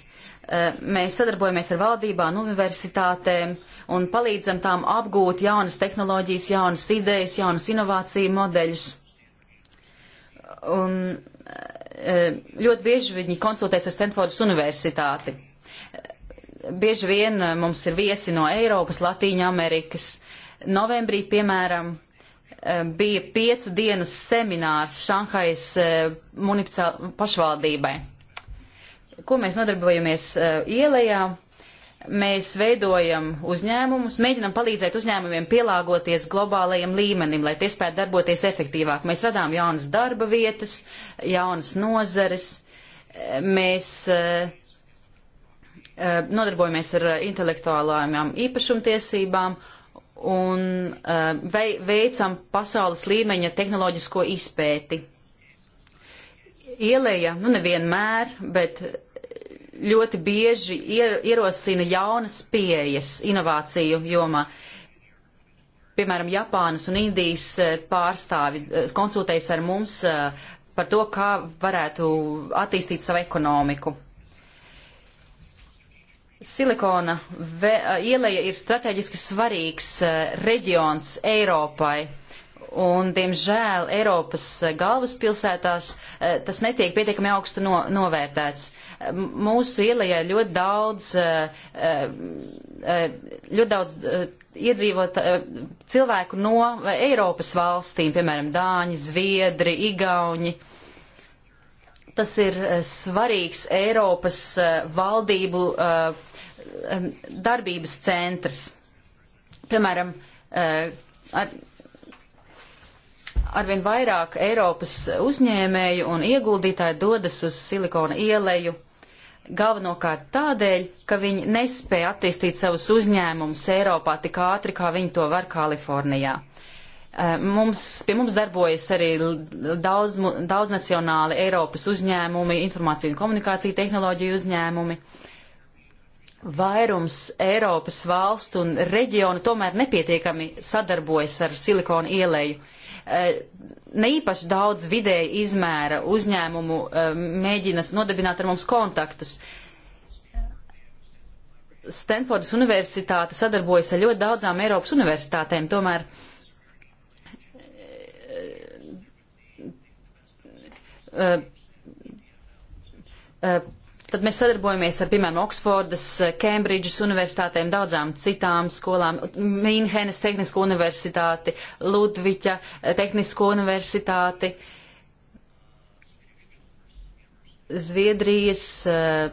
Eh, mēs sadarbojamies ar valdībām, universitātēm un palīdzam tām apgūt jaunas tehnoloģijas, jaunas idejas, jaunas inovāciju modeļus. Un ļoti bieži viņi konsultēs ar Stanfordas universitāti. Bieži vien mums ir viesi no Eiropas, Latīņa Amerikas. Novembrī, piemēram, Eh, bija piecu dienu seminārs Šanhais eh, pašvaldībai. Ko mēs nodarbojamies eh, ielējā? Mēs veidojam uzņēmumus, mēģinam palīdzēt uzņēmumiem pielāgoties globālajiem līmenim, lai tie spētu darboties efektīvāk. Mēs radām jaunas darba vietas, jaunas nozares, mēs nodarbojamies ar intelektuālām īpašumtiesībām un eh, vei, veicam pasaules līmeņa tehnoloģisko izpēti. Ielēja, nu nevienmēr, bet ļoti bieži ierosina jaunas pieejas inovāciju jomā. Piemēram, Japānas un Indijas eh, pārstāvi eh, konsultējas ar mums par to, kā varētu attīstīt savu ekonomiku. Silikona ieleja ir strateģiski svarīgs reģions Eiropai. Un, diemžēl, Eiropas galvaspilsētās tas netiek pietiekami augstu no, novērtēts. Mūsu ielējā ļoti daudz, ļoti daudz iedzīvot cilvēku no Eiropas valstīm, piemēram, Dāņi, Zviedri, Igauņi tas ir svarīgs Eiropas valdību Um, darbības centrs. Piemēram, uh, ar, arvien vairāk Eiropas uzņēmēju un ieguldītāji dodas uz Silikona ieleju galvenokārt tādēļ, ka viņi nespēja attīstīt savus uzņēmumus Eiropā tik ātri, kā viņi to var Kalifornijā. Uh, mums, pie mums darbojas arī daudz, daudznacionāli Eiropas uzņēmumi, informāciju un komunikāciju tehnoloģiju uzņēmumi. Uh, vairums Eiropas valstu un reģionu tomēr nepietiekami sadarbojas ar silikonu ielēju. E, ne īpaši daudz vidēji izmēra uzņēmumu e, mēģinas nodibināt ar mums kontaktus. Stanfordas universitāte sadarbojas ar ļoti daudzām Eiropas universitātēm, tomēr e, Tad mēs sadarbojamies ar, piemēram, Oksfordas, Kembridžas universitātēm, daudzām citām skolām, Mīnhenes Tehnisko universitāti, Ludviķa eh, Tehnisko universitāti, Zviedrijas eh,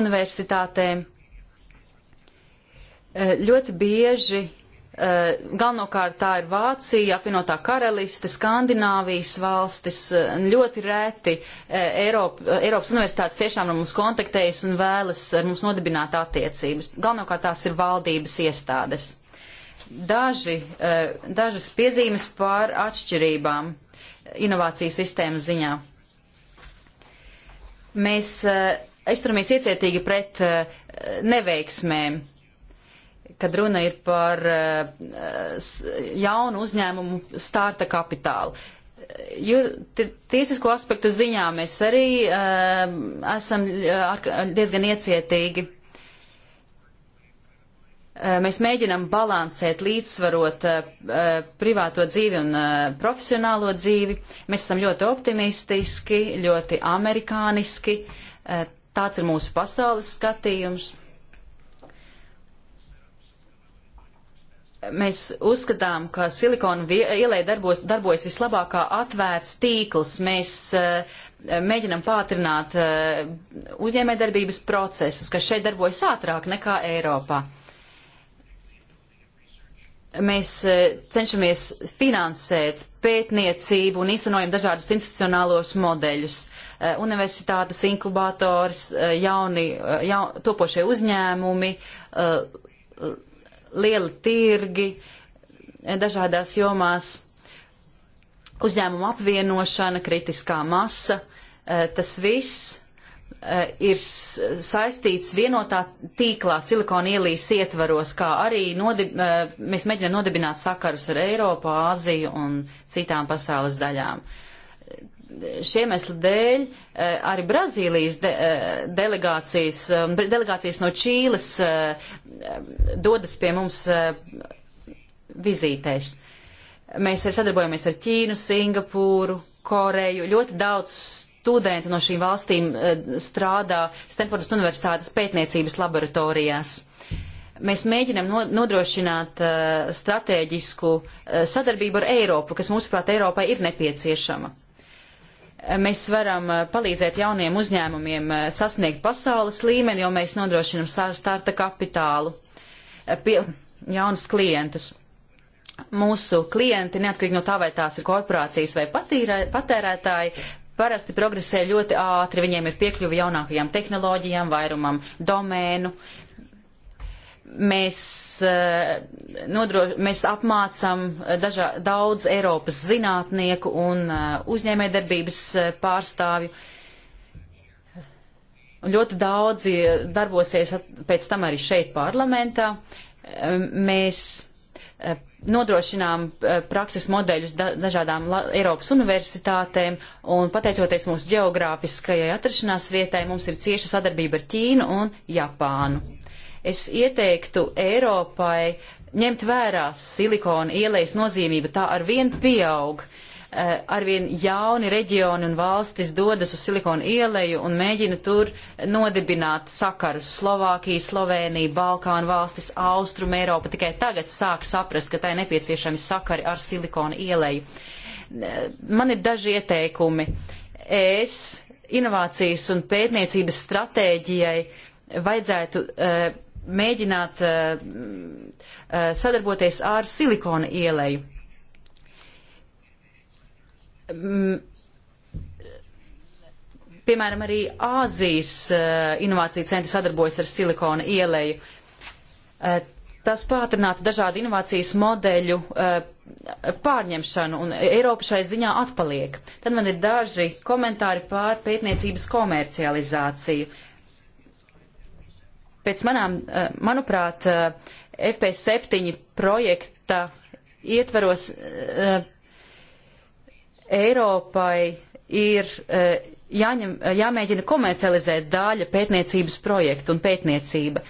universitātēm. Eh, ļoti bieži Eh, galvenokārt tā ir Vācija, apvienotā karaliste, Skandināvijas valstis. Eh, ļoti reti eh, Eiropa, Eiropas universitātes tiešām ar mums kontaktējas un vēlas ar mums nodibināt attiecības. Galvenokārt tās ir valdības iestādes. Daži, dažas piezīmes par atšķirībām inovācijas sistēmas ziņā. Mēs izturamies iecietīgi pret neveiksmēm kad runa ir par eh, jaunu uzņēmumu starta kapitālu. Tiesisko aspektu ziņā mēs arī eh, esam eh, diezgan iecietīgi. Mēs mēģinam balansēt, līdzsvarot privāto dzīvi un profesionālo dzīvi. Mēs esam ļoti optimistiski, ļoti amerikāniski. Tāds ir mūsu pasaules skatījums. mēs uzskatām, ka silikona ielē darbos, darbojas vislabāk kā atvērts tīkls. Mēs uh, mēģinam pātrināt uh, uzņēmējdarbības procesus, kas šeit darbojas ātrāk nekā Eiropā. Mēs uh, cenšamies finansēt pētniecību un īstenojam dažādus institucionālos modeļus. Universitātes, inkubators, jauni, jaun, topošie uzņēmumi, lieli tirgi dažādās jomās, uzņēmuma apvienošana, kritiskā masa, eh, tas viss eh, ir saistīts vienotā tīklā Silikona ielīs ietvaros, kā arī nodib, eh, mēs mēģinām nodibināt sakarus ar Eiropu, Āziju un citām pasaules daļām šiem eslu dēļ eh, arī Brazīlijas de, eh, delegācijas, eh, delegācijas no Čīles dodas pie mums vizītēs. Mēs arī sadarbojamies ar Ķīnu, Singapūru, Koreju. Ļoti daudz studentu no šīm valstīm strādā Stanfordas Universitātes pētniecības laboratorijās mēs mēģinam nodrošināt uh, stratēģisku uh, sadarbību ar Eiropu, kas, mūsuprāt, Eiropai ir nepieciešama mēs varam eh, palīdzēt jauniem uzņēmumiem eh, sasniegt pasaules līmeni, jo mēs nodrošinam starta kapitālu, eh, pie, jaunus klientus. Mūsu klienti, neatkarīgi no tā, vai tās ir korporācijas vai patīrē, patērētāji, parasti progresē ļoti ātri, viņiem ir piekļuva jaunākajām tehnoloģijām, vairumam domēnu, mēs, eh, nodro, mēs apmācam eh, dažā, daudz Eiropas zinātnieku un eh, uzņēmējdarbības pārstāvju. Ļoti daudzi darbosies pēc tam arī šeit parlamentā. Mēs nodrošinām prakses modeļus dažādām Eiropas universitātēm, un pateicoties mūsu geogrāfiskajai atrašanās vietai, mums ir cieša sadarbība ar Ķīnu un Japānu es ieteiktu Eiropai ņemt vērā silikona ielejas nozīmību. Tā arvien pieaug. Eh, arvien jauni reģioni un valstis dodas uz silikona ieleju un mēģina tur nodibināt sakarus. Slovākija, Slovēnija, Balkānu valstis, Austrum Eiropa tikai tagad sāk saprast, ka tai nepieciešami sakari ar silikona ieleju. Eh, man ir daži ieteikumi. Es inovācijas un pētniecības stratēģijai vajadzētu uh, mēģināt eh, eh, sadarboties ar silikona ieleju. Mm, piemēram, arī Āzijas eh, inovāciju centri sadarbojas ar silikona ieleju. Tas pātrinātu dažādu inovācijas modeļu pārņemšanu, un Eiropa šai ziņā atpaliek. Tad man ir daži komentāri pār pētniecības komercializāciju. Pēc manām, eh, manuprāt, eh, FP7 projekta ietvaros eh, Eiropai ir jāņem, jāmēģina komercializēt daļa pētniecības projektu un pētniecība.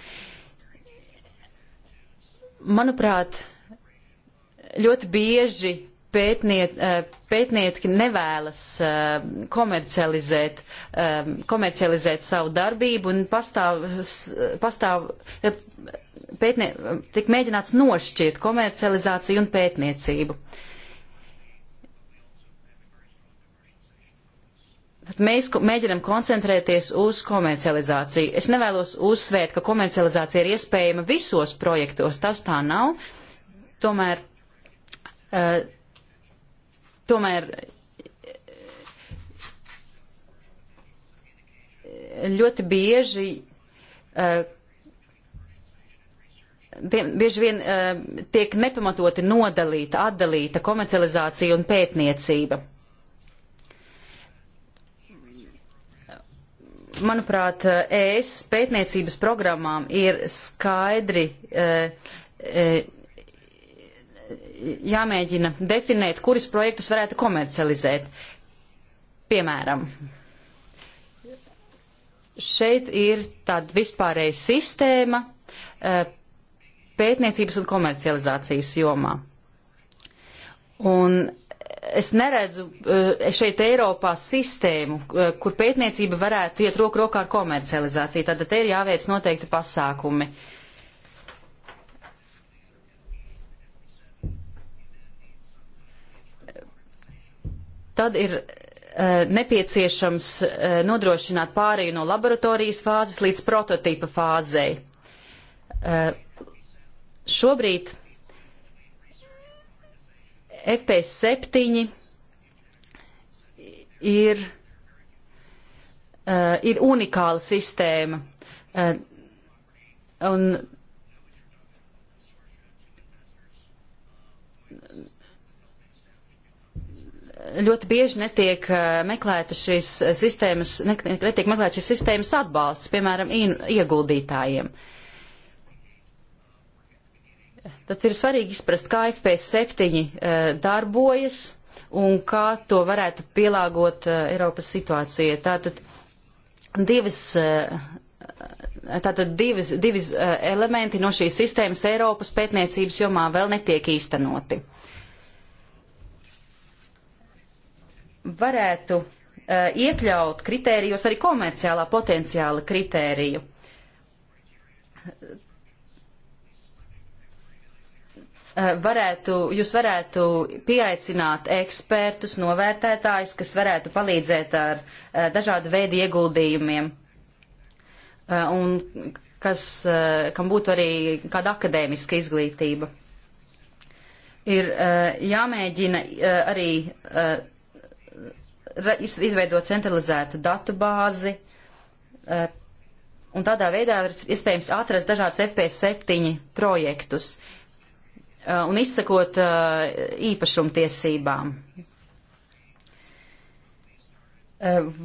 Manuprāt, ļoti bieži pētniet, eh, pētnieki nevēlas eh, komercializēt, eh, komercializēt savu darbību un pastāv, pastāv pētnie, tik mēģināts nošķirt komercializāciju un pētniecību. Mēs mēģinam koncentrēties uz komercializāciju. Es nevēlos uzsvērt, ka komercializācija ir iespējama visos projektos, tas tā nav. Tomēr uh, tomēr ļoti bieži, eh, bieži vien eh, tiek nepamatoti nodalīta, atdalīta komercializācija un pētniecība. Manuprāt, eh, ES pētniecības programmām ir skaidri jāmēģina definēt, kurus projektus varētu komercializēt. Piemēram, šeit ir tāda vispārēja sistēma e, pētniecības un komercializācijas jomā. Un es neredzu e, šeit Eiropā sistēmu, e, kur pētniecība varētu iet roku rokā ar komercializāciju. Tātad te ir jāveic noteikti pasākumi. Uh, tad ir eh, nepieciešams eh, nodrošināt pārēju no laboratorijas fāzes līdz prototīpa fāzei. Eh, šobrīd FPS7 ir, ir unikāla sistēma. Un ļoti bieži netiek eh, meklēta šīs sistēmas, netiek meklēta šīs sistēmas atbalsts, piemēram, ieguldītājiem. Tad ir svarīgi izprast, kā FP7 eh, darbojas un kā to varētu pielāgot eh, Eiropas situācijai. Tātad divas, tātad divas, divas elementi no šīs sistēmas Eiropas pētniecības jomā vēl netiek īstenoti. Uh, varētu uh, iekļaut kritērijos arī komerciālā potenciāla kritēriju. Uh, varētu, jūs varētu pieaicināt ekspertus, novērtētājus, kas varētu palīdzēt ar uh, dažādu veidu ieguldījumiem un kas, kam būtu arī kāda akadēmiska izglītība. Ir jāmēģina arī izveidot centralizētu datu bāzi, eh, un tādā veidā ir iespējams atrast dažādus FP7 projektus eh, un izsakot eh, īpašumtiesībām.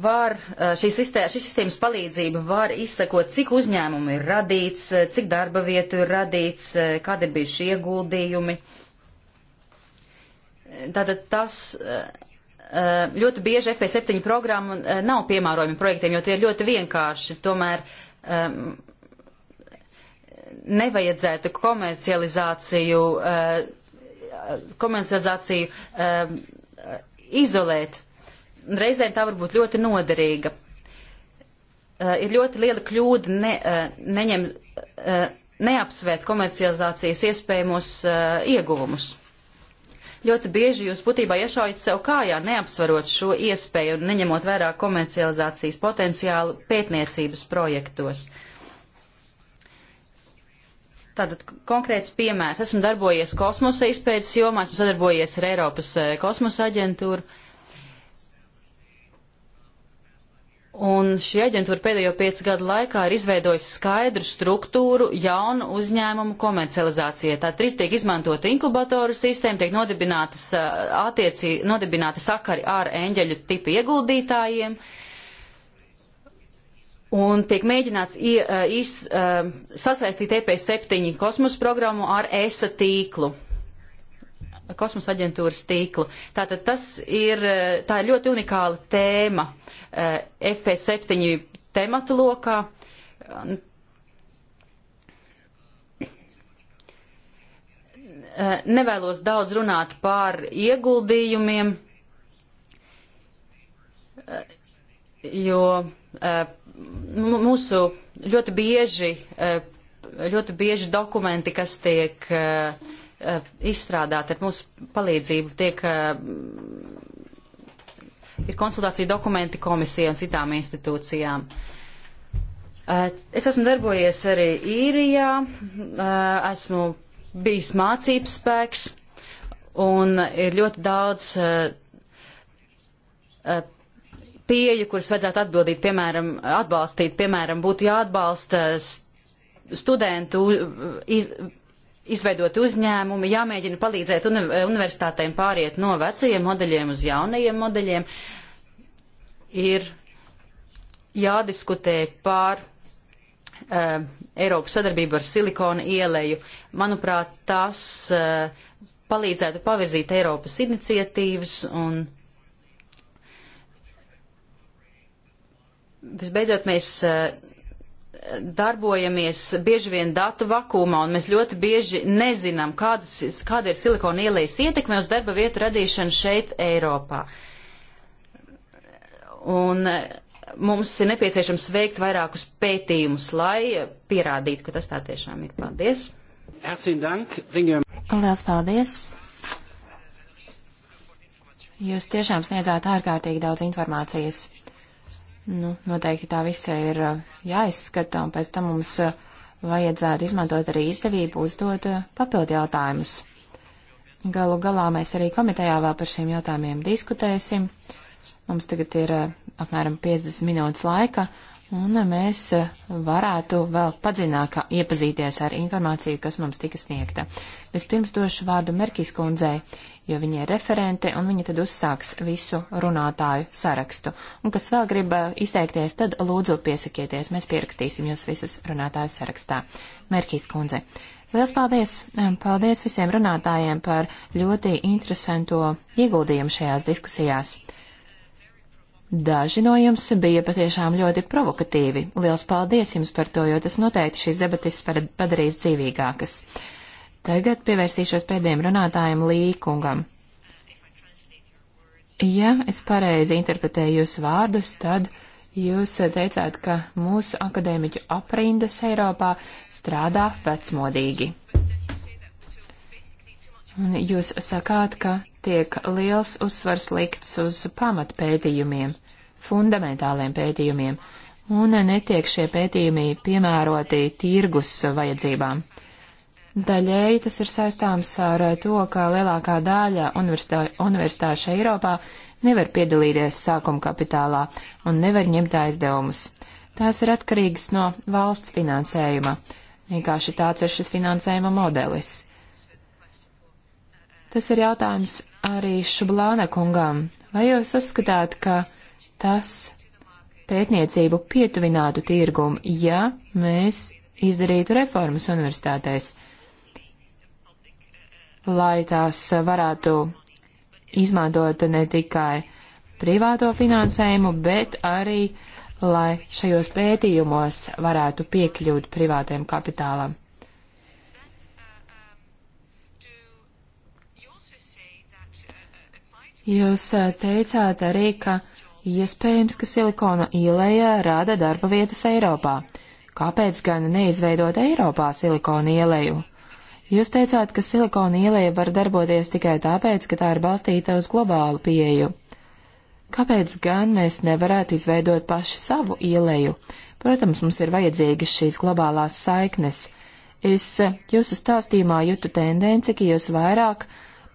Var, šī sistēma, šīs sistēmas palīdzība var izsakot, cik uzņēmumu ir radīts, cik darba vietu ir radīts, kādi ir bijuši ieguldījumi. Tātad tas, Eh, ļoti bieži FP7 programma eh, nav piemērojama projektiem, jo tie ir ļoti vienkārši. Tomēr um, nevajadzētu komercializāciju, uh, komercializāciju uh, izolēt. Reizēm tā var būt ļoti noderīga. Uh, ir ļoti liela kļūda ne, neņem, neapsvērt komercializācijas iespējamos ieguvumus ļoti bieži jūs būtībā iešaujat sev kājā, neapsvarot šo iespēju un neņemot vērā komercializācijas potenciālu pētniecības projektos. Tātad konkrēts piemērs. Esmu darbojies kosmosa izpētes jomā, esmu sadarbojies ar Eiropas eh, kosmosa aģentūru Un šī aģentūra pēdējo piecu gadu laikā ir izveidojusi skaidru struktūru jaunu uzņēmumu komercializācijai. Tā trīs tiek izmantota inkubatoru sistēma, tiek nodibinātas, attiecī, nodibināta sakari ar eņģeļu tipu ieguldītājiem. Un tiek mēģināts i, i, i, sasaistīt e EP7 kosmosa programmu ar ESA tīklu kosmosa aģentūras tīklu. Tātad tas ir, eh, tā ir ļoti unikāla tēma eh, FP7 tematu lokā. Eh, nevēlos daudz runāt par ieguldījumiem, jo mūsu ļoti bieži, ļoti bieži dokumenti, kas tiek uh, Eh, izstrādāti ar mūsu palīdzību, tiek, eh, ir konsultācija dokumenti komisija un citām institūcijām. Eh, es esmu darbojies arī īrijā, esmu bijis mācības spēks un ir ļoti daudz pieeju, kuras vajadzētu atbildīt, piemēram, atbalstīt, piemēram, būtu jāatbalsta studentu iz, izveidot uzņēmumi, jāmēģina palīdzēt uni universitātēm pāriet no vecajiem modeļiem uz jaunajiem modeļiem, ir jādiskutē pār uh, Eiropas sadarbību ar Silikona ieleju. Manuprāt, tas uh, palīdzētu pavirzīt Eiropas iniciatīvas un visbeidzot mēs uh, darbojamies bieži vien datu vakumā, un mēs ļoti bieži nezinām, kādas, kāda ir silikona ielējas ietekme uz darba vietu radīšanu šeit, Eiropā. Un e, mums ir nepieciešams veikt vairākus pētījumus, lai pierādītu, ka tas tā tiešām ir. Paldies! Lielas paldies! Jūs tiešām sniedzāt ārkārtīgi daudz informācijas. Nu, noteikti tā visai ir uh, jāizskata, un pēc tam mums uh, vajadzētu izmantot arī izdevību uzdot uh, papildu jautājumus. Galu galā mēs arī komitejā vēl par šiem jautājumiem diskutēsim. Mums tagad ir apmēram 50 minūtes laika, un mēs varētu vēl padzināk iepazīties ar informāciju, kas mums tika sniegta. Vispirms došu vārdu Merkis kundzei jo viņa ir referente, un viņa tad uzsāks visu runātāju sarakstu. Un kas vēl grib eh, izteikties, tad lūdzu piesakieties, mēs pierakstīsim jūs visus runātāju sarakstā. Merkīs kundze. Liels paldies! Paldies visiem runātājiem par ļoti interesanto ieguldījumu šajās diskusijās. Daži no jums bija patiešām ļoti provokatīvi. Liels paldies jums par to, jo tas noteikti šīs debatis padarīs dzīvīgākas. Tagad pievērsīšos pēdējiem runātājiem Līkungam. Ja es pareizi interpretēju jūsu vārdus, tad jūs teicāt, ka mūsu akadēmiķu aprindas Eiropā strādā vecmodīgi. Un jūs sakāt, ka tiek liels uzsvars likts uz pamatpētījumiem, fundamentāliem pētījumiem, un netiek šie pētījumi piemēroti tirgus vajadzībām. Daļēji tas ir saistāms ar to, ka lielākā daļa universitā, universitāšu Eiropā nevar piedalīties sākuma kapitālā un nevar ņemt aizdevumus. Tās ir atkarīgas no valsts finansējuma. Vienkārši tāds ir šis finansējuma modelis. Tas ir jautājums arī Šublāna kungam. Vai jūs uzskatāt, ka tas pētniecību pietuvinātu tirgumu, ja mēs izdarītu reformas universitātēs? lai tās varētu izmantot ne tikai privāto finansējumu, bet arī, lai šajos pētījumos varētu piekļūt privātiem kapitālam. Jūs eh, teicāt arī, ka iespējams, ka silikona ielēja rada darba vietas Eiropā. Kāpēc gan neizveidot Eiropā silikona ielēju? Jūs teicāt, ka silikona ielēja var darboties tikai tāpēc, ka tā ir balstīta uz globālu pieeju. Kāpēc gan mēs nevarētu izveidot paši savu ielēju? Protams, mums ir vajadzīgas šīs globālās saiknes. Es jūsu stāstījumā jūtu tendenci, ka jūs vairāk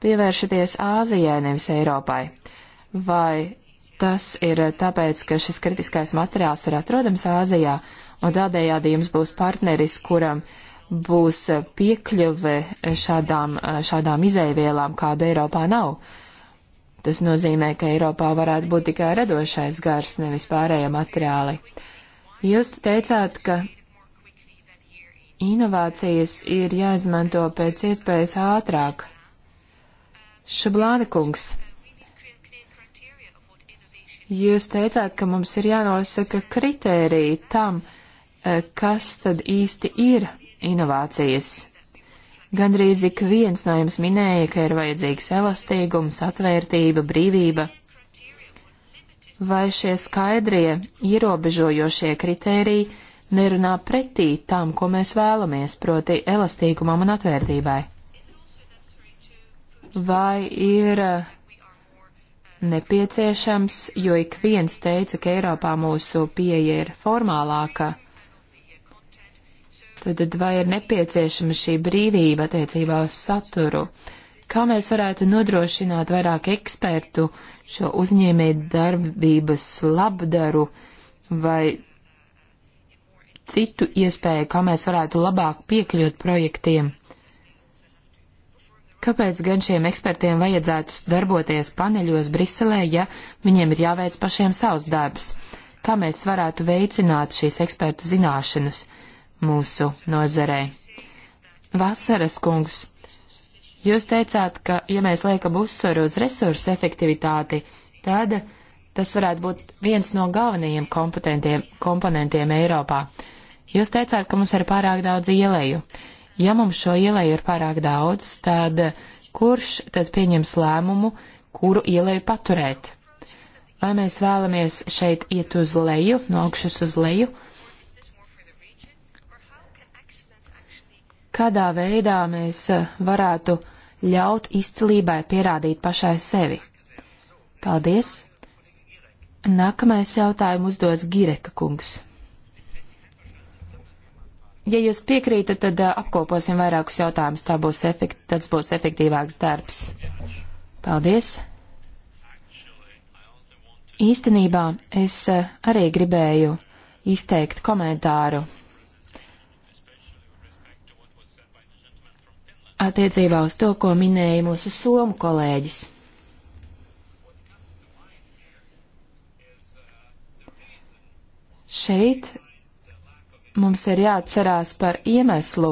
pievēršaties Āzijai, nevis Eiropai. Vai tas ir tāpēc, ka šis kritiskais materiāls ir atrodams Āzijā, un tādējādi jums būs partneris, kuram uh, būs piekļuve šādām, šādām izēvielām, kādu Eiropā nav. Tas nozīmē, ka Eiropā varētu būt tikai radošais gars, nevis pārējie materiāli. Jūs teicāt, ka inovācijas ir jāizmanto pēc iespējas ātrāk. Šablāna kungs, jūs teicāt, ka mums ir jānosaka kritēriji tam, eh, kas tad īsti ir inovācijas. Gandrīz ik viens no jums minēja, ka ir vajadzīgs elastīgums, atvērtība, brīvība. Vai šie skaidrie, ierobežojošie kritēriji nerunā pretī tam, ko mēs vēlamies, proti elastīgumam un atvērtībai? Vai ir eh, nepieciešams, jo ik viens teica, ka Eiropā mūsu pieeja ir formālāka? Tad vai ir nepieciešama šī brīvība attiecībā uz saturu? Kā mēs varētu nodrošināt vairāk ekspertu šo uzņēmēju darbības labdaru vai citu iespēju, kā mēs varētu labāk piekļūt projektiem? Kāpēc gan šiem ekspertiem vajadzētu darboties paneļos Briselē, ja viņiem ir jāveic pašiem savs darbs? Kā mēs varētu veicināt šīs ekspertu zināšanas? mūsu nozarē. Vasaras kungs, jūs teicāt, ka ja mēs liekam uzsvaru uz resursu efektivitāti, tad tas varētu būt viens no galvenajiem komponentiem Eiropā. Jūs teicāt, ka mums ir pārāk daudz ieleju. Ja mums šo ieleju ir pārāk daudz, tad kurš tad pieņems lēmumu, kuru ieleju paturēt? Vai mēs vēlamies šeit iet uz leju, no augšas uz leju, kādā veidā mēs eh, varētu ļaut izcilībai pierādīt pašai sevi. Paldies! Nākamais jautājumu uzdos Gireka kungs. Ja jūs piekrītat, tad eh, apkoposim vairākus jautājumus. Tā būs efekt, tāds būs efektīvāks darbs. Paldies! Īstenībā es eh, arī gribēju izteikt komentāru attiecībā uz to, ko minēja mūsu somu kolēģis. Šeit mums ir jāatcerās par iemeslu,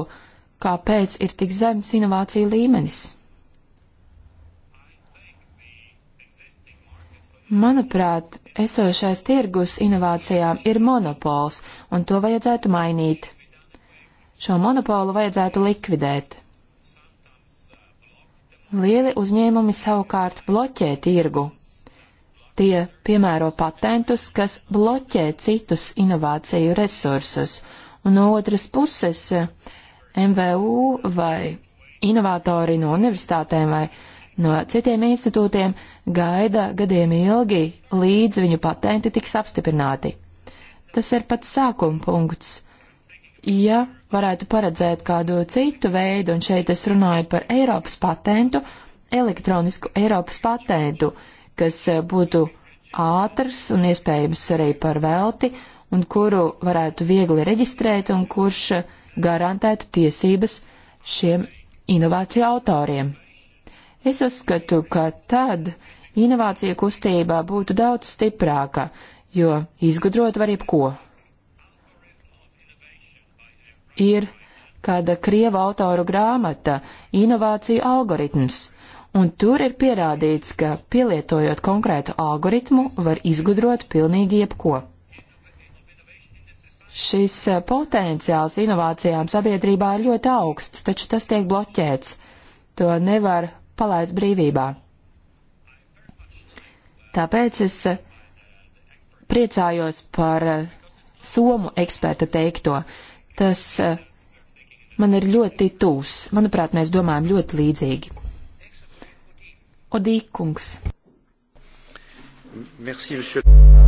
kāpēc ir tik zems inovāciju līmenis. Manuprāt, esošais tirgus inovācijām ir monopols, un to vajadzētu mainīt. Šo monopolu vajadzētu likvidēt. Lieli uzņēmumi savukārt bloķē tirgu. Tie piemēro patentus, kas bloķē citus inovāciju resursus, un no otras puses MVU vai inovatori no universitātēm vai no citiem institūtiem gaida gadiem ilgi, līdz viņu patenti tiks apstiprināti. Tas ir pats sākuma punkts ja varētu paredzēt kādu citu veidu, un šeit es runāju par Eiropas patentu, elektronisku Eiropas patentu, kas eh, būtu ātrs un iespējams arī par velti, un kuru varētu viegli reģistrēt, un kurš garantētu tiesības šiem inovāciju autoriem. Es uzskatu, ka tad inovācija kustībā būtu daudz stiprāka, jo izgudrot var jebko, ir kāda krieva autoru grāmata - inovācija algoritms. Un tur ir pierādīts, ka pielietojot konkrētu algoritmu, var izgudrot pilnīgi jebko. Šis eh, potenciāls inovācijām sabiedrībā ir ļoti augsts, taču tas tiek bloķēts. To nevar palaist brīvībā. Tāpēc es eh, priecājos par eh, somu eksperta teikto. Tas eh, man ir ļoti tūs. Manuprāt, mēs domājam ļoti līdzīgi. Odīkungs. Merci, monsieur.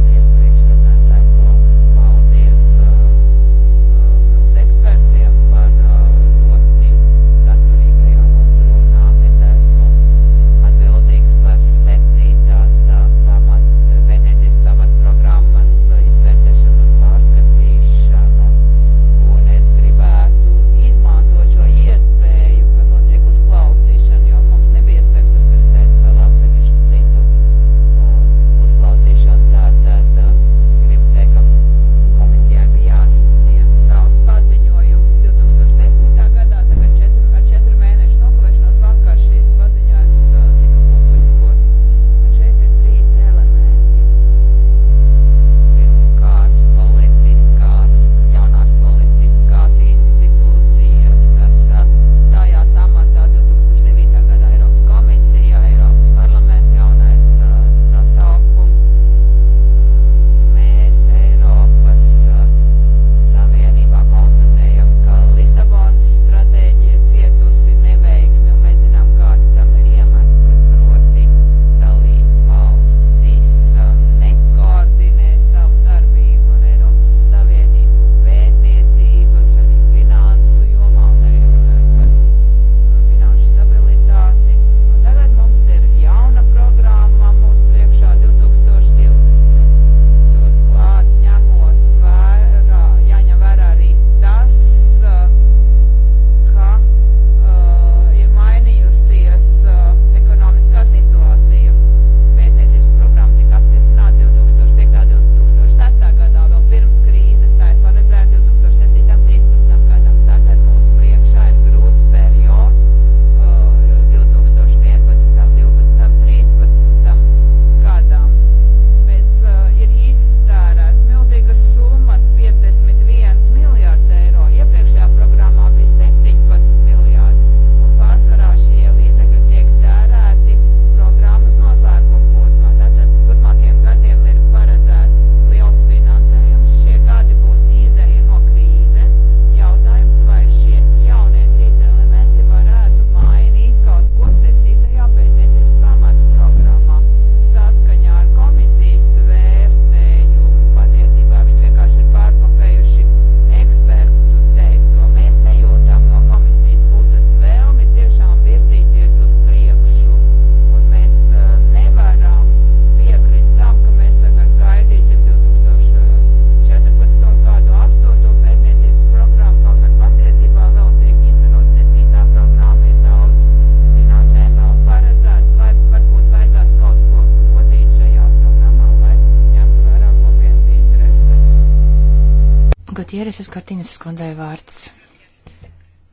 Viesas Kortīnas skundzei vārds.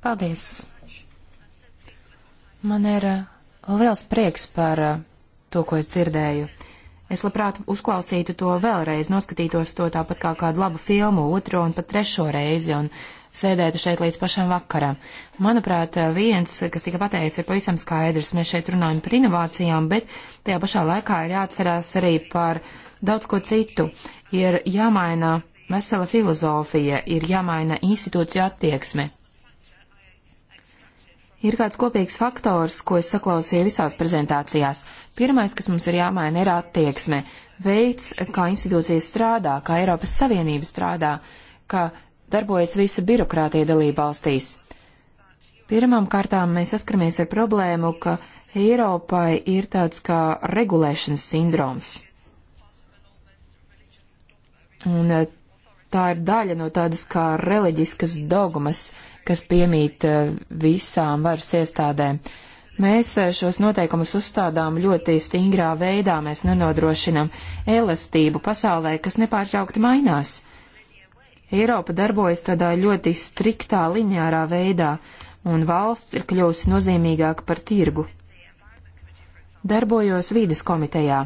Paldies! Man ir uh, liels prieks par uh, to, ko es dzirdēju. Es labprāt uzklausītu to vēlreiz, noskatītos to tāpat kā kādu labu filmu, otro un pat trešo reizi, un sēdētu šeit līdz pašam vakaram. Manuprāt, uh, viens, kas tika pateikts, ir pavisam skaidrs. Mēs šeit runājam par inovācijām, bet tajā pašā laikā ir jāatcerās arī par daudz ko citu. Ir jāmaina vesela filozofija, ir jāmaina institūciju attieksme. Ir kāds kopīgs faktors, ko es saklausīju visās prezentācijās. Pirmais, kas mums ir jāmaina, ir attieksme, veids, kā institūcijas strādā, kā Eiropas Savienība strādā, kā darbojas visa birokrātija dalība valstīs. Pirmām kārtām mēs saskaramies ar problēmu, ka Eiropai ir tāds kā regulēšanas sindroms. Un tā ir daļa no tādas kā reliģiskas dogmas, kas piemīt eh, visām varas iestādēm. Mēs eh, šos noteikumus uzstādām ļoti stingrā veidā, mēs nenodrošinam elastību pasaulē, kas nepārtraukti mainās. Eiropa darbojas tādā ļoti striktā lineārā veidā, un valsts ir kļuvusi nozīmīgāka par tirgu. Darbojos vīdes komitejā.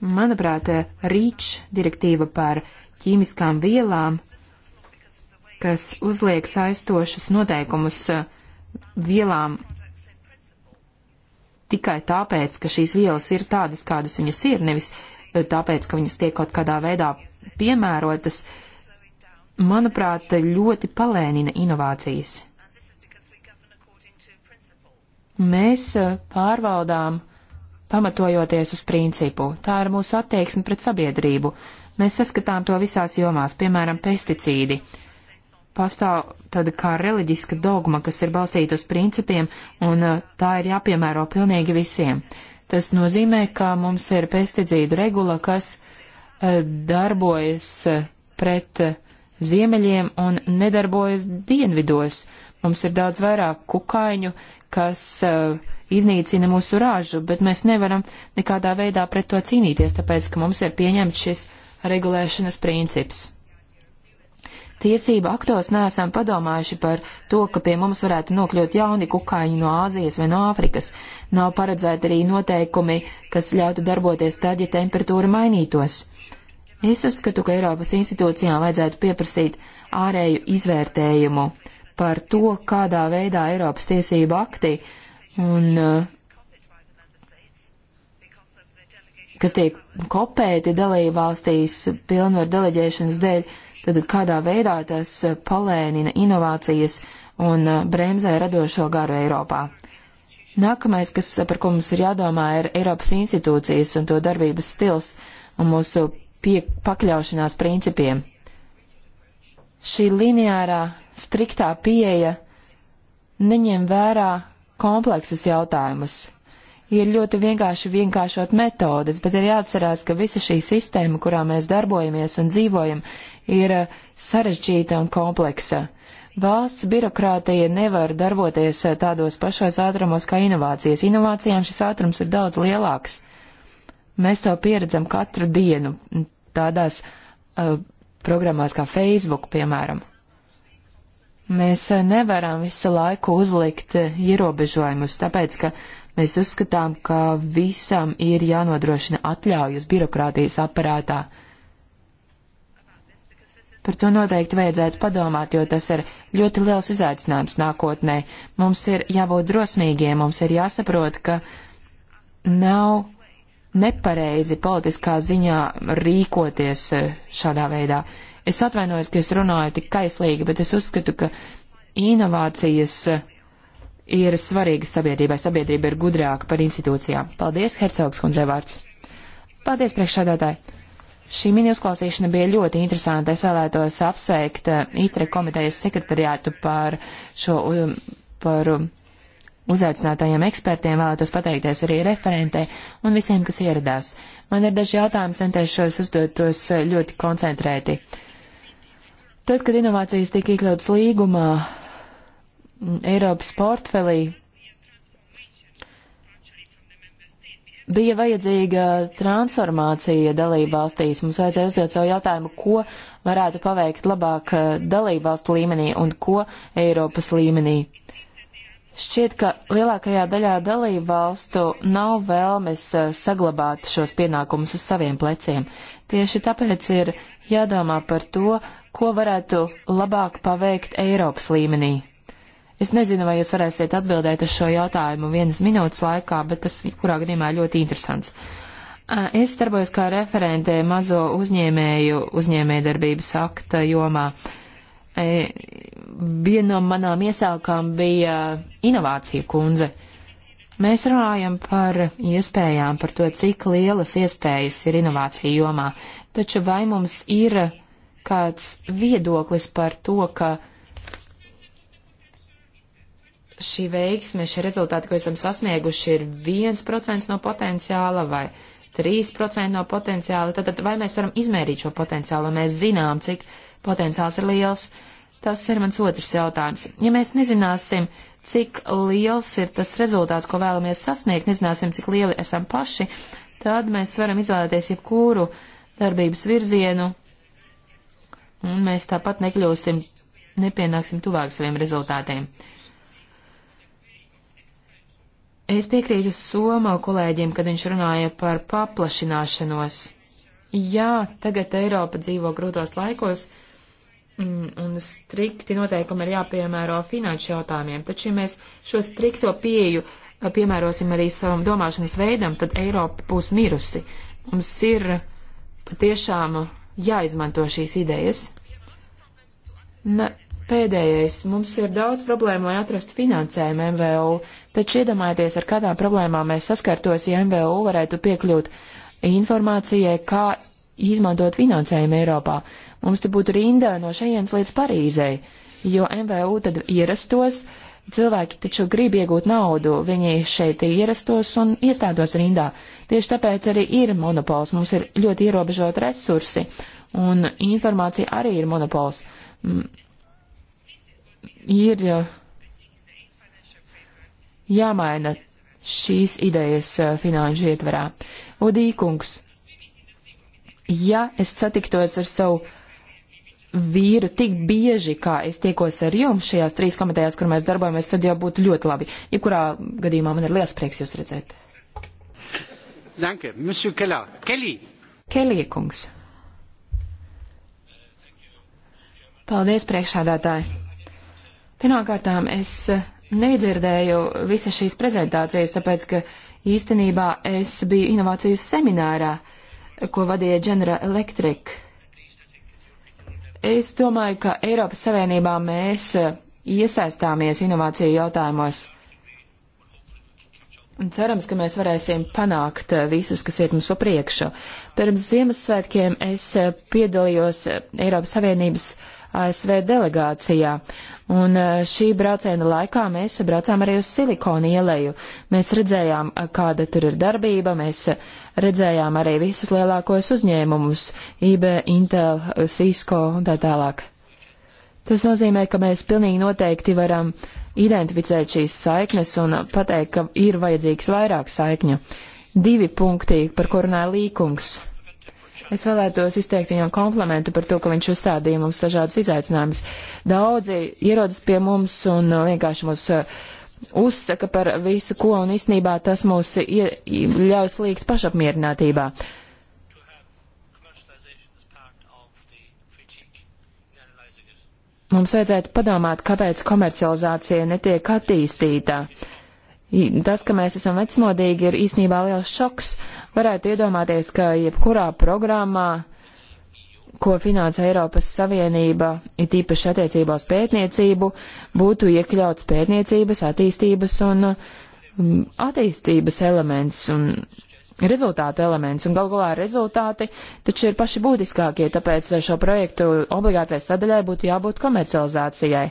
Manuprāt, rīč direktīva par ķīmiskām vielām, kas uzliek saistošus noteikumus uh, vielām tikai tāpēc, ka šīs vielas ir tādas, kādas viņas ir, nevis uh, tāpēc, ka viņas tiek kaut kādā veidā piemērotas, manuprāt, ļoti palēnina inovācijas. Mēs uh, pārvaldām pamatojoties uz principu. Tā ir mūsu attieksme pret sabiedrību. Mēs saskatām to visās jomās, piemēram, pesticīdi. Pastāv tāda kā reliģiska dogma, kas ir balstīta uz principiem, un uh, tā ir jāpiemēro pilnīgi visiem. Tas nozīmē, ka mums ir pesticīdu regula, kas uh, darbojas uh, pret ziemeļiem un nedarbojas dienvidos, Mums ir daudz vairāk kukaiņu, kas uh, iznīcina mūsu ražu, bet mēs nevaram nekādā veidā pret to cīnīties, tāpēc, ka mums ir pieņemts šis regulēšanas princips. Tiesība aktos neesam padomājuši par to, ka pie mums varētu nokļūt jauni kukaiņi no Āzijas vai no Āfrikas. Nav paredzēti arī noteikumi, kas ļautu darboties tad, ja temperatūra mainītos. Es uzskatu, ka Eiropas institūcijām vajadzētu pieprasīt ārēju izvērtējumu par to, kādā veidā Eiropas tiesība akti un eh, kas tiek kopēti dalībvalstīs pilnvaru deleģēšanas dēļ, tad kādā veidā tas palēnina inovācijas un eh, bremzē radošo garu Eiropā. Nākamais, kas, par ko mums ir jādomā, ir Eiropas institūcijas un to darbības stils un mūsu pie, pakļaušanās principiem šī lineārā, striktā pieeja neņem vērā kompleksus jautājumus. Ir ļoti vienkārši vienkāršot metodes, bet ir jāatcerās, ka visa šī sistēma, kurā mēs darbojamies un dzīvojam, ir uh, sarežģīta un kompleksa. Valsts birokrātija nevar darboties uh, tādos pašos ātrumos kā inovācijas. Inovācijām šis ātrums ir daudz lielāks. Mēs to pieredzam katru dienu tādās uh, programmās kā Facebook, piemēram. Mēs nevaram visu laiku uzlikt ierobežojumus, tāpēc, ka mēs uzskatām, ka visam ir jānodrošina atļaujas birokrātijas aparātā. Par to noteikti vajadzētu padomāt, jo tas ir ļoti liels izaicinājums nākotnē. Mums ir jābūt drosmīgiem, mums ir jāsaprot, ka nav nepareizi politiskā ziņā rīkoties e, šādā veidā. Es atvainojos, ka es runāju tik kaislīgi, bet es uzskatu, ka inovācijas e, ir svarīgas sabiedrībai. Sabiedrība ir gudrāka par institūcijām. Paldies, Hercogs kundzei vārds. Paldies, priekšsādātāji. Šī mini uzklausīšana bija ļoti interesanta. Es vēlētos apsveikt e, ITRE komitejas sekretariātu par šo, um, par um, uzaicinātajiem ekspertiem, vēlētos pateikties arī referentē un visiem, kas ieradās. Man ir daži jautājumi, centēšos uzdot tos eh, ļoti koncentrēti. Tad, kad inovācijas tika iekļautas līgumā Eiropas portfelī, bija vajadzīga transformācija dalībvalstīs. Mums vajadzēja uzdot savu jautājumu, ko varētu paveikt labāk eh, dalībvalstu līmenī un ko Eiropas līmenī. Uh, Šķiet, ka lielākajā daļā dalību valstu nav vēlmes eh, saglabāt šos pienākumus uz saviem pleciem. Tieši tāpēc ir jādomā par to, ko varētu labāk paveikt Eiropas līmenī. Es nezinu, vai jūs varēsiet atbildēt uz šo jautājumu vienas minūtes laikā, bet tas, kurā gadījumā, ļoti interesants. Eh, es darbojos kā referente mazo uzņēmēju uzņēmējdarbības akta jomā. Uh, E, viena no manām iesākām bija inovācija kundze. Mēs runājam par iespējām, par to, cik lielas iespējas ir inovācija jomā, taču vai mums ir kāds viedoklis par to, ka šī veiksme, šie rezultāti, ko esam sasnieguši, ir 1% no potenciāla vai 3% no potenciāla, tad, tad vai mēs varam izmērīt šo potenciālu, mēs zinām, cik Potenciāls ir liels. Tas ir mans otrs jautājums. Ja mēs nezināsim, cik liels ir tas rezultāts, ko vēlamies sasniegt, nezināsim, cik lieli esam paši, tad mēs varam izvēlēties jebkuru darbības virzienu, un mēs tāpat nekļūsim, nepienāksim tuvāk saviem rezultātiem. Es piekrītu Somā kolēģiem, kad viņš runāja par paplašināšanos. Jā, tagad Eiropa dzīvo grūtos laikos, Mm, un strikti noteikumi ir jāpiemēro finanšu jautājumiem, taču ja mēs šo strikto pieju uh, piemērosim arī savam domāšanas veidam, tad Eiropa būs mirusi. Mums ir patiešām jāizmanto šīs idejas. Ne, pēdējais, mums ir daudz problēmu, lai atrastu finansējumu MVU, taču iedomājieties, ar kādām problēmām mēs saskartos, ja MVU varētu piekļūt informācijai, kā izmantot finansējumu Eiropā. Mums te būtu rinda no šejienes līdz Parīzei, jo MVU tad ierastos, cilvēki taču grib iegūt naudu, viņi šeit ierastos un iestādos rindā. Tieši tāpēc arī ir monopols, mums ir ļoti ierobežot resursi, un informācija arī ir monopols. Mm. Ir jāmaina šīs idejas eh, finanšu ietverā. Udīkungs, ja es satiktos ar savu vīru tik bieži, kā es tiekos ar jums šajās trīs komitejās, kur mēs darbojamies, tad jau būtu ļoti labi. Jebkurā gadījumā man ir liels prieks jūs redzēt. Danke, Monsieur Keller. Kelly. Kelly kungs. Paldies, priekšādātāji. Pirmkārtām, es nedzirdēju visas šīs prezentācijas, tāpēc, ka īstenībā es biju inovācijas seminārā, ko vadīja General Electric Es domāju, ka Eiropas Savienībā mēs eh, iesaistāmies inovāciju jautājumos. Un cerams, ka mēs varēsim panākt eh, visus, kas iet mums pa priekšu. Pirms Ziemassvētkiem es eh, piedalījos Eiropas Savienības ASV delegācijā, Un eh, šī brauciena laikā mēs braucām arī uz silikonu ieleju. Mēs redzējām, eh, kāda tur ir darbība, mēs eh, redzējām arī visus lielākos uzņēmumus - IB, Intel, Cisco un tā tālāk. Tas nozīmē, ka mēs pilnīgi noteikti varam identificēt šīs saiknes un pateikt, ka ir vajadzīgs vairāk saikņu. Divi punkti, par kuriem runāja Līkungs. Es vēlētos izteikt viņam komplimentu par to, ka viņš uzstādīja mums dažādas izaicinājumus. Daudzi ierodas pie mums un uh, vienkārši mūs uh, uzsaka par visu ko, un īstenībā tas mūs ļauj slīgt pašapmierinātībā. Mums vajadzētu padomāt, kāpēc komercializācija netiek attīstītā. Tas, ka mēs esam vecmodīgi, ir īstenībā liels šoks, varētu iedomāties, ka jebkurā programmā, ko finansē Eiropas Savienība, it īpaši attiecībā uz pētniecību, būtu iekļauts pētniecības, attīstības un mm, attīstības elements un rezultātu elements, un galu galā rezultāti taču ir paši būtiskākie, tāpēc šo projektu obligātai sadaļai būtu jābūt komercializācijai.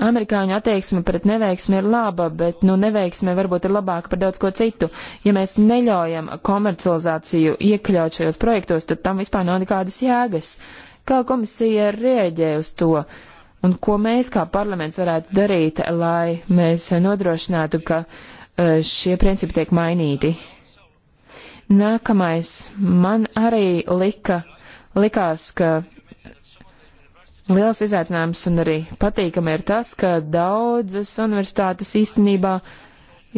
Amerikāņu attieksme pret neveiksmi ir laba, bet, nu, neveiksme varbūt ir labāka par daudz ko citu. Ja mēs neļaujam komercializāciju iekļaut šajos projektos, tad tam vispār nav nekādas jēgas. Kā komisija rēģē uz to? Un ko mēs kā parlaments varētu darīt, lai mēs nodrošinātu, ka e, šie principi tiek mainīti? Nākamais man arī lika, likās, ka Liels izaicinājums un arī patīkami ir tas, ka daudzas universitātes īstenībā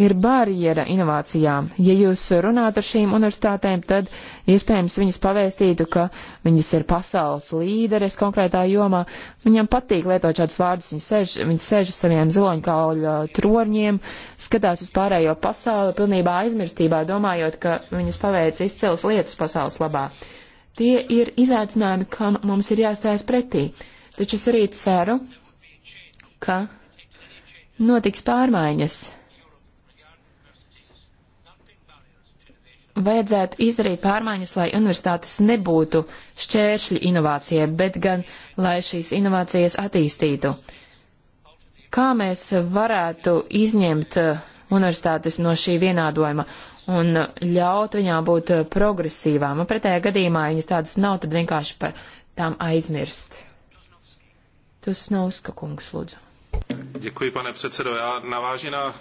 ir barjera inovācijām. Ja jūs runātu ar šīm universitātēm, tad iespējams viņas pavēstītu, ka viņas ir pasaules līderes konkrētā jomā. Viņam patīk lietot šādus vārdus, viņas sēž, viņas sēž uz saviem ziloņkauļu troņiem, skatās uz pārējo pasauli pilnībā aizmirstībā, domājot, ka viņas paveic izcils lietas pasaules labā. Tie ir izaicinājumi, kam mums ir jāstājas pretī taču es arī ceru, ka notiks pārmaiņas. Vajadzētu izdarīt pārmaiņas, lai universitātes nebūtu šķēršļi inovācijai, bet gan, lai šīs inovācijas attīstītu. Kā mēs varētu izņemt eh, universitātes no šī vienādojuma un ļaut viņām būt progresīvām? Un pretējā gadījumā viņas tādas nav, tad vienkārši par tām aizmirst. Tas nav skakungs, lūdzu. Děkuji, pane předsedo. Já naváži na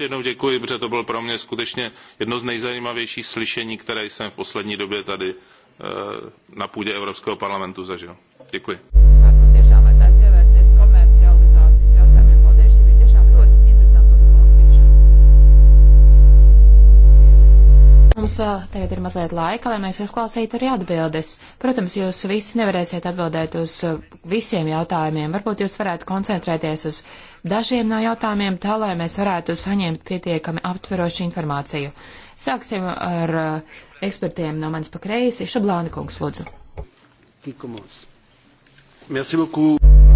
ještě jednou děkuji, protože to bylo pro mě skutečně jedno z nejzajímavějších slyšení, které jsem v poslední době tady eh, na půdě Evropského parlamentu zažil. Děkuji. Mums vēl tagad ir mazliet laika, lai mēs uzklausītu arī atbildes. Protams, jūs visi nevarēsiet atbildēt uz visiem jautājumiem. Varbūt jūs varētu koncentrēties uz dažiem no jautājumiem, tā lai mēs varētu saņemt pietiekami aptverošu informāciju. Sāksim ar uh, ekspertiem no manis pakreisi. Šablāni kungs, lūdzu. Tikumos. Merci beaucoup.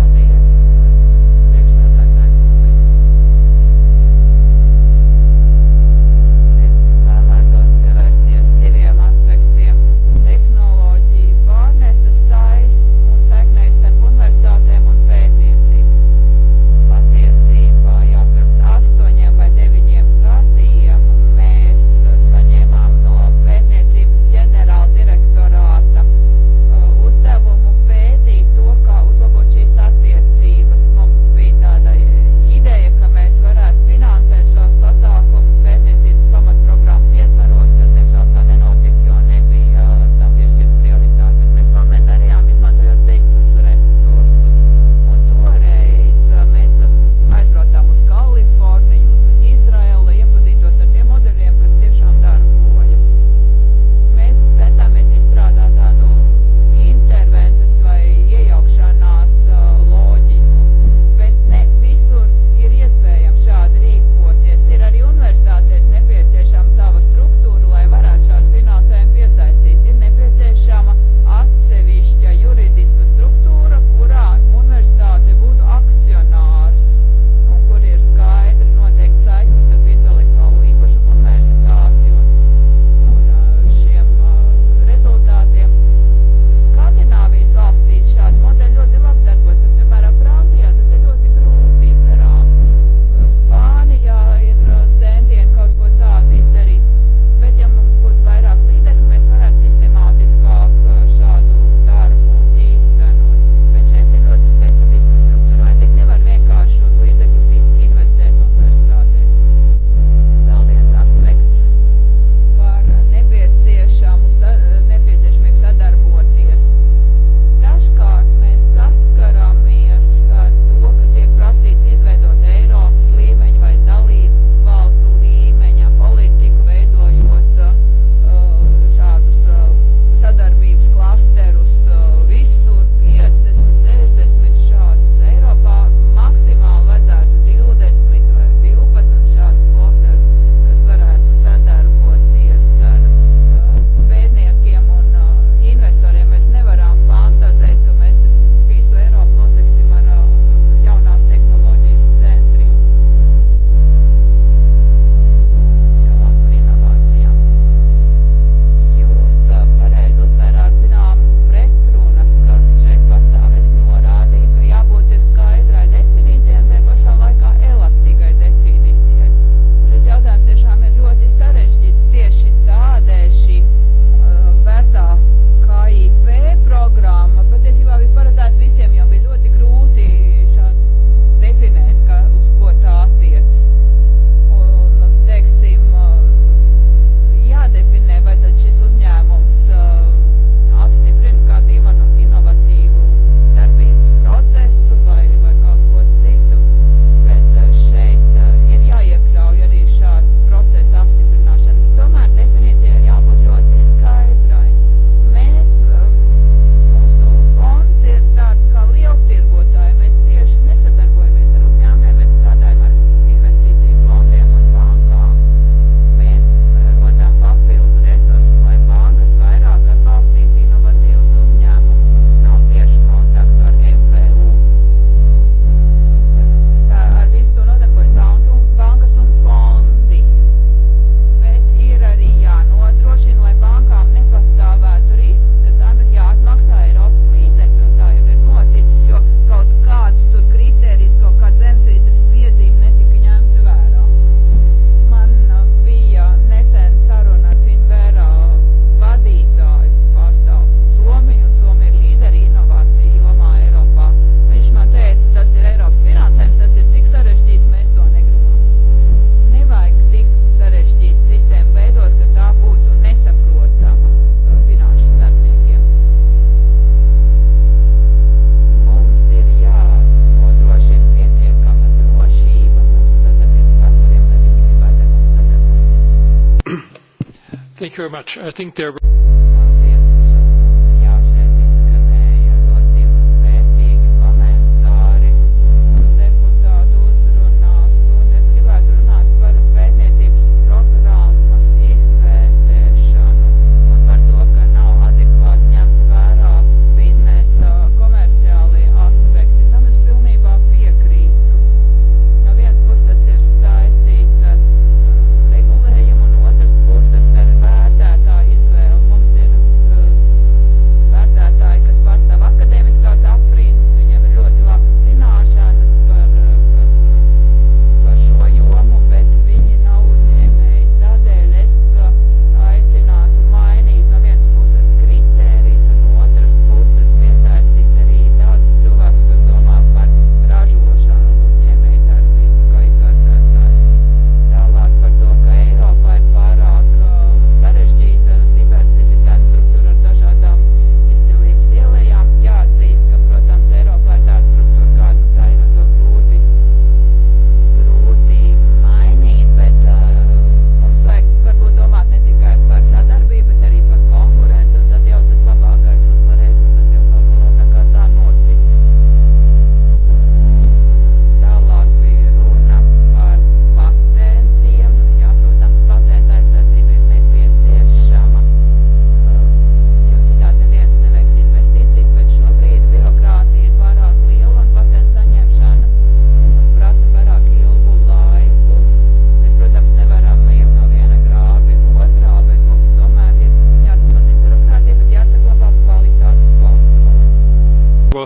Thank you very much. I think there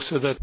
so that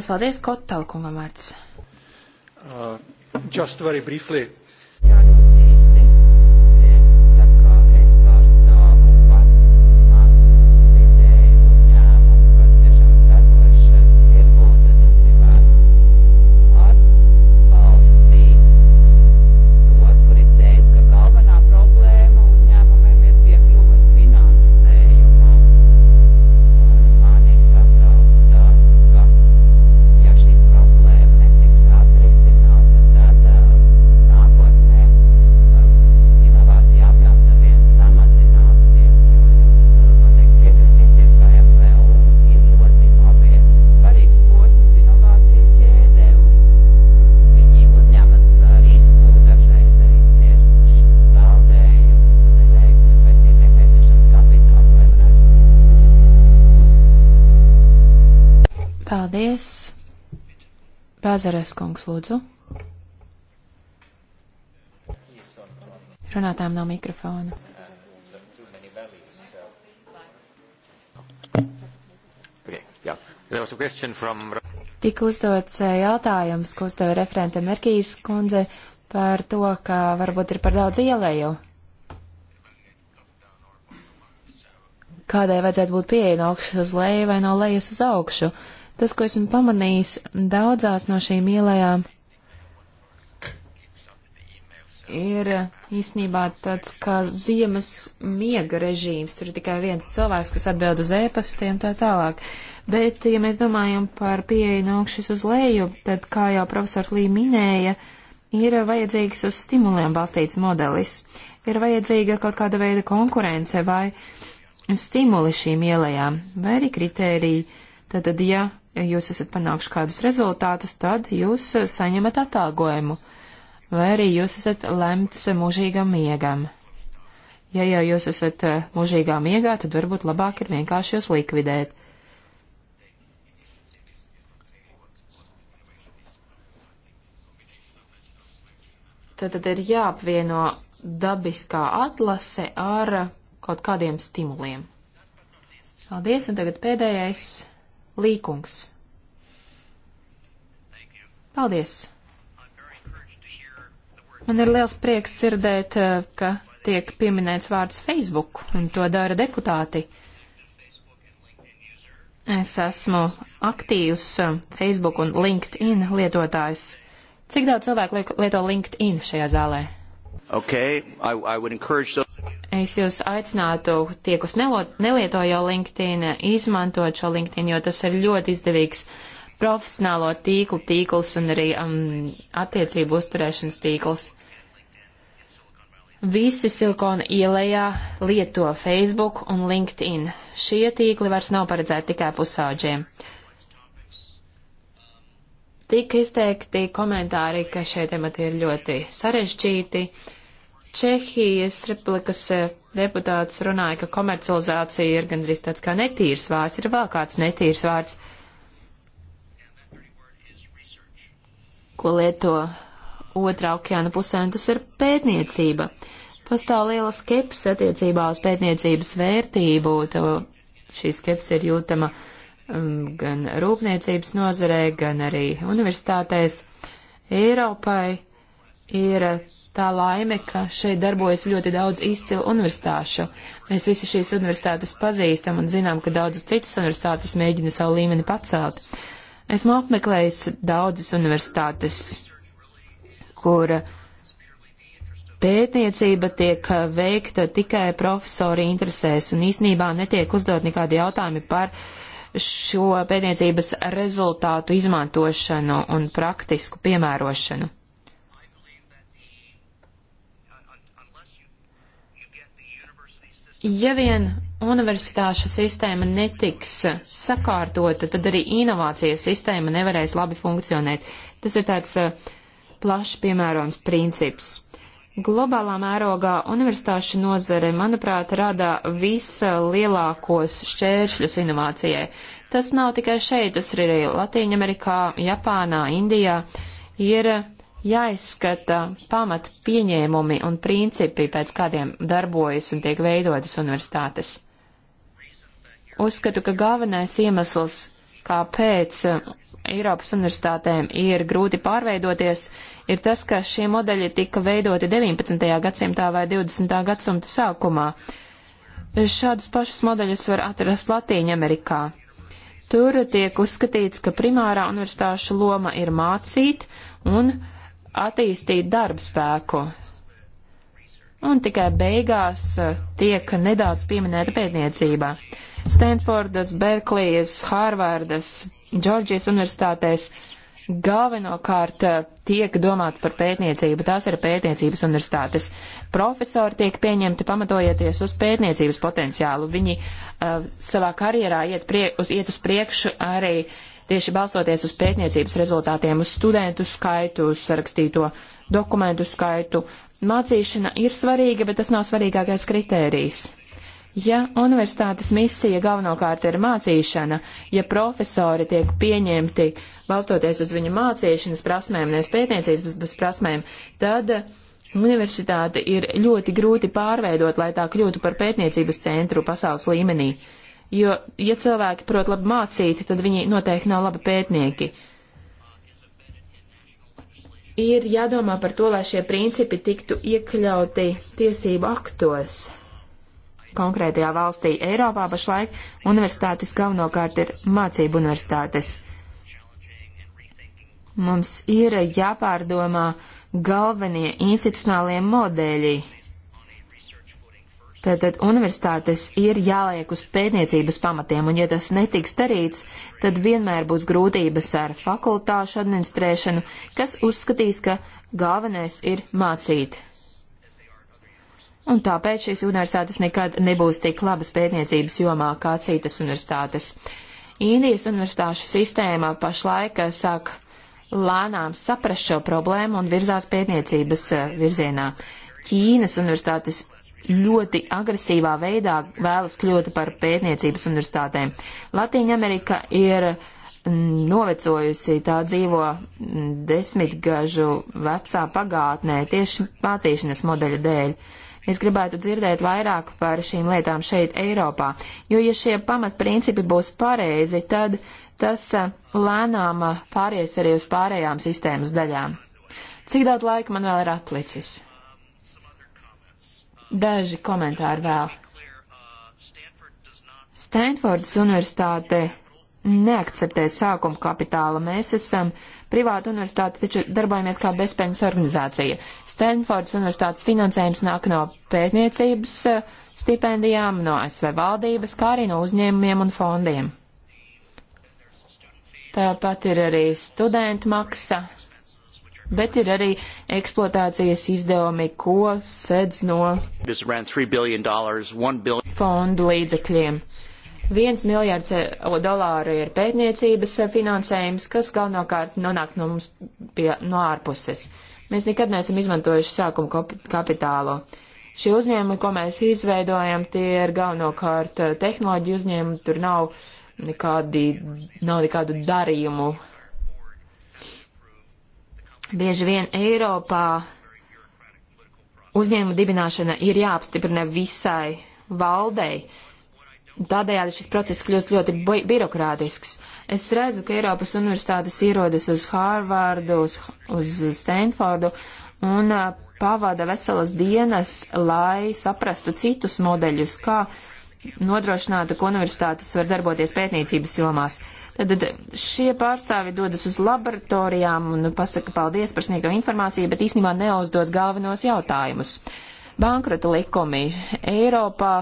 Lielas paldies, Kotalkungam vārds. Uh, just very briefly. Paldies. Pēzeres kungs, lūdzu. Runātām nav mikrofona. Okay, yeah. from... Tik uzdots eh, jautājums, ko uzdeva referente Merkīs kundze par to, ka varbūt ir par daudz ielēju. Kādai vajadzētu būt pieeja no augšas uz leju vai no lejas uz augšu? Uh, Tas, ko esmu pamanījis daudzās no šīm ielējām, ir īstenībā tāds kā ziemas miega režīms. Tur ir tikai viens cilvēks, kas atbild uz ēpastiem tā tālāk. Bet, ja mēs domājam par pieeju no augšas uz leju, tad, kā jau profesors Lī minēja, ir vajadzīgs uz stimuliem balstīts modelis. Ir vajadzīga kaut kāda veida konkurence vai stimuli šīm ielējām, vai arī kritēriji. Tātad, ja jūs esat panākuši kādus rezultātus, tad jūs eh, saņemat atalgojumu, vai arī jūs esat lemts mūžīgam miegam. Ja jau jūs esat eh, mūžīgā miegā, tad varbūt labāk ir vienkārši jūs likvidēt. Tātad ir jāapvieno dabiskā atlase ar eh, kaut kādiem stimuliem. Paldies, un tagad pēdējais Līkungs. Paldies! Man ir liels prieks dzirdēt, eh, ka tiek pieminēts vārds Facebook, un to dara deputāti. Es esmu aktīvs eh, Facebook un LinkedIn lietotājs. Cik daudz cilvēku lieto LinkedIn šajā zālē? Okay, I, I Es jūs aicinātu tie, kas nelieto jau LinkedIn, izmantot šo LinkedIn, jo tas ir ļoti izdevīgs profesionālo tīklu tīkls un arī um, attiecību uzturēšanas tīkls. Visi Silikona ielējā lieto Facebook un LinkedIn. Šie tīkli vairs nav paredzēti tikai pusauģiem. Tika izteikti komentāri, ka šie temati ir ļoti sarežģīti Čehijas republikas eh, deputāts runāja, ka komercializācija ir gandrīz tāds kā netīrs vārds, ir vēl kāds netīrs vārds, ko lieto otrā okeāna pusē, un tas ir pētniecība. Pastāv liela skepse attiecībā uz pētniecības vērtību, to šī skepse ir jūtama um, gan rūpniecības nozarē, gan arī universitātēs. Eiropai ir tā laime, ka šeit darbojas ļoti daudz izcilu universitāšu. Mēs visi šīs universitātes pazīstam un zinām, ka daudzas citas universitātes mēģina savu līmeni pacelt. Esmu apmeklējis daudzas universitātes, kur pētniecība tiek veikta tikai profesori interesēs un īsnībā netiek uzdot nekādi jautājumi par šo pētniecības rezultātu izmantošanu un praktisku piemērošanu. Ja vien universitāšu sistēma netiks sakārtota, tad arī inovācija sistēma nevarēs labi funkcionēt. Tas ir tāds uh, plašs piemērojams princips. Globālā mērogā universitāšu nozare, manuprāt, rada vislielākos šķēršļus inovācijai. Tas nav tikai šeit, tas ir arī Latīņamerikā, Japānā, Indijā. Ir jāizskata pamat pieņēmumi un principi, pēc kādiem darbojas un tiek veidotas universitātes. Uzskatu, ka galvenais iemesls, kāpēc uh, Eiropas universitātēm ir grūti pārveidoties, ir tas, ka šie modeļi tika veidoti 19. gadsimtā vai 20. gadsimta sākumā. Šādus pašus modeļus var atrast Latīņa Amerikā. Tur tiek uzskatīts, ka primārā universitāšu loma ir mācīt un uh, attīstīt darbspēku. Un tikai beigās eh, tiek nedaudz pieminēta pētniecība. Stanfordas, Berklijas, Hārvardas, Džordžijas universitātēs galvenokārt eh, tiek domāts par pētniecību. Tās ir pētniecības universitātes. Profesori tiek pieņemti pamatojoties uz pētniecības potenciālu. Viņi uh, savā karjerā iet, prie, uz, iet uz priekšu arī tieši balstoties uz pētniecības rezultātiem, uz studentu skaitu, uz sarakstīto dokumentu skaitu. Mācīšana ir svarīga, bet tas nav svarīgākais kritērijs. Ja universitātes misija galvenokārt ir mācīšana, ja profesori tiek pieņemti balstoties uz viņu mācīšanas prasmēm, nevis pētniecības prasmēm, tad universitāte ir ļoti grūti pārveidot, lai tā kļūtu par pētniecības centru pasaules līmenī jo, ja cilvēki prot labi mācīt, tad viņi noteikti nav labi pētnieki. Ir jādomā par to, lai šie principi tiktu iekļauti tiesību aktos. Konkrētajā valstī Eiropā pašlaik universitātes galvenokārt ir mācību universitātes. Mums ir jāpārdomā galvenie institucionālie modeļi, Tātad universitātes ir jāliek uz pētniecības pamatiem, un ja tas netiks darīts, tad vienmēr būs grūtības ar fakultāšu administrēšanu, kas uzskatīs, ka galvenais ir mācīt. Un tāpēc šīs universitātes nekad nebūs tik labas pētniecības jomā kā citas universitātes. Indijas universitāšu sistēma pašlaik eh, sāk lēnām saprast šo problēmu un virzās pētniecības eh, virzienā. Ķīnas universitātes ļoti agresīvā veidā vēlas kļūt par pētniecības universitātēm. Latīņa Amerika ir mm, novecojusi, tā dzīvo mm, desmitgažu vecā pagātnē tieši mācīšanas modeļa dēļ. Es gribētu dzirdēt vairāk par šīm lietām šeit Eiropā, jo ja šie pamatprincipi būs pareizi, tad tas eh, lēnām eh, pāries arī uz pārējām sistēmas daļām. Cik daudz laika man vēl ir atlicis? Daži komentāri vēl. Stanfordas universitāte neakceptē sākuma kapitāla. Mēs esam privāta universitāte, taču darbojamies kā bezpējas organizācija. Stanfordas universitātes finansējums nāk no pētniecības eh, stipendijām, no ASV valdības, kā arī no uzņēmumiem un fondiem. Tāpat ir arī studentu maksa, bet ir arī eksploatācijas izdevumi, ko sedz no fondu līdzekļiem. Viens miljards dolāru ir pētniecības finansējums, kas galvenokārt nonāk no mums pie, no ārpuses. Mēs nekad neesam izmantojuši sākuma kapitālo. Šie uzņēmumi, ko mēs izveidojam, tie ir galvenokārt tehnoloģiju uzņēmumi, tur nav nekādi, nav nekādu darījumu Bieži vien Eiropā uzņēmuma dibināšana ir jāapstiprina visai valdei. Tādējādi šis process kļūst ļoti bi birokrātisks. Es redzu, ka Eiropas universitātes ierodas uz Hārvārdu, uz, uz Steinfordu un uh, pavada veselas dienas, lai saprastu citus modeļus, kā uh, nodrošināta, ka universitātes var darboties pētniecības jomās. Tad, tad šie pārstāvi dodas uz laboratorijām un pasaka paldies par sniegto informāciju, bet īstenībā neuzdod galvenos jautājumus. Bankrota likumi Eiropā,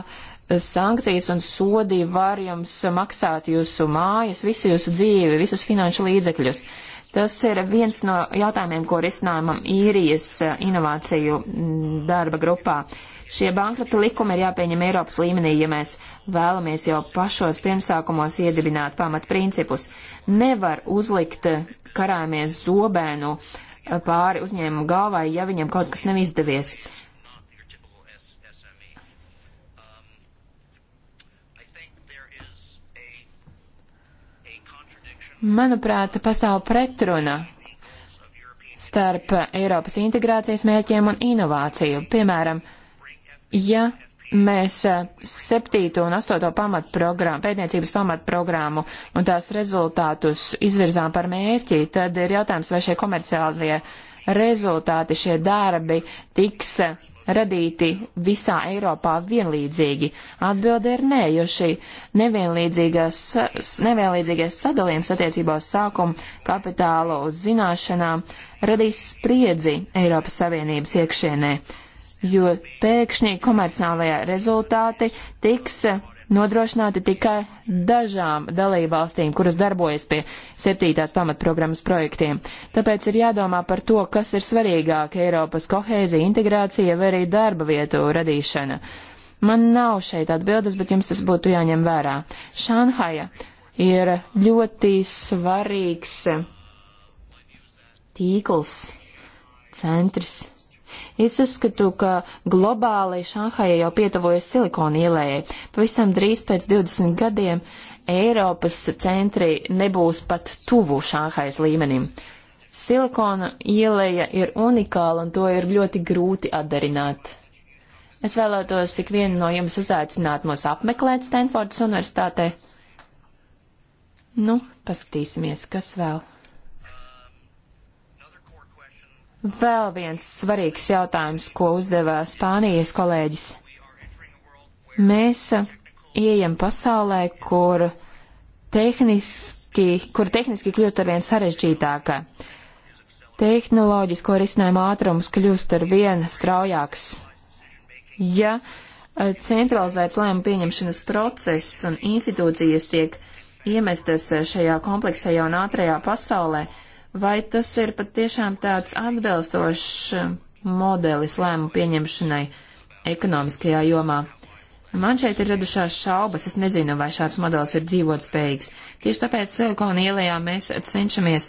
eh, sankcijas un sodi var jums maksāt jūsu mājas, visu jūsu dzīvi, visus finanšu līdzekļus. Tas ir viens no jautājumiem, ko risinājumam īrijas eh, inovāciju mm, darba grupā. Uh, Šie bankrota likumi ir jāpieņem Eiropas līmenī, ja mēs vēlamies jau pašos pirmsākumos iedibināt pamatprincipus. Nevar uzlikt eh, karāmies zobēnu eh, pāri uzņēmumu galvai, ja viņam kaut kas nav izdevies. Manuprāt, pastāv pretruna starp Eiropas integrācijas mērķiem un inovāciju. Piemēram, ja mēs e, septīto un astoto pamatprogrammu, pētniecības pamatprogrammu un tās rezultātus izvirzām par mērķi, tad ir jautājums, vai šie komerciālie rezultāti, šie darbi tiks e, radīti visā Eiropā vienlīdzīgi? Atbilde ir nē, jo šī nevienlīdzīgais sadalījums attiecībā uz sākumu kapitālu uz zināšanām radīs spriedzi Eiropas Savienības iekšienē jo pēkšņi komercionālajā rezultāti tiks nodrošināti tikai dažām dalībvalstīm, kuras darbojas pie septītās pamatprogrammas projektiem. Tāpēc ir jādomā par to, kas ir svarīgāk - Eiropas kohēzija, integrācija vai arī darba vietu radīšana. Man nav šeit atbildes, bet jums tas būtu jāņem vērā. Šanhaja ir ļoti svarīgs tīkls, centrs Es uzskatu, ka globāli Šanhaja jau pietuvojas silikona ielējai. Pavisam drīz pēc 20 gadiem Eiropas centri nebūs pat tuvu Šanhajas līmenim. Silikona ieleja ir unikāla un to ir ļoti grūti atdarināt. Es vēlētos ikvienu no jums uzaicināt mūs apmeklēt Stanfordas universitātē. Nu, paskatīsimies, kas vēl. Vēl viens svarīgs jautājums, ko uzdevā Spānijas kolēģis. Mēs uh, ieejam pasaulē, kur tehniski, kur tehniski kļūst ar vien sarežģītākā. Tehnoloģisko risinājumu ātrums kļūst ar vien straujāks. Ja uh, centralizēts lēmumu pieņemšanas process un institūcijas tiek iemestas uh, šajā kompleksajā un ātrajā pasaulē, uh, Vai tas ir patiešām tāds atbilstošs um, modelis lēmu pieņemšanai ekonomiskajā jomā? Man šeit ir radušās šaubas, es nezinu, vai šāds modelis ir dzīvotspējīgs. Tieši tāpēc Silikona ielējā mēs cenšamies,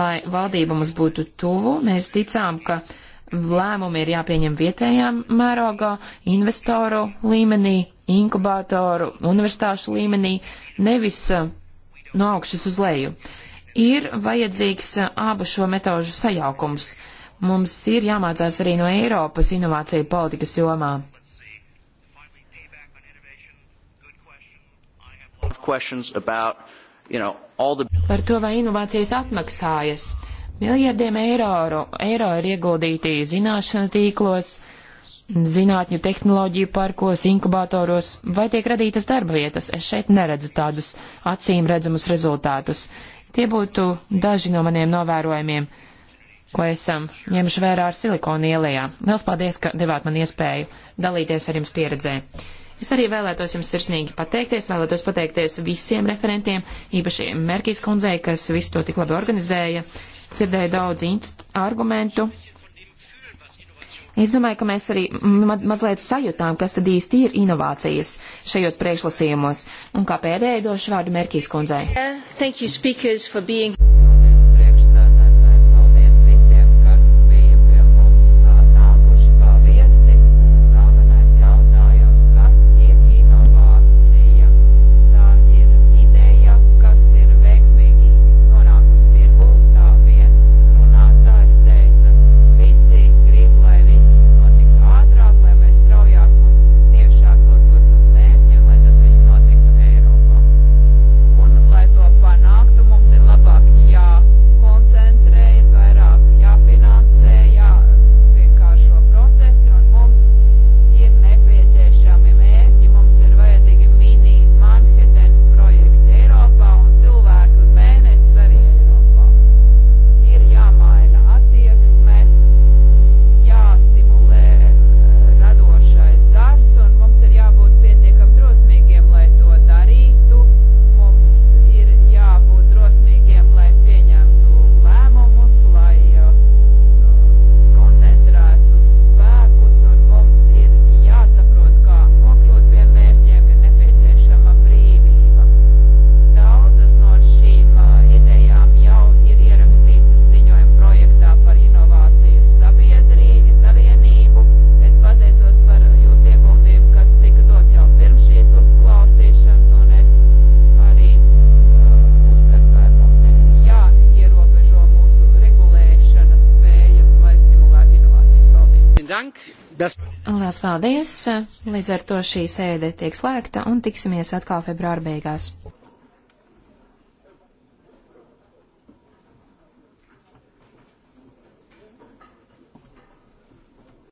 lai valdība mums būtu tuvu. Mēs ticām, ka lēmumi ir jāpieņem vietējā mērogā, investoru līmenī, inkubatoru, universitāšu līmenī, nevis uh, no augšas uz leju. Uh, ir vajadzīgs abu šo metožu sajaukums. Mums ir jāmācās arī no Eiropas inovāciju politikas jomā. About, you know, the... Par to, vai inovācijas atmaksājas. Miljardiem eiro, eiro ir ieguldīti zināšanu tīklos, zinātņu tehnoloģiju parkos, inkubatoros, vai tiek radītas darba vietas. Es šeit neredzu tādus acīm redzamus rezultātus. Tie būtu daži no maniem novērojumiem, ko esam ņemši vērā ar silikonu ielējā. Liels paldies, ka devāt man iespēju dalīties ar jums pieredzē. Es arī vēlētos jums sirsnīgi pateikties, vēlētos pateikties visiem referentiem, īpaši Merkīs kundzei, kas visu to tik labi organizēja. Cirdēju daudz argumentu, Es domāju, ka mēs arī ma mazliet sajūtām, kas tad īsti ir inovācijas šajos priekšlasījumos. Un kā pēdējai došu vārdu Merkīs kundzei. Yeah, Liels paldies! Līdz ar to šī sēde tiek slēgta un tiksimies atkal februāra beigās.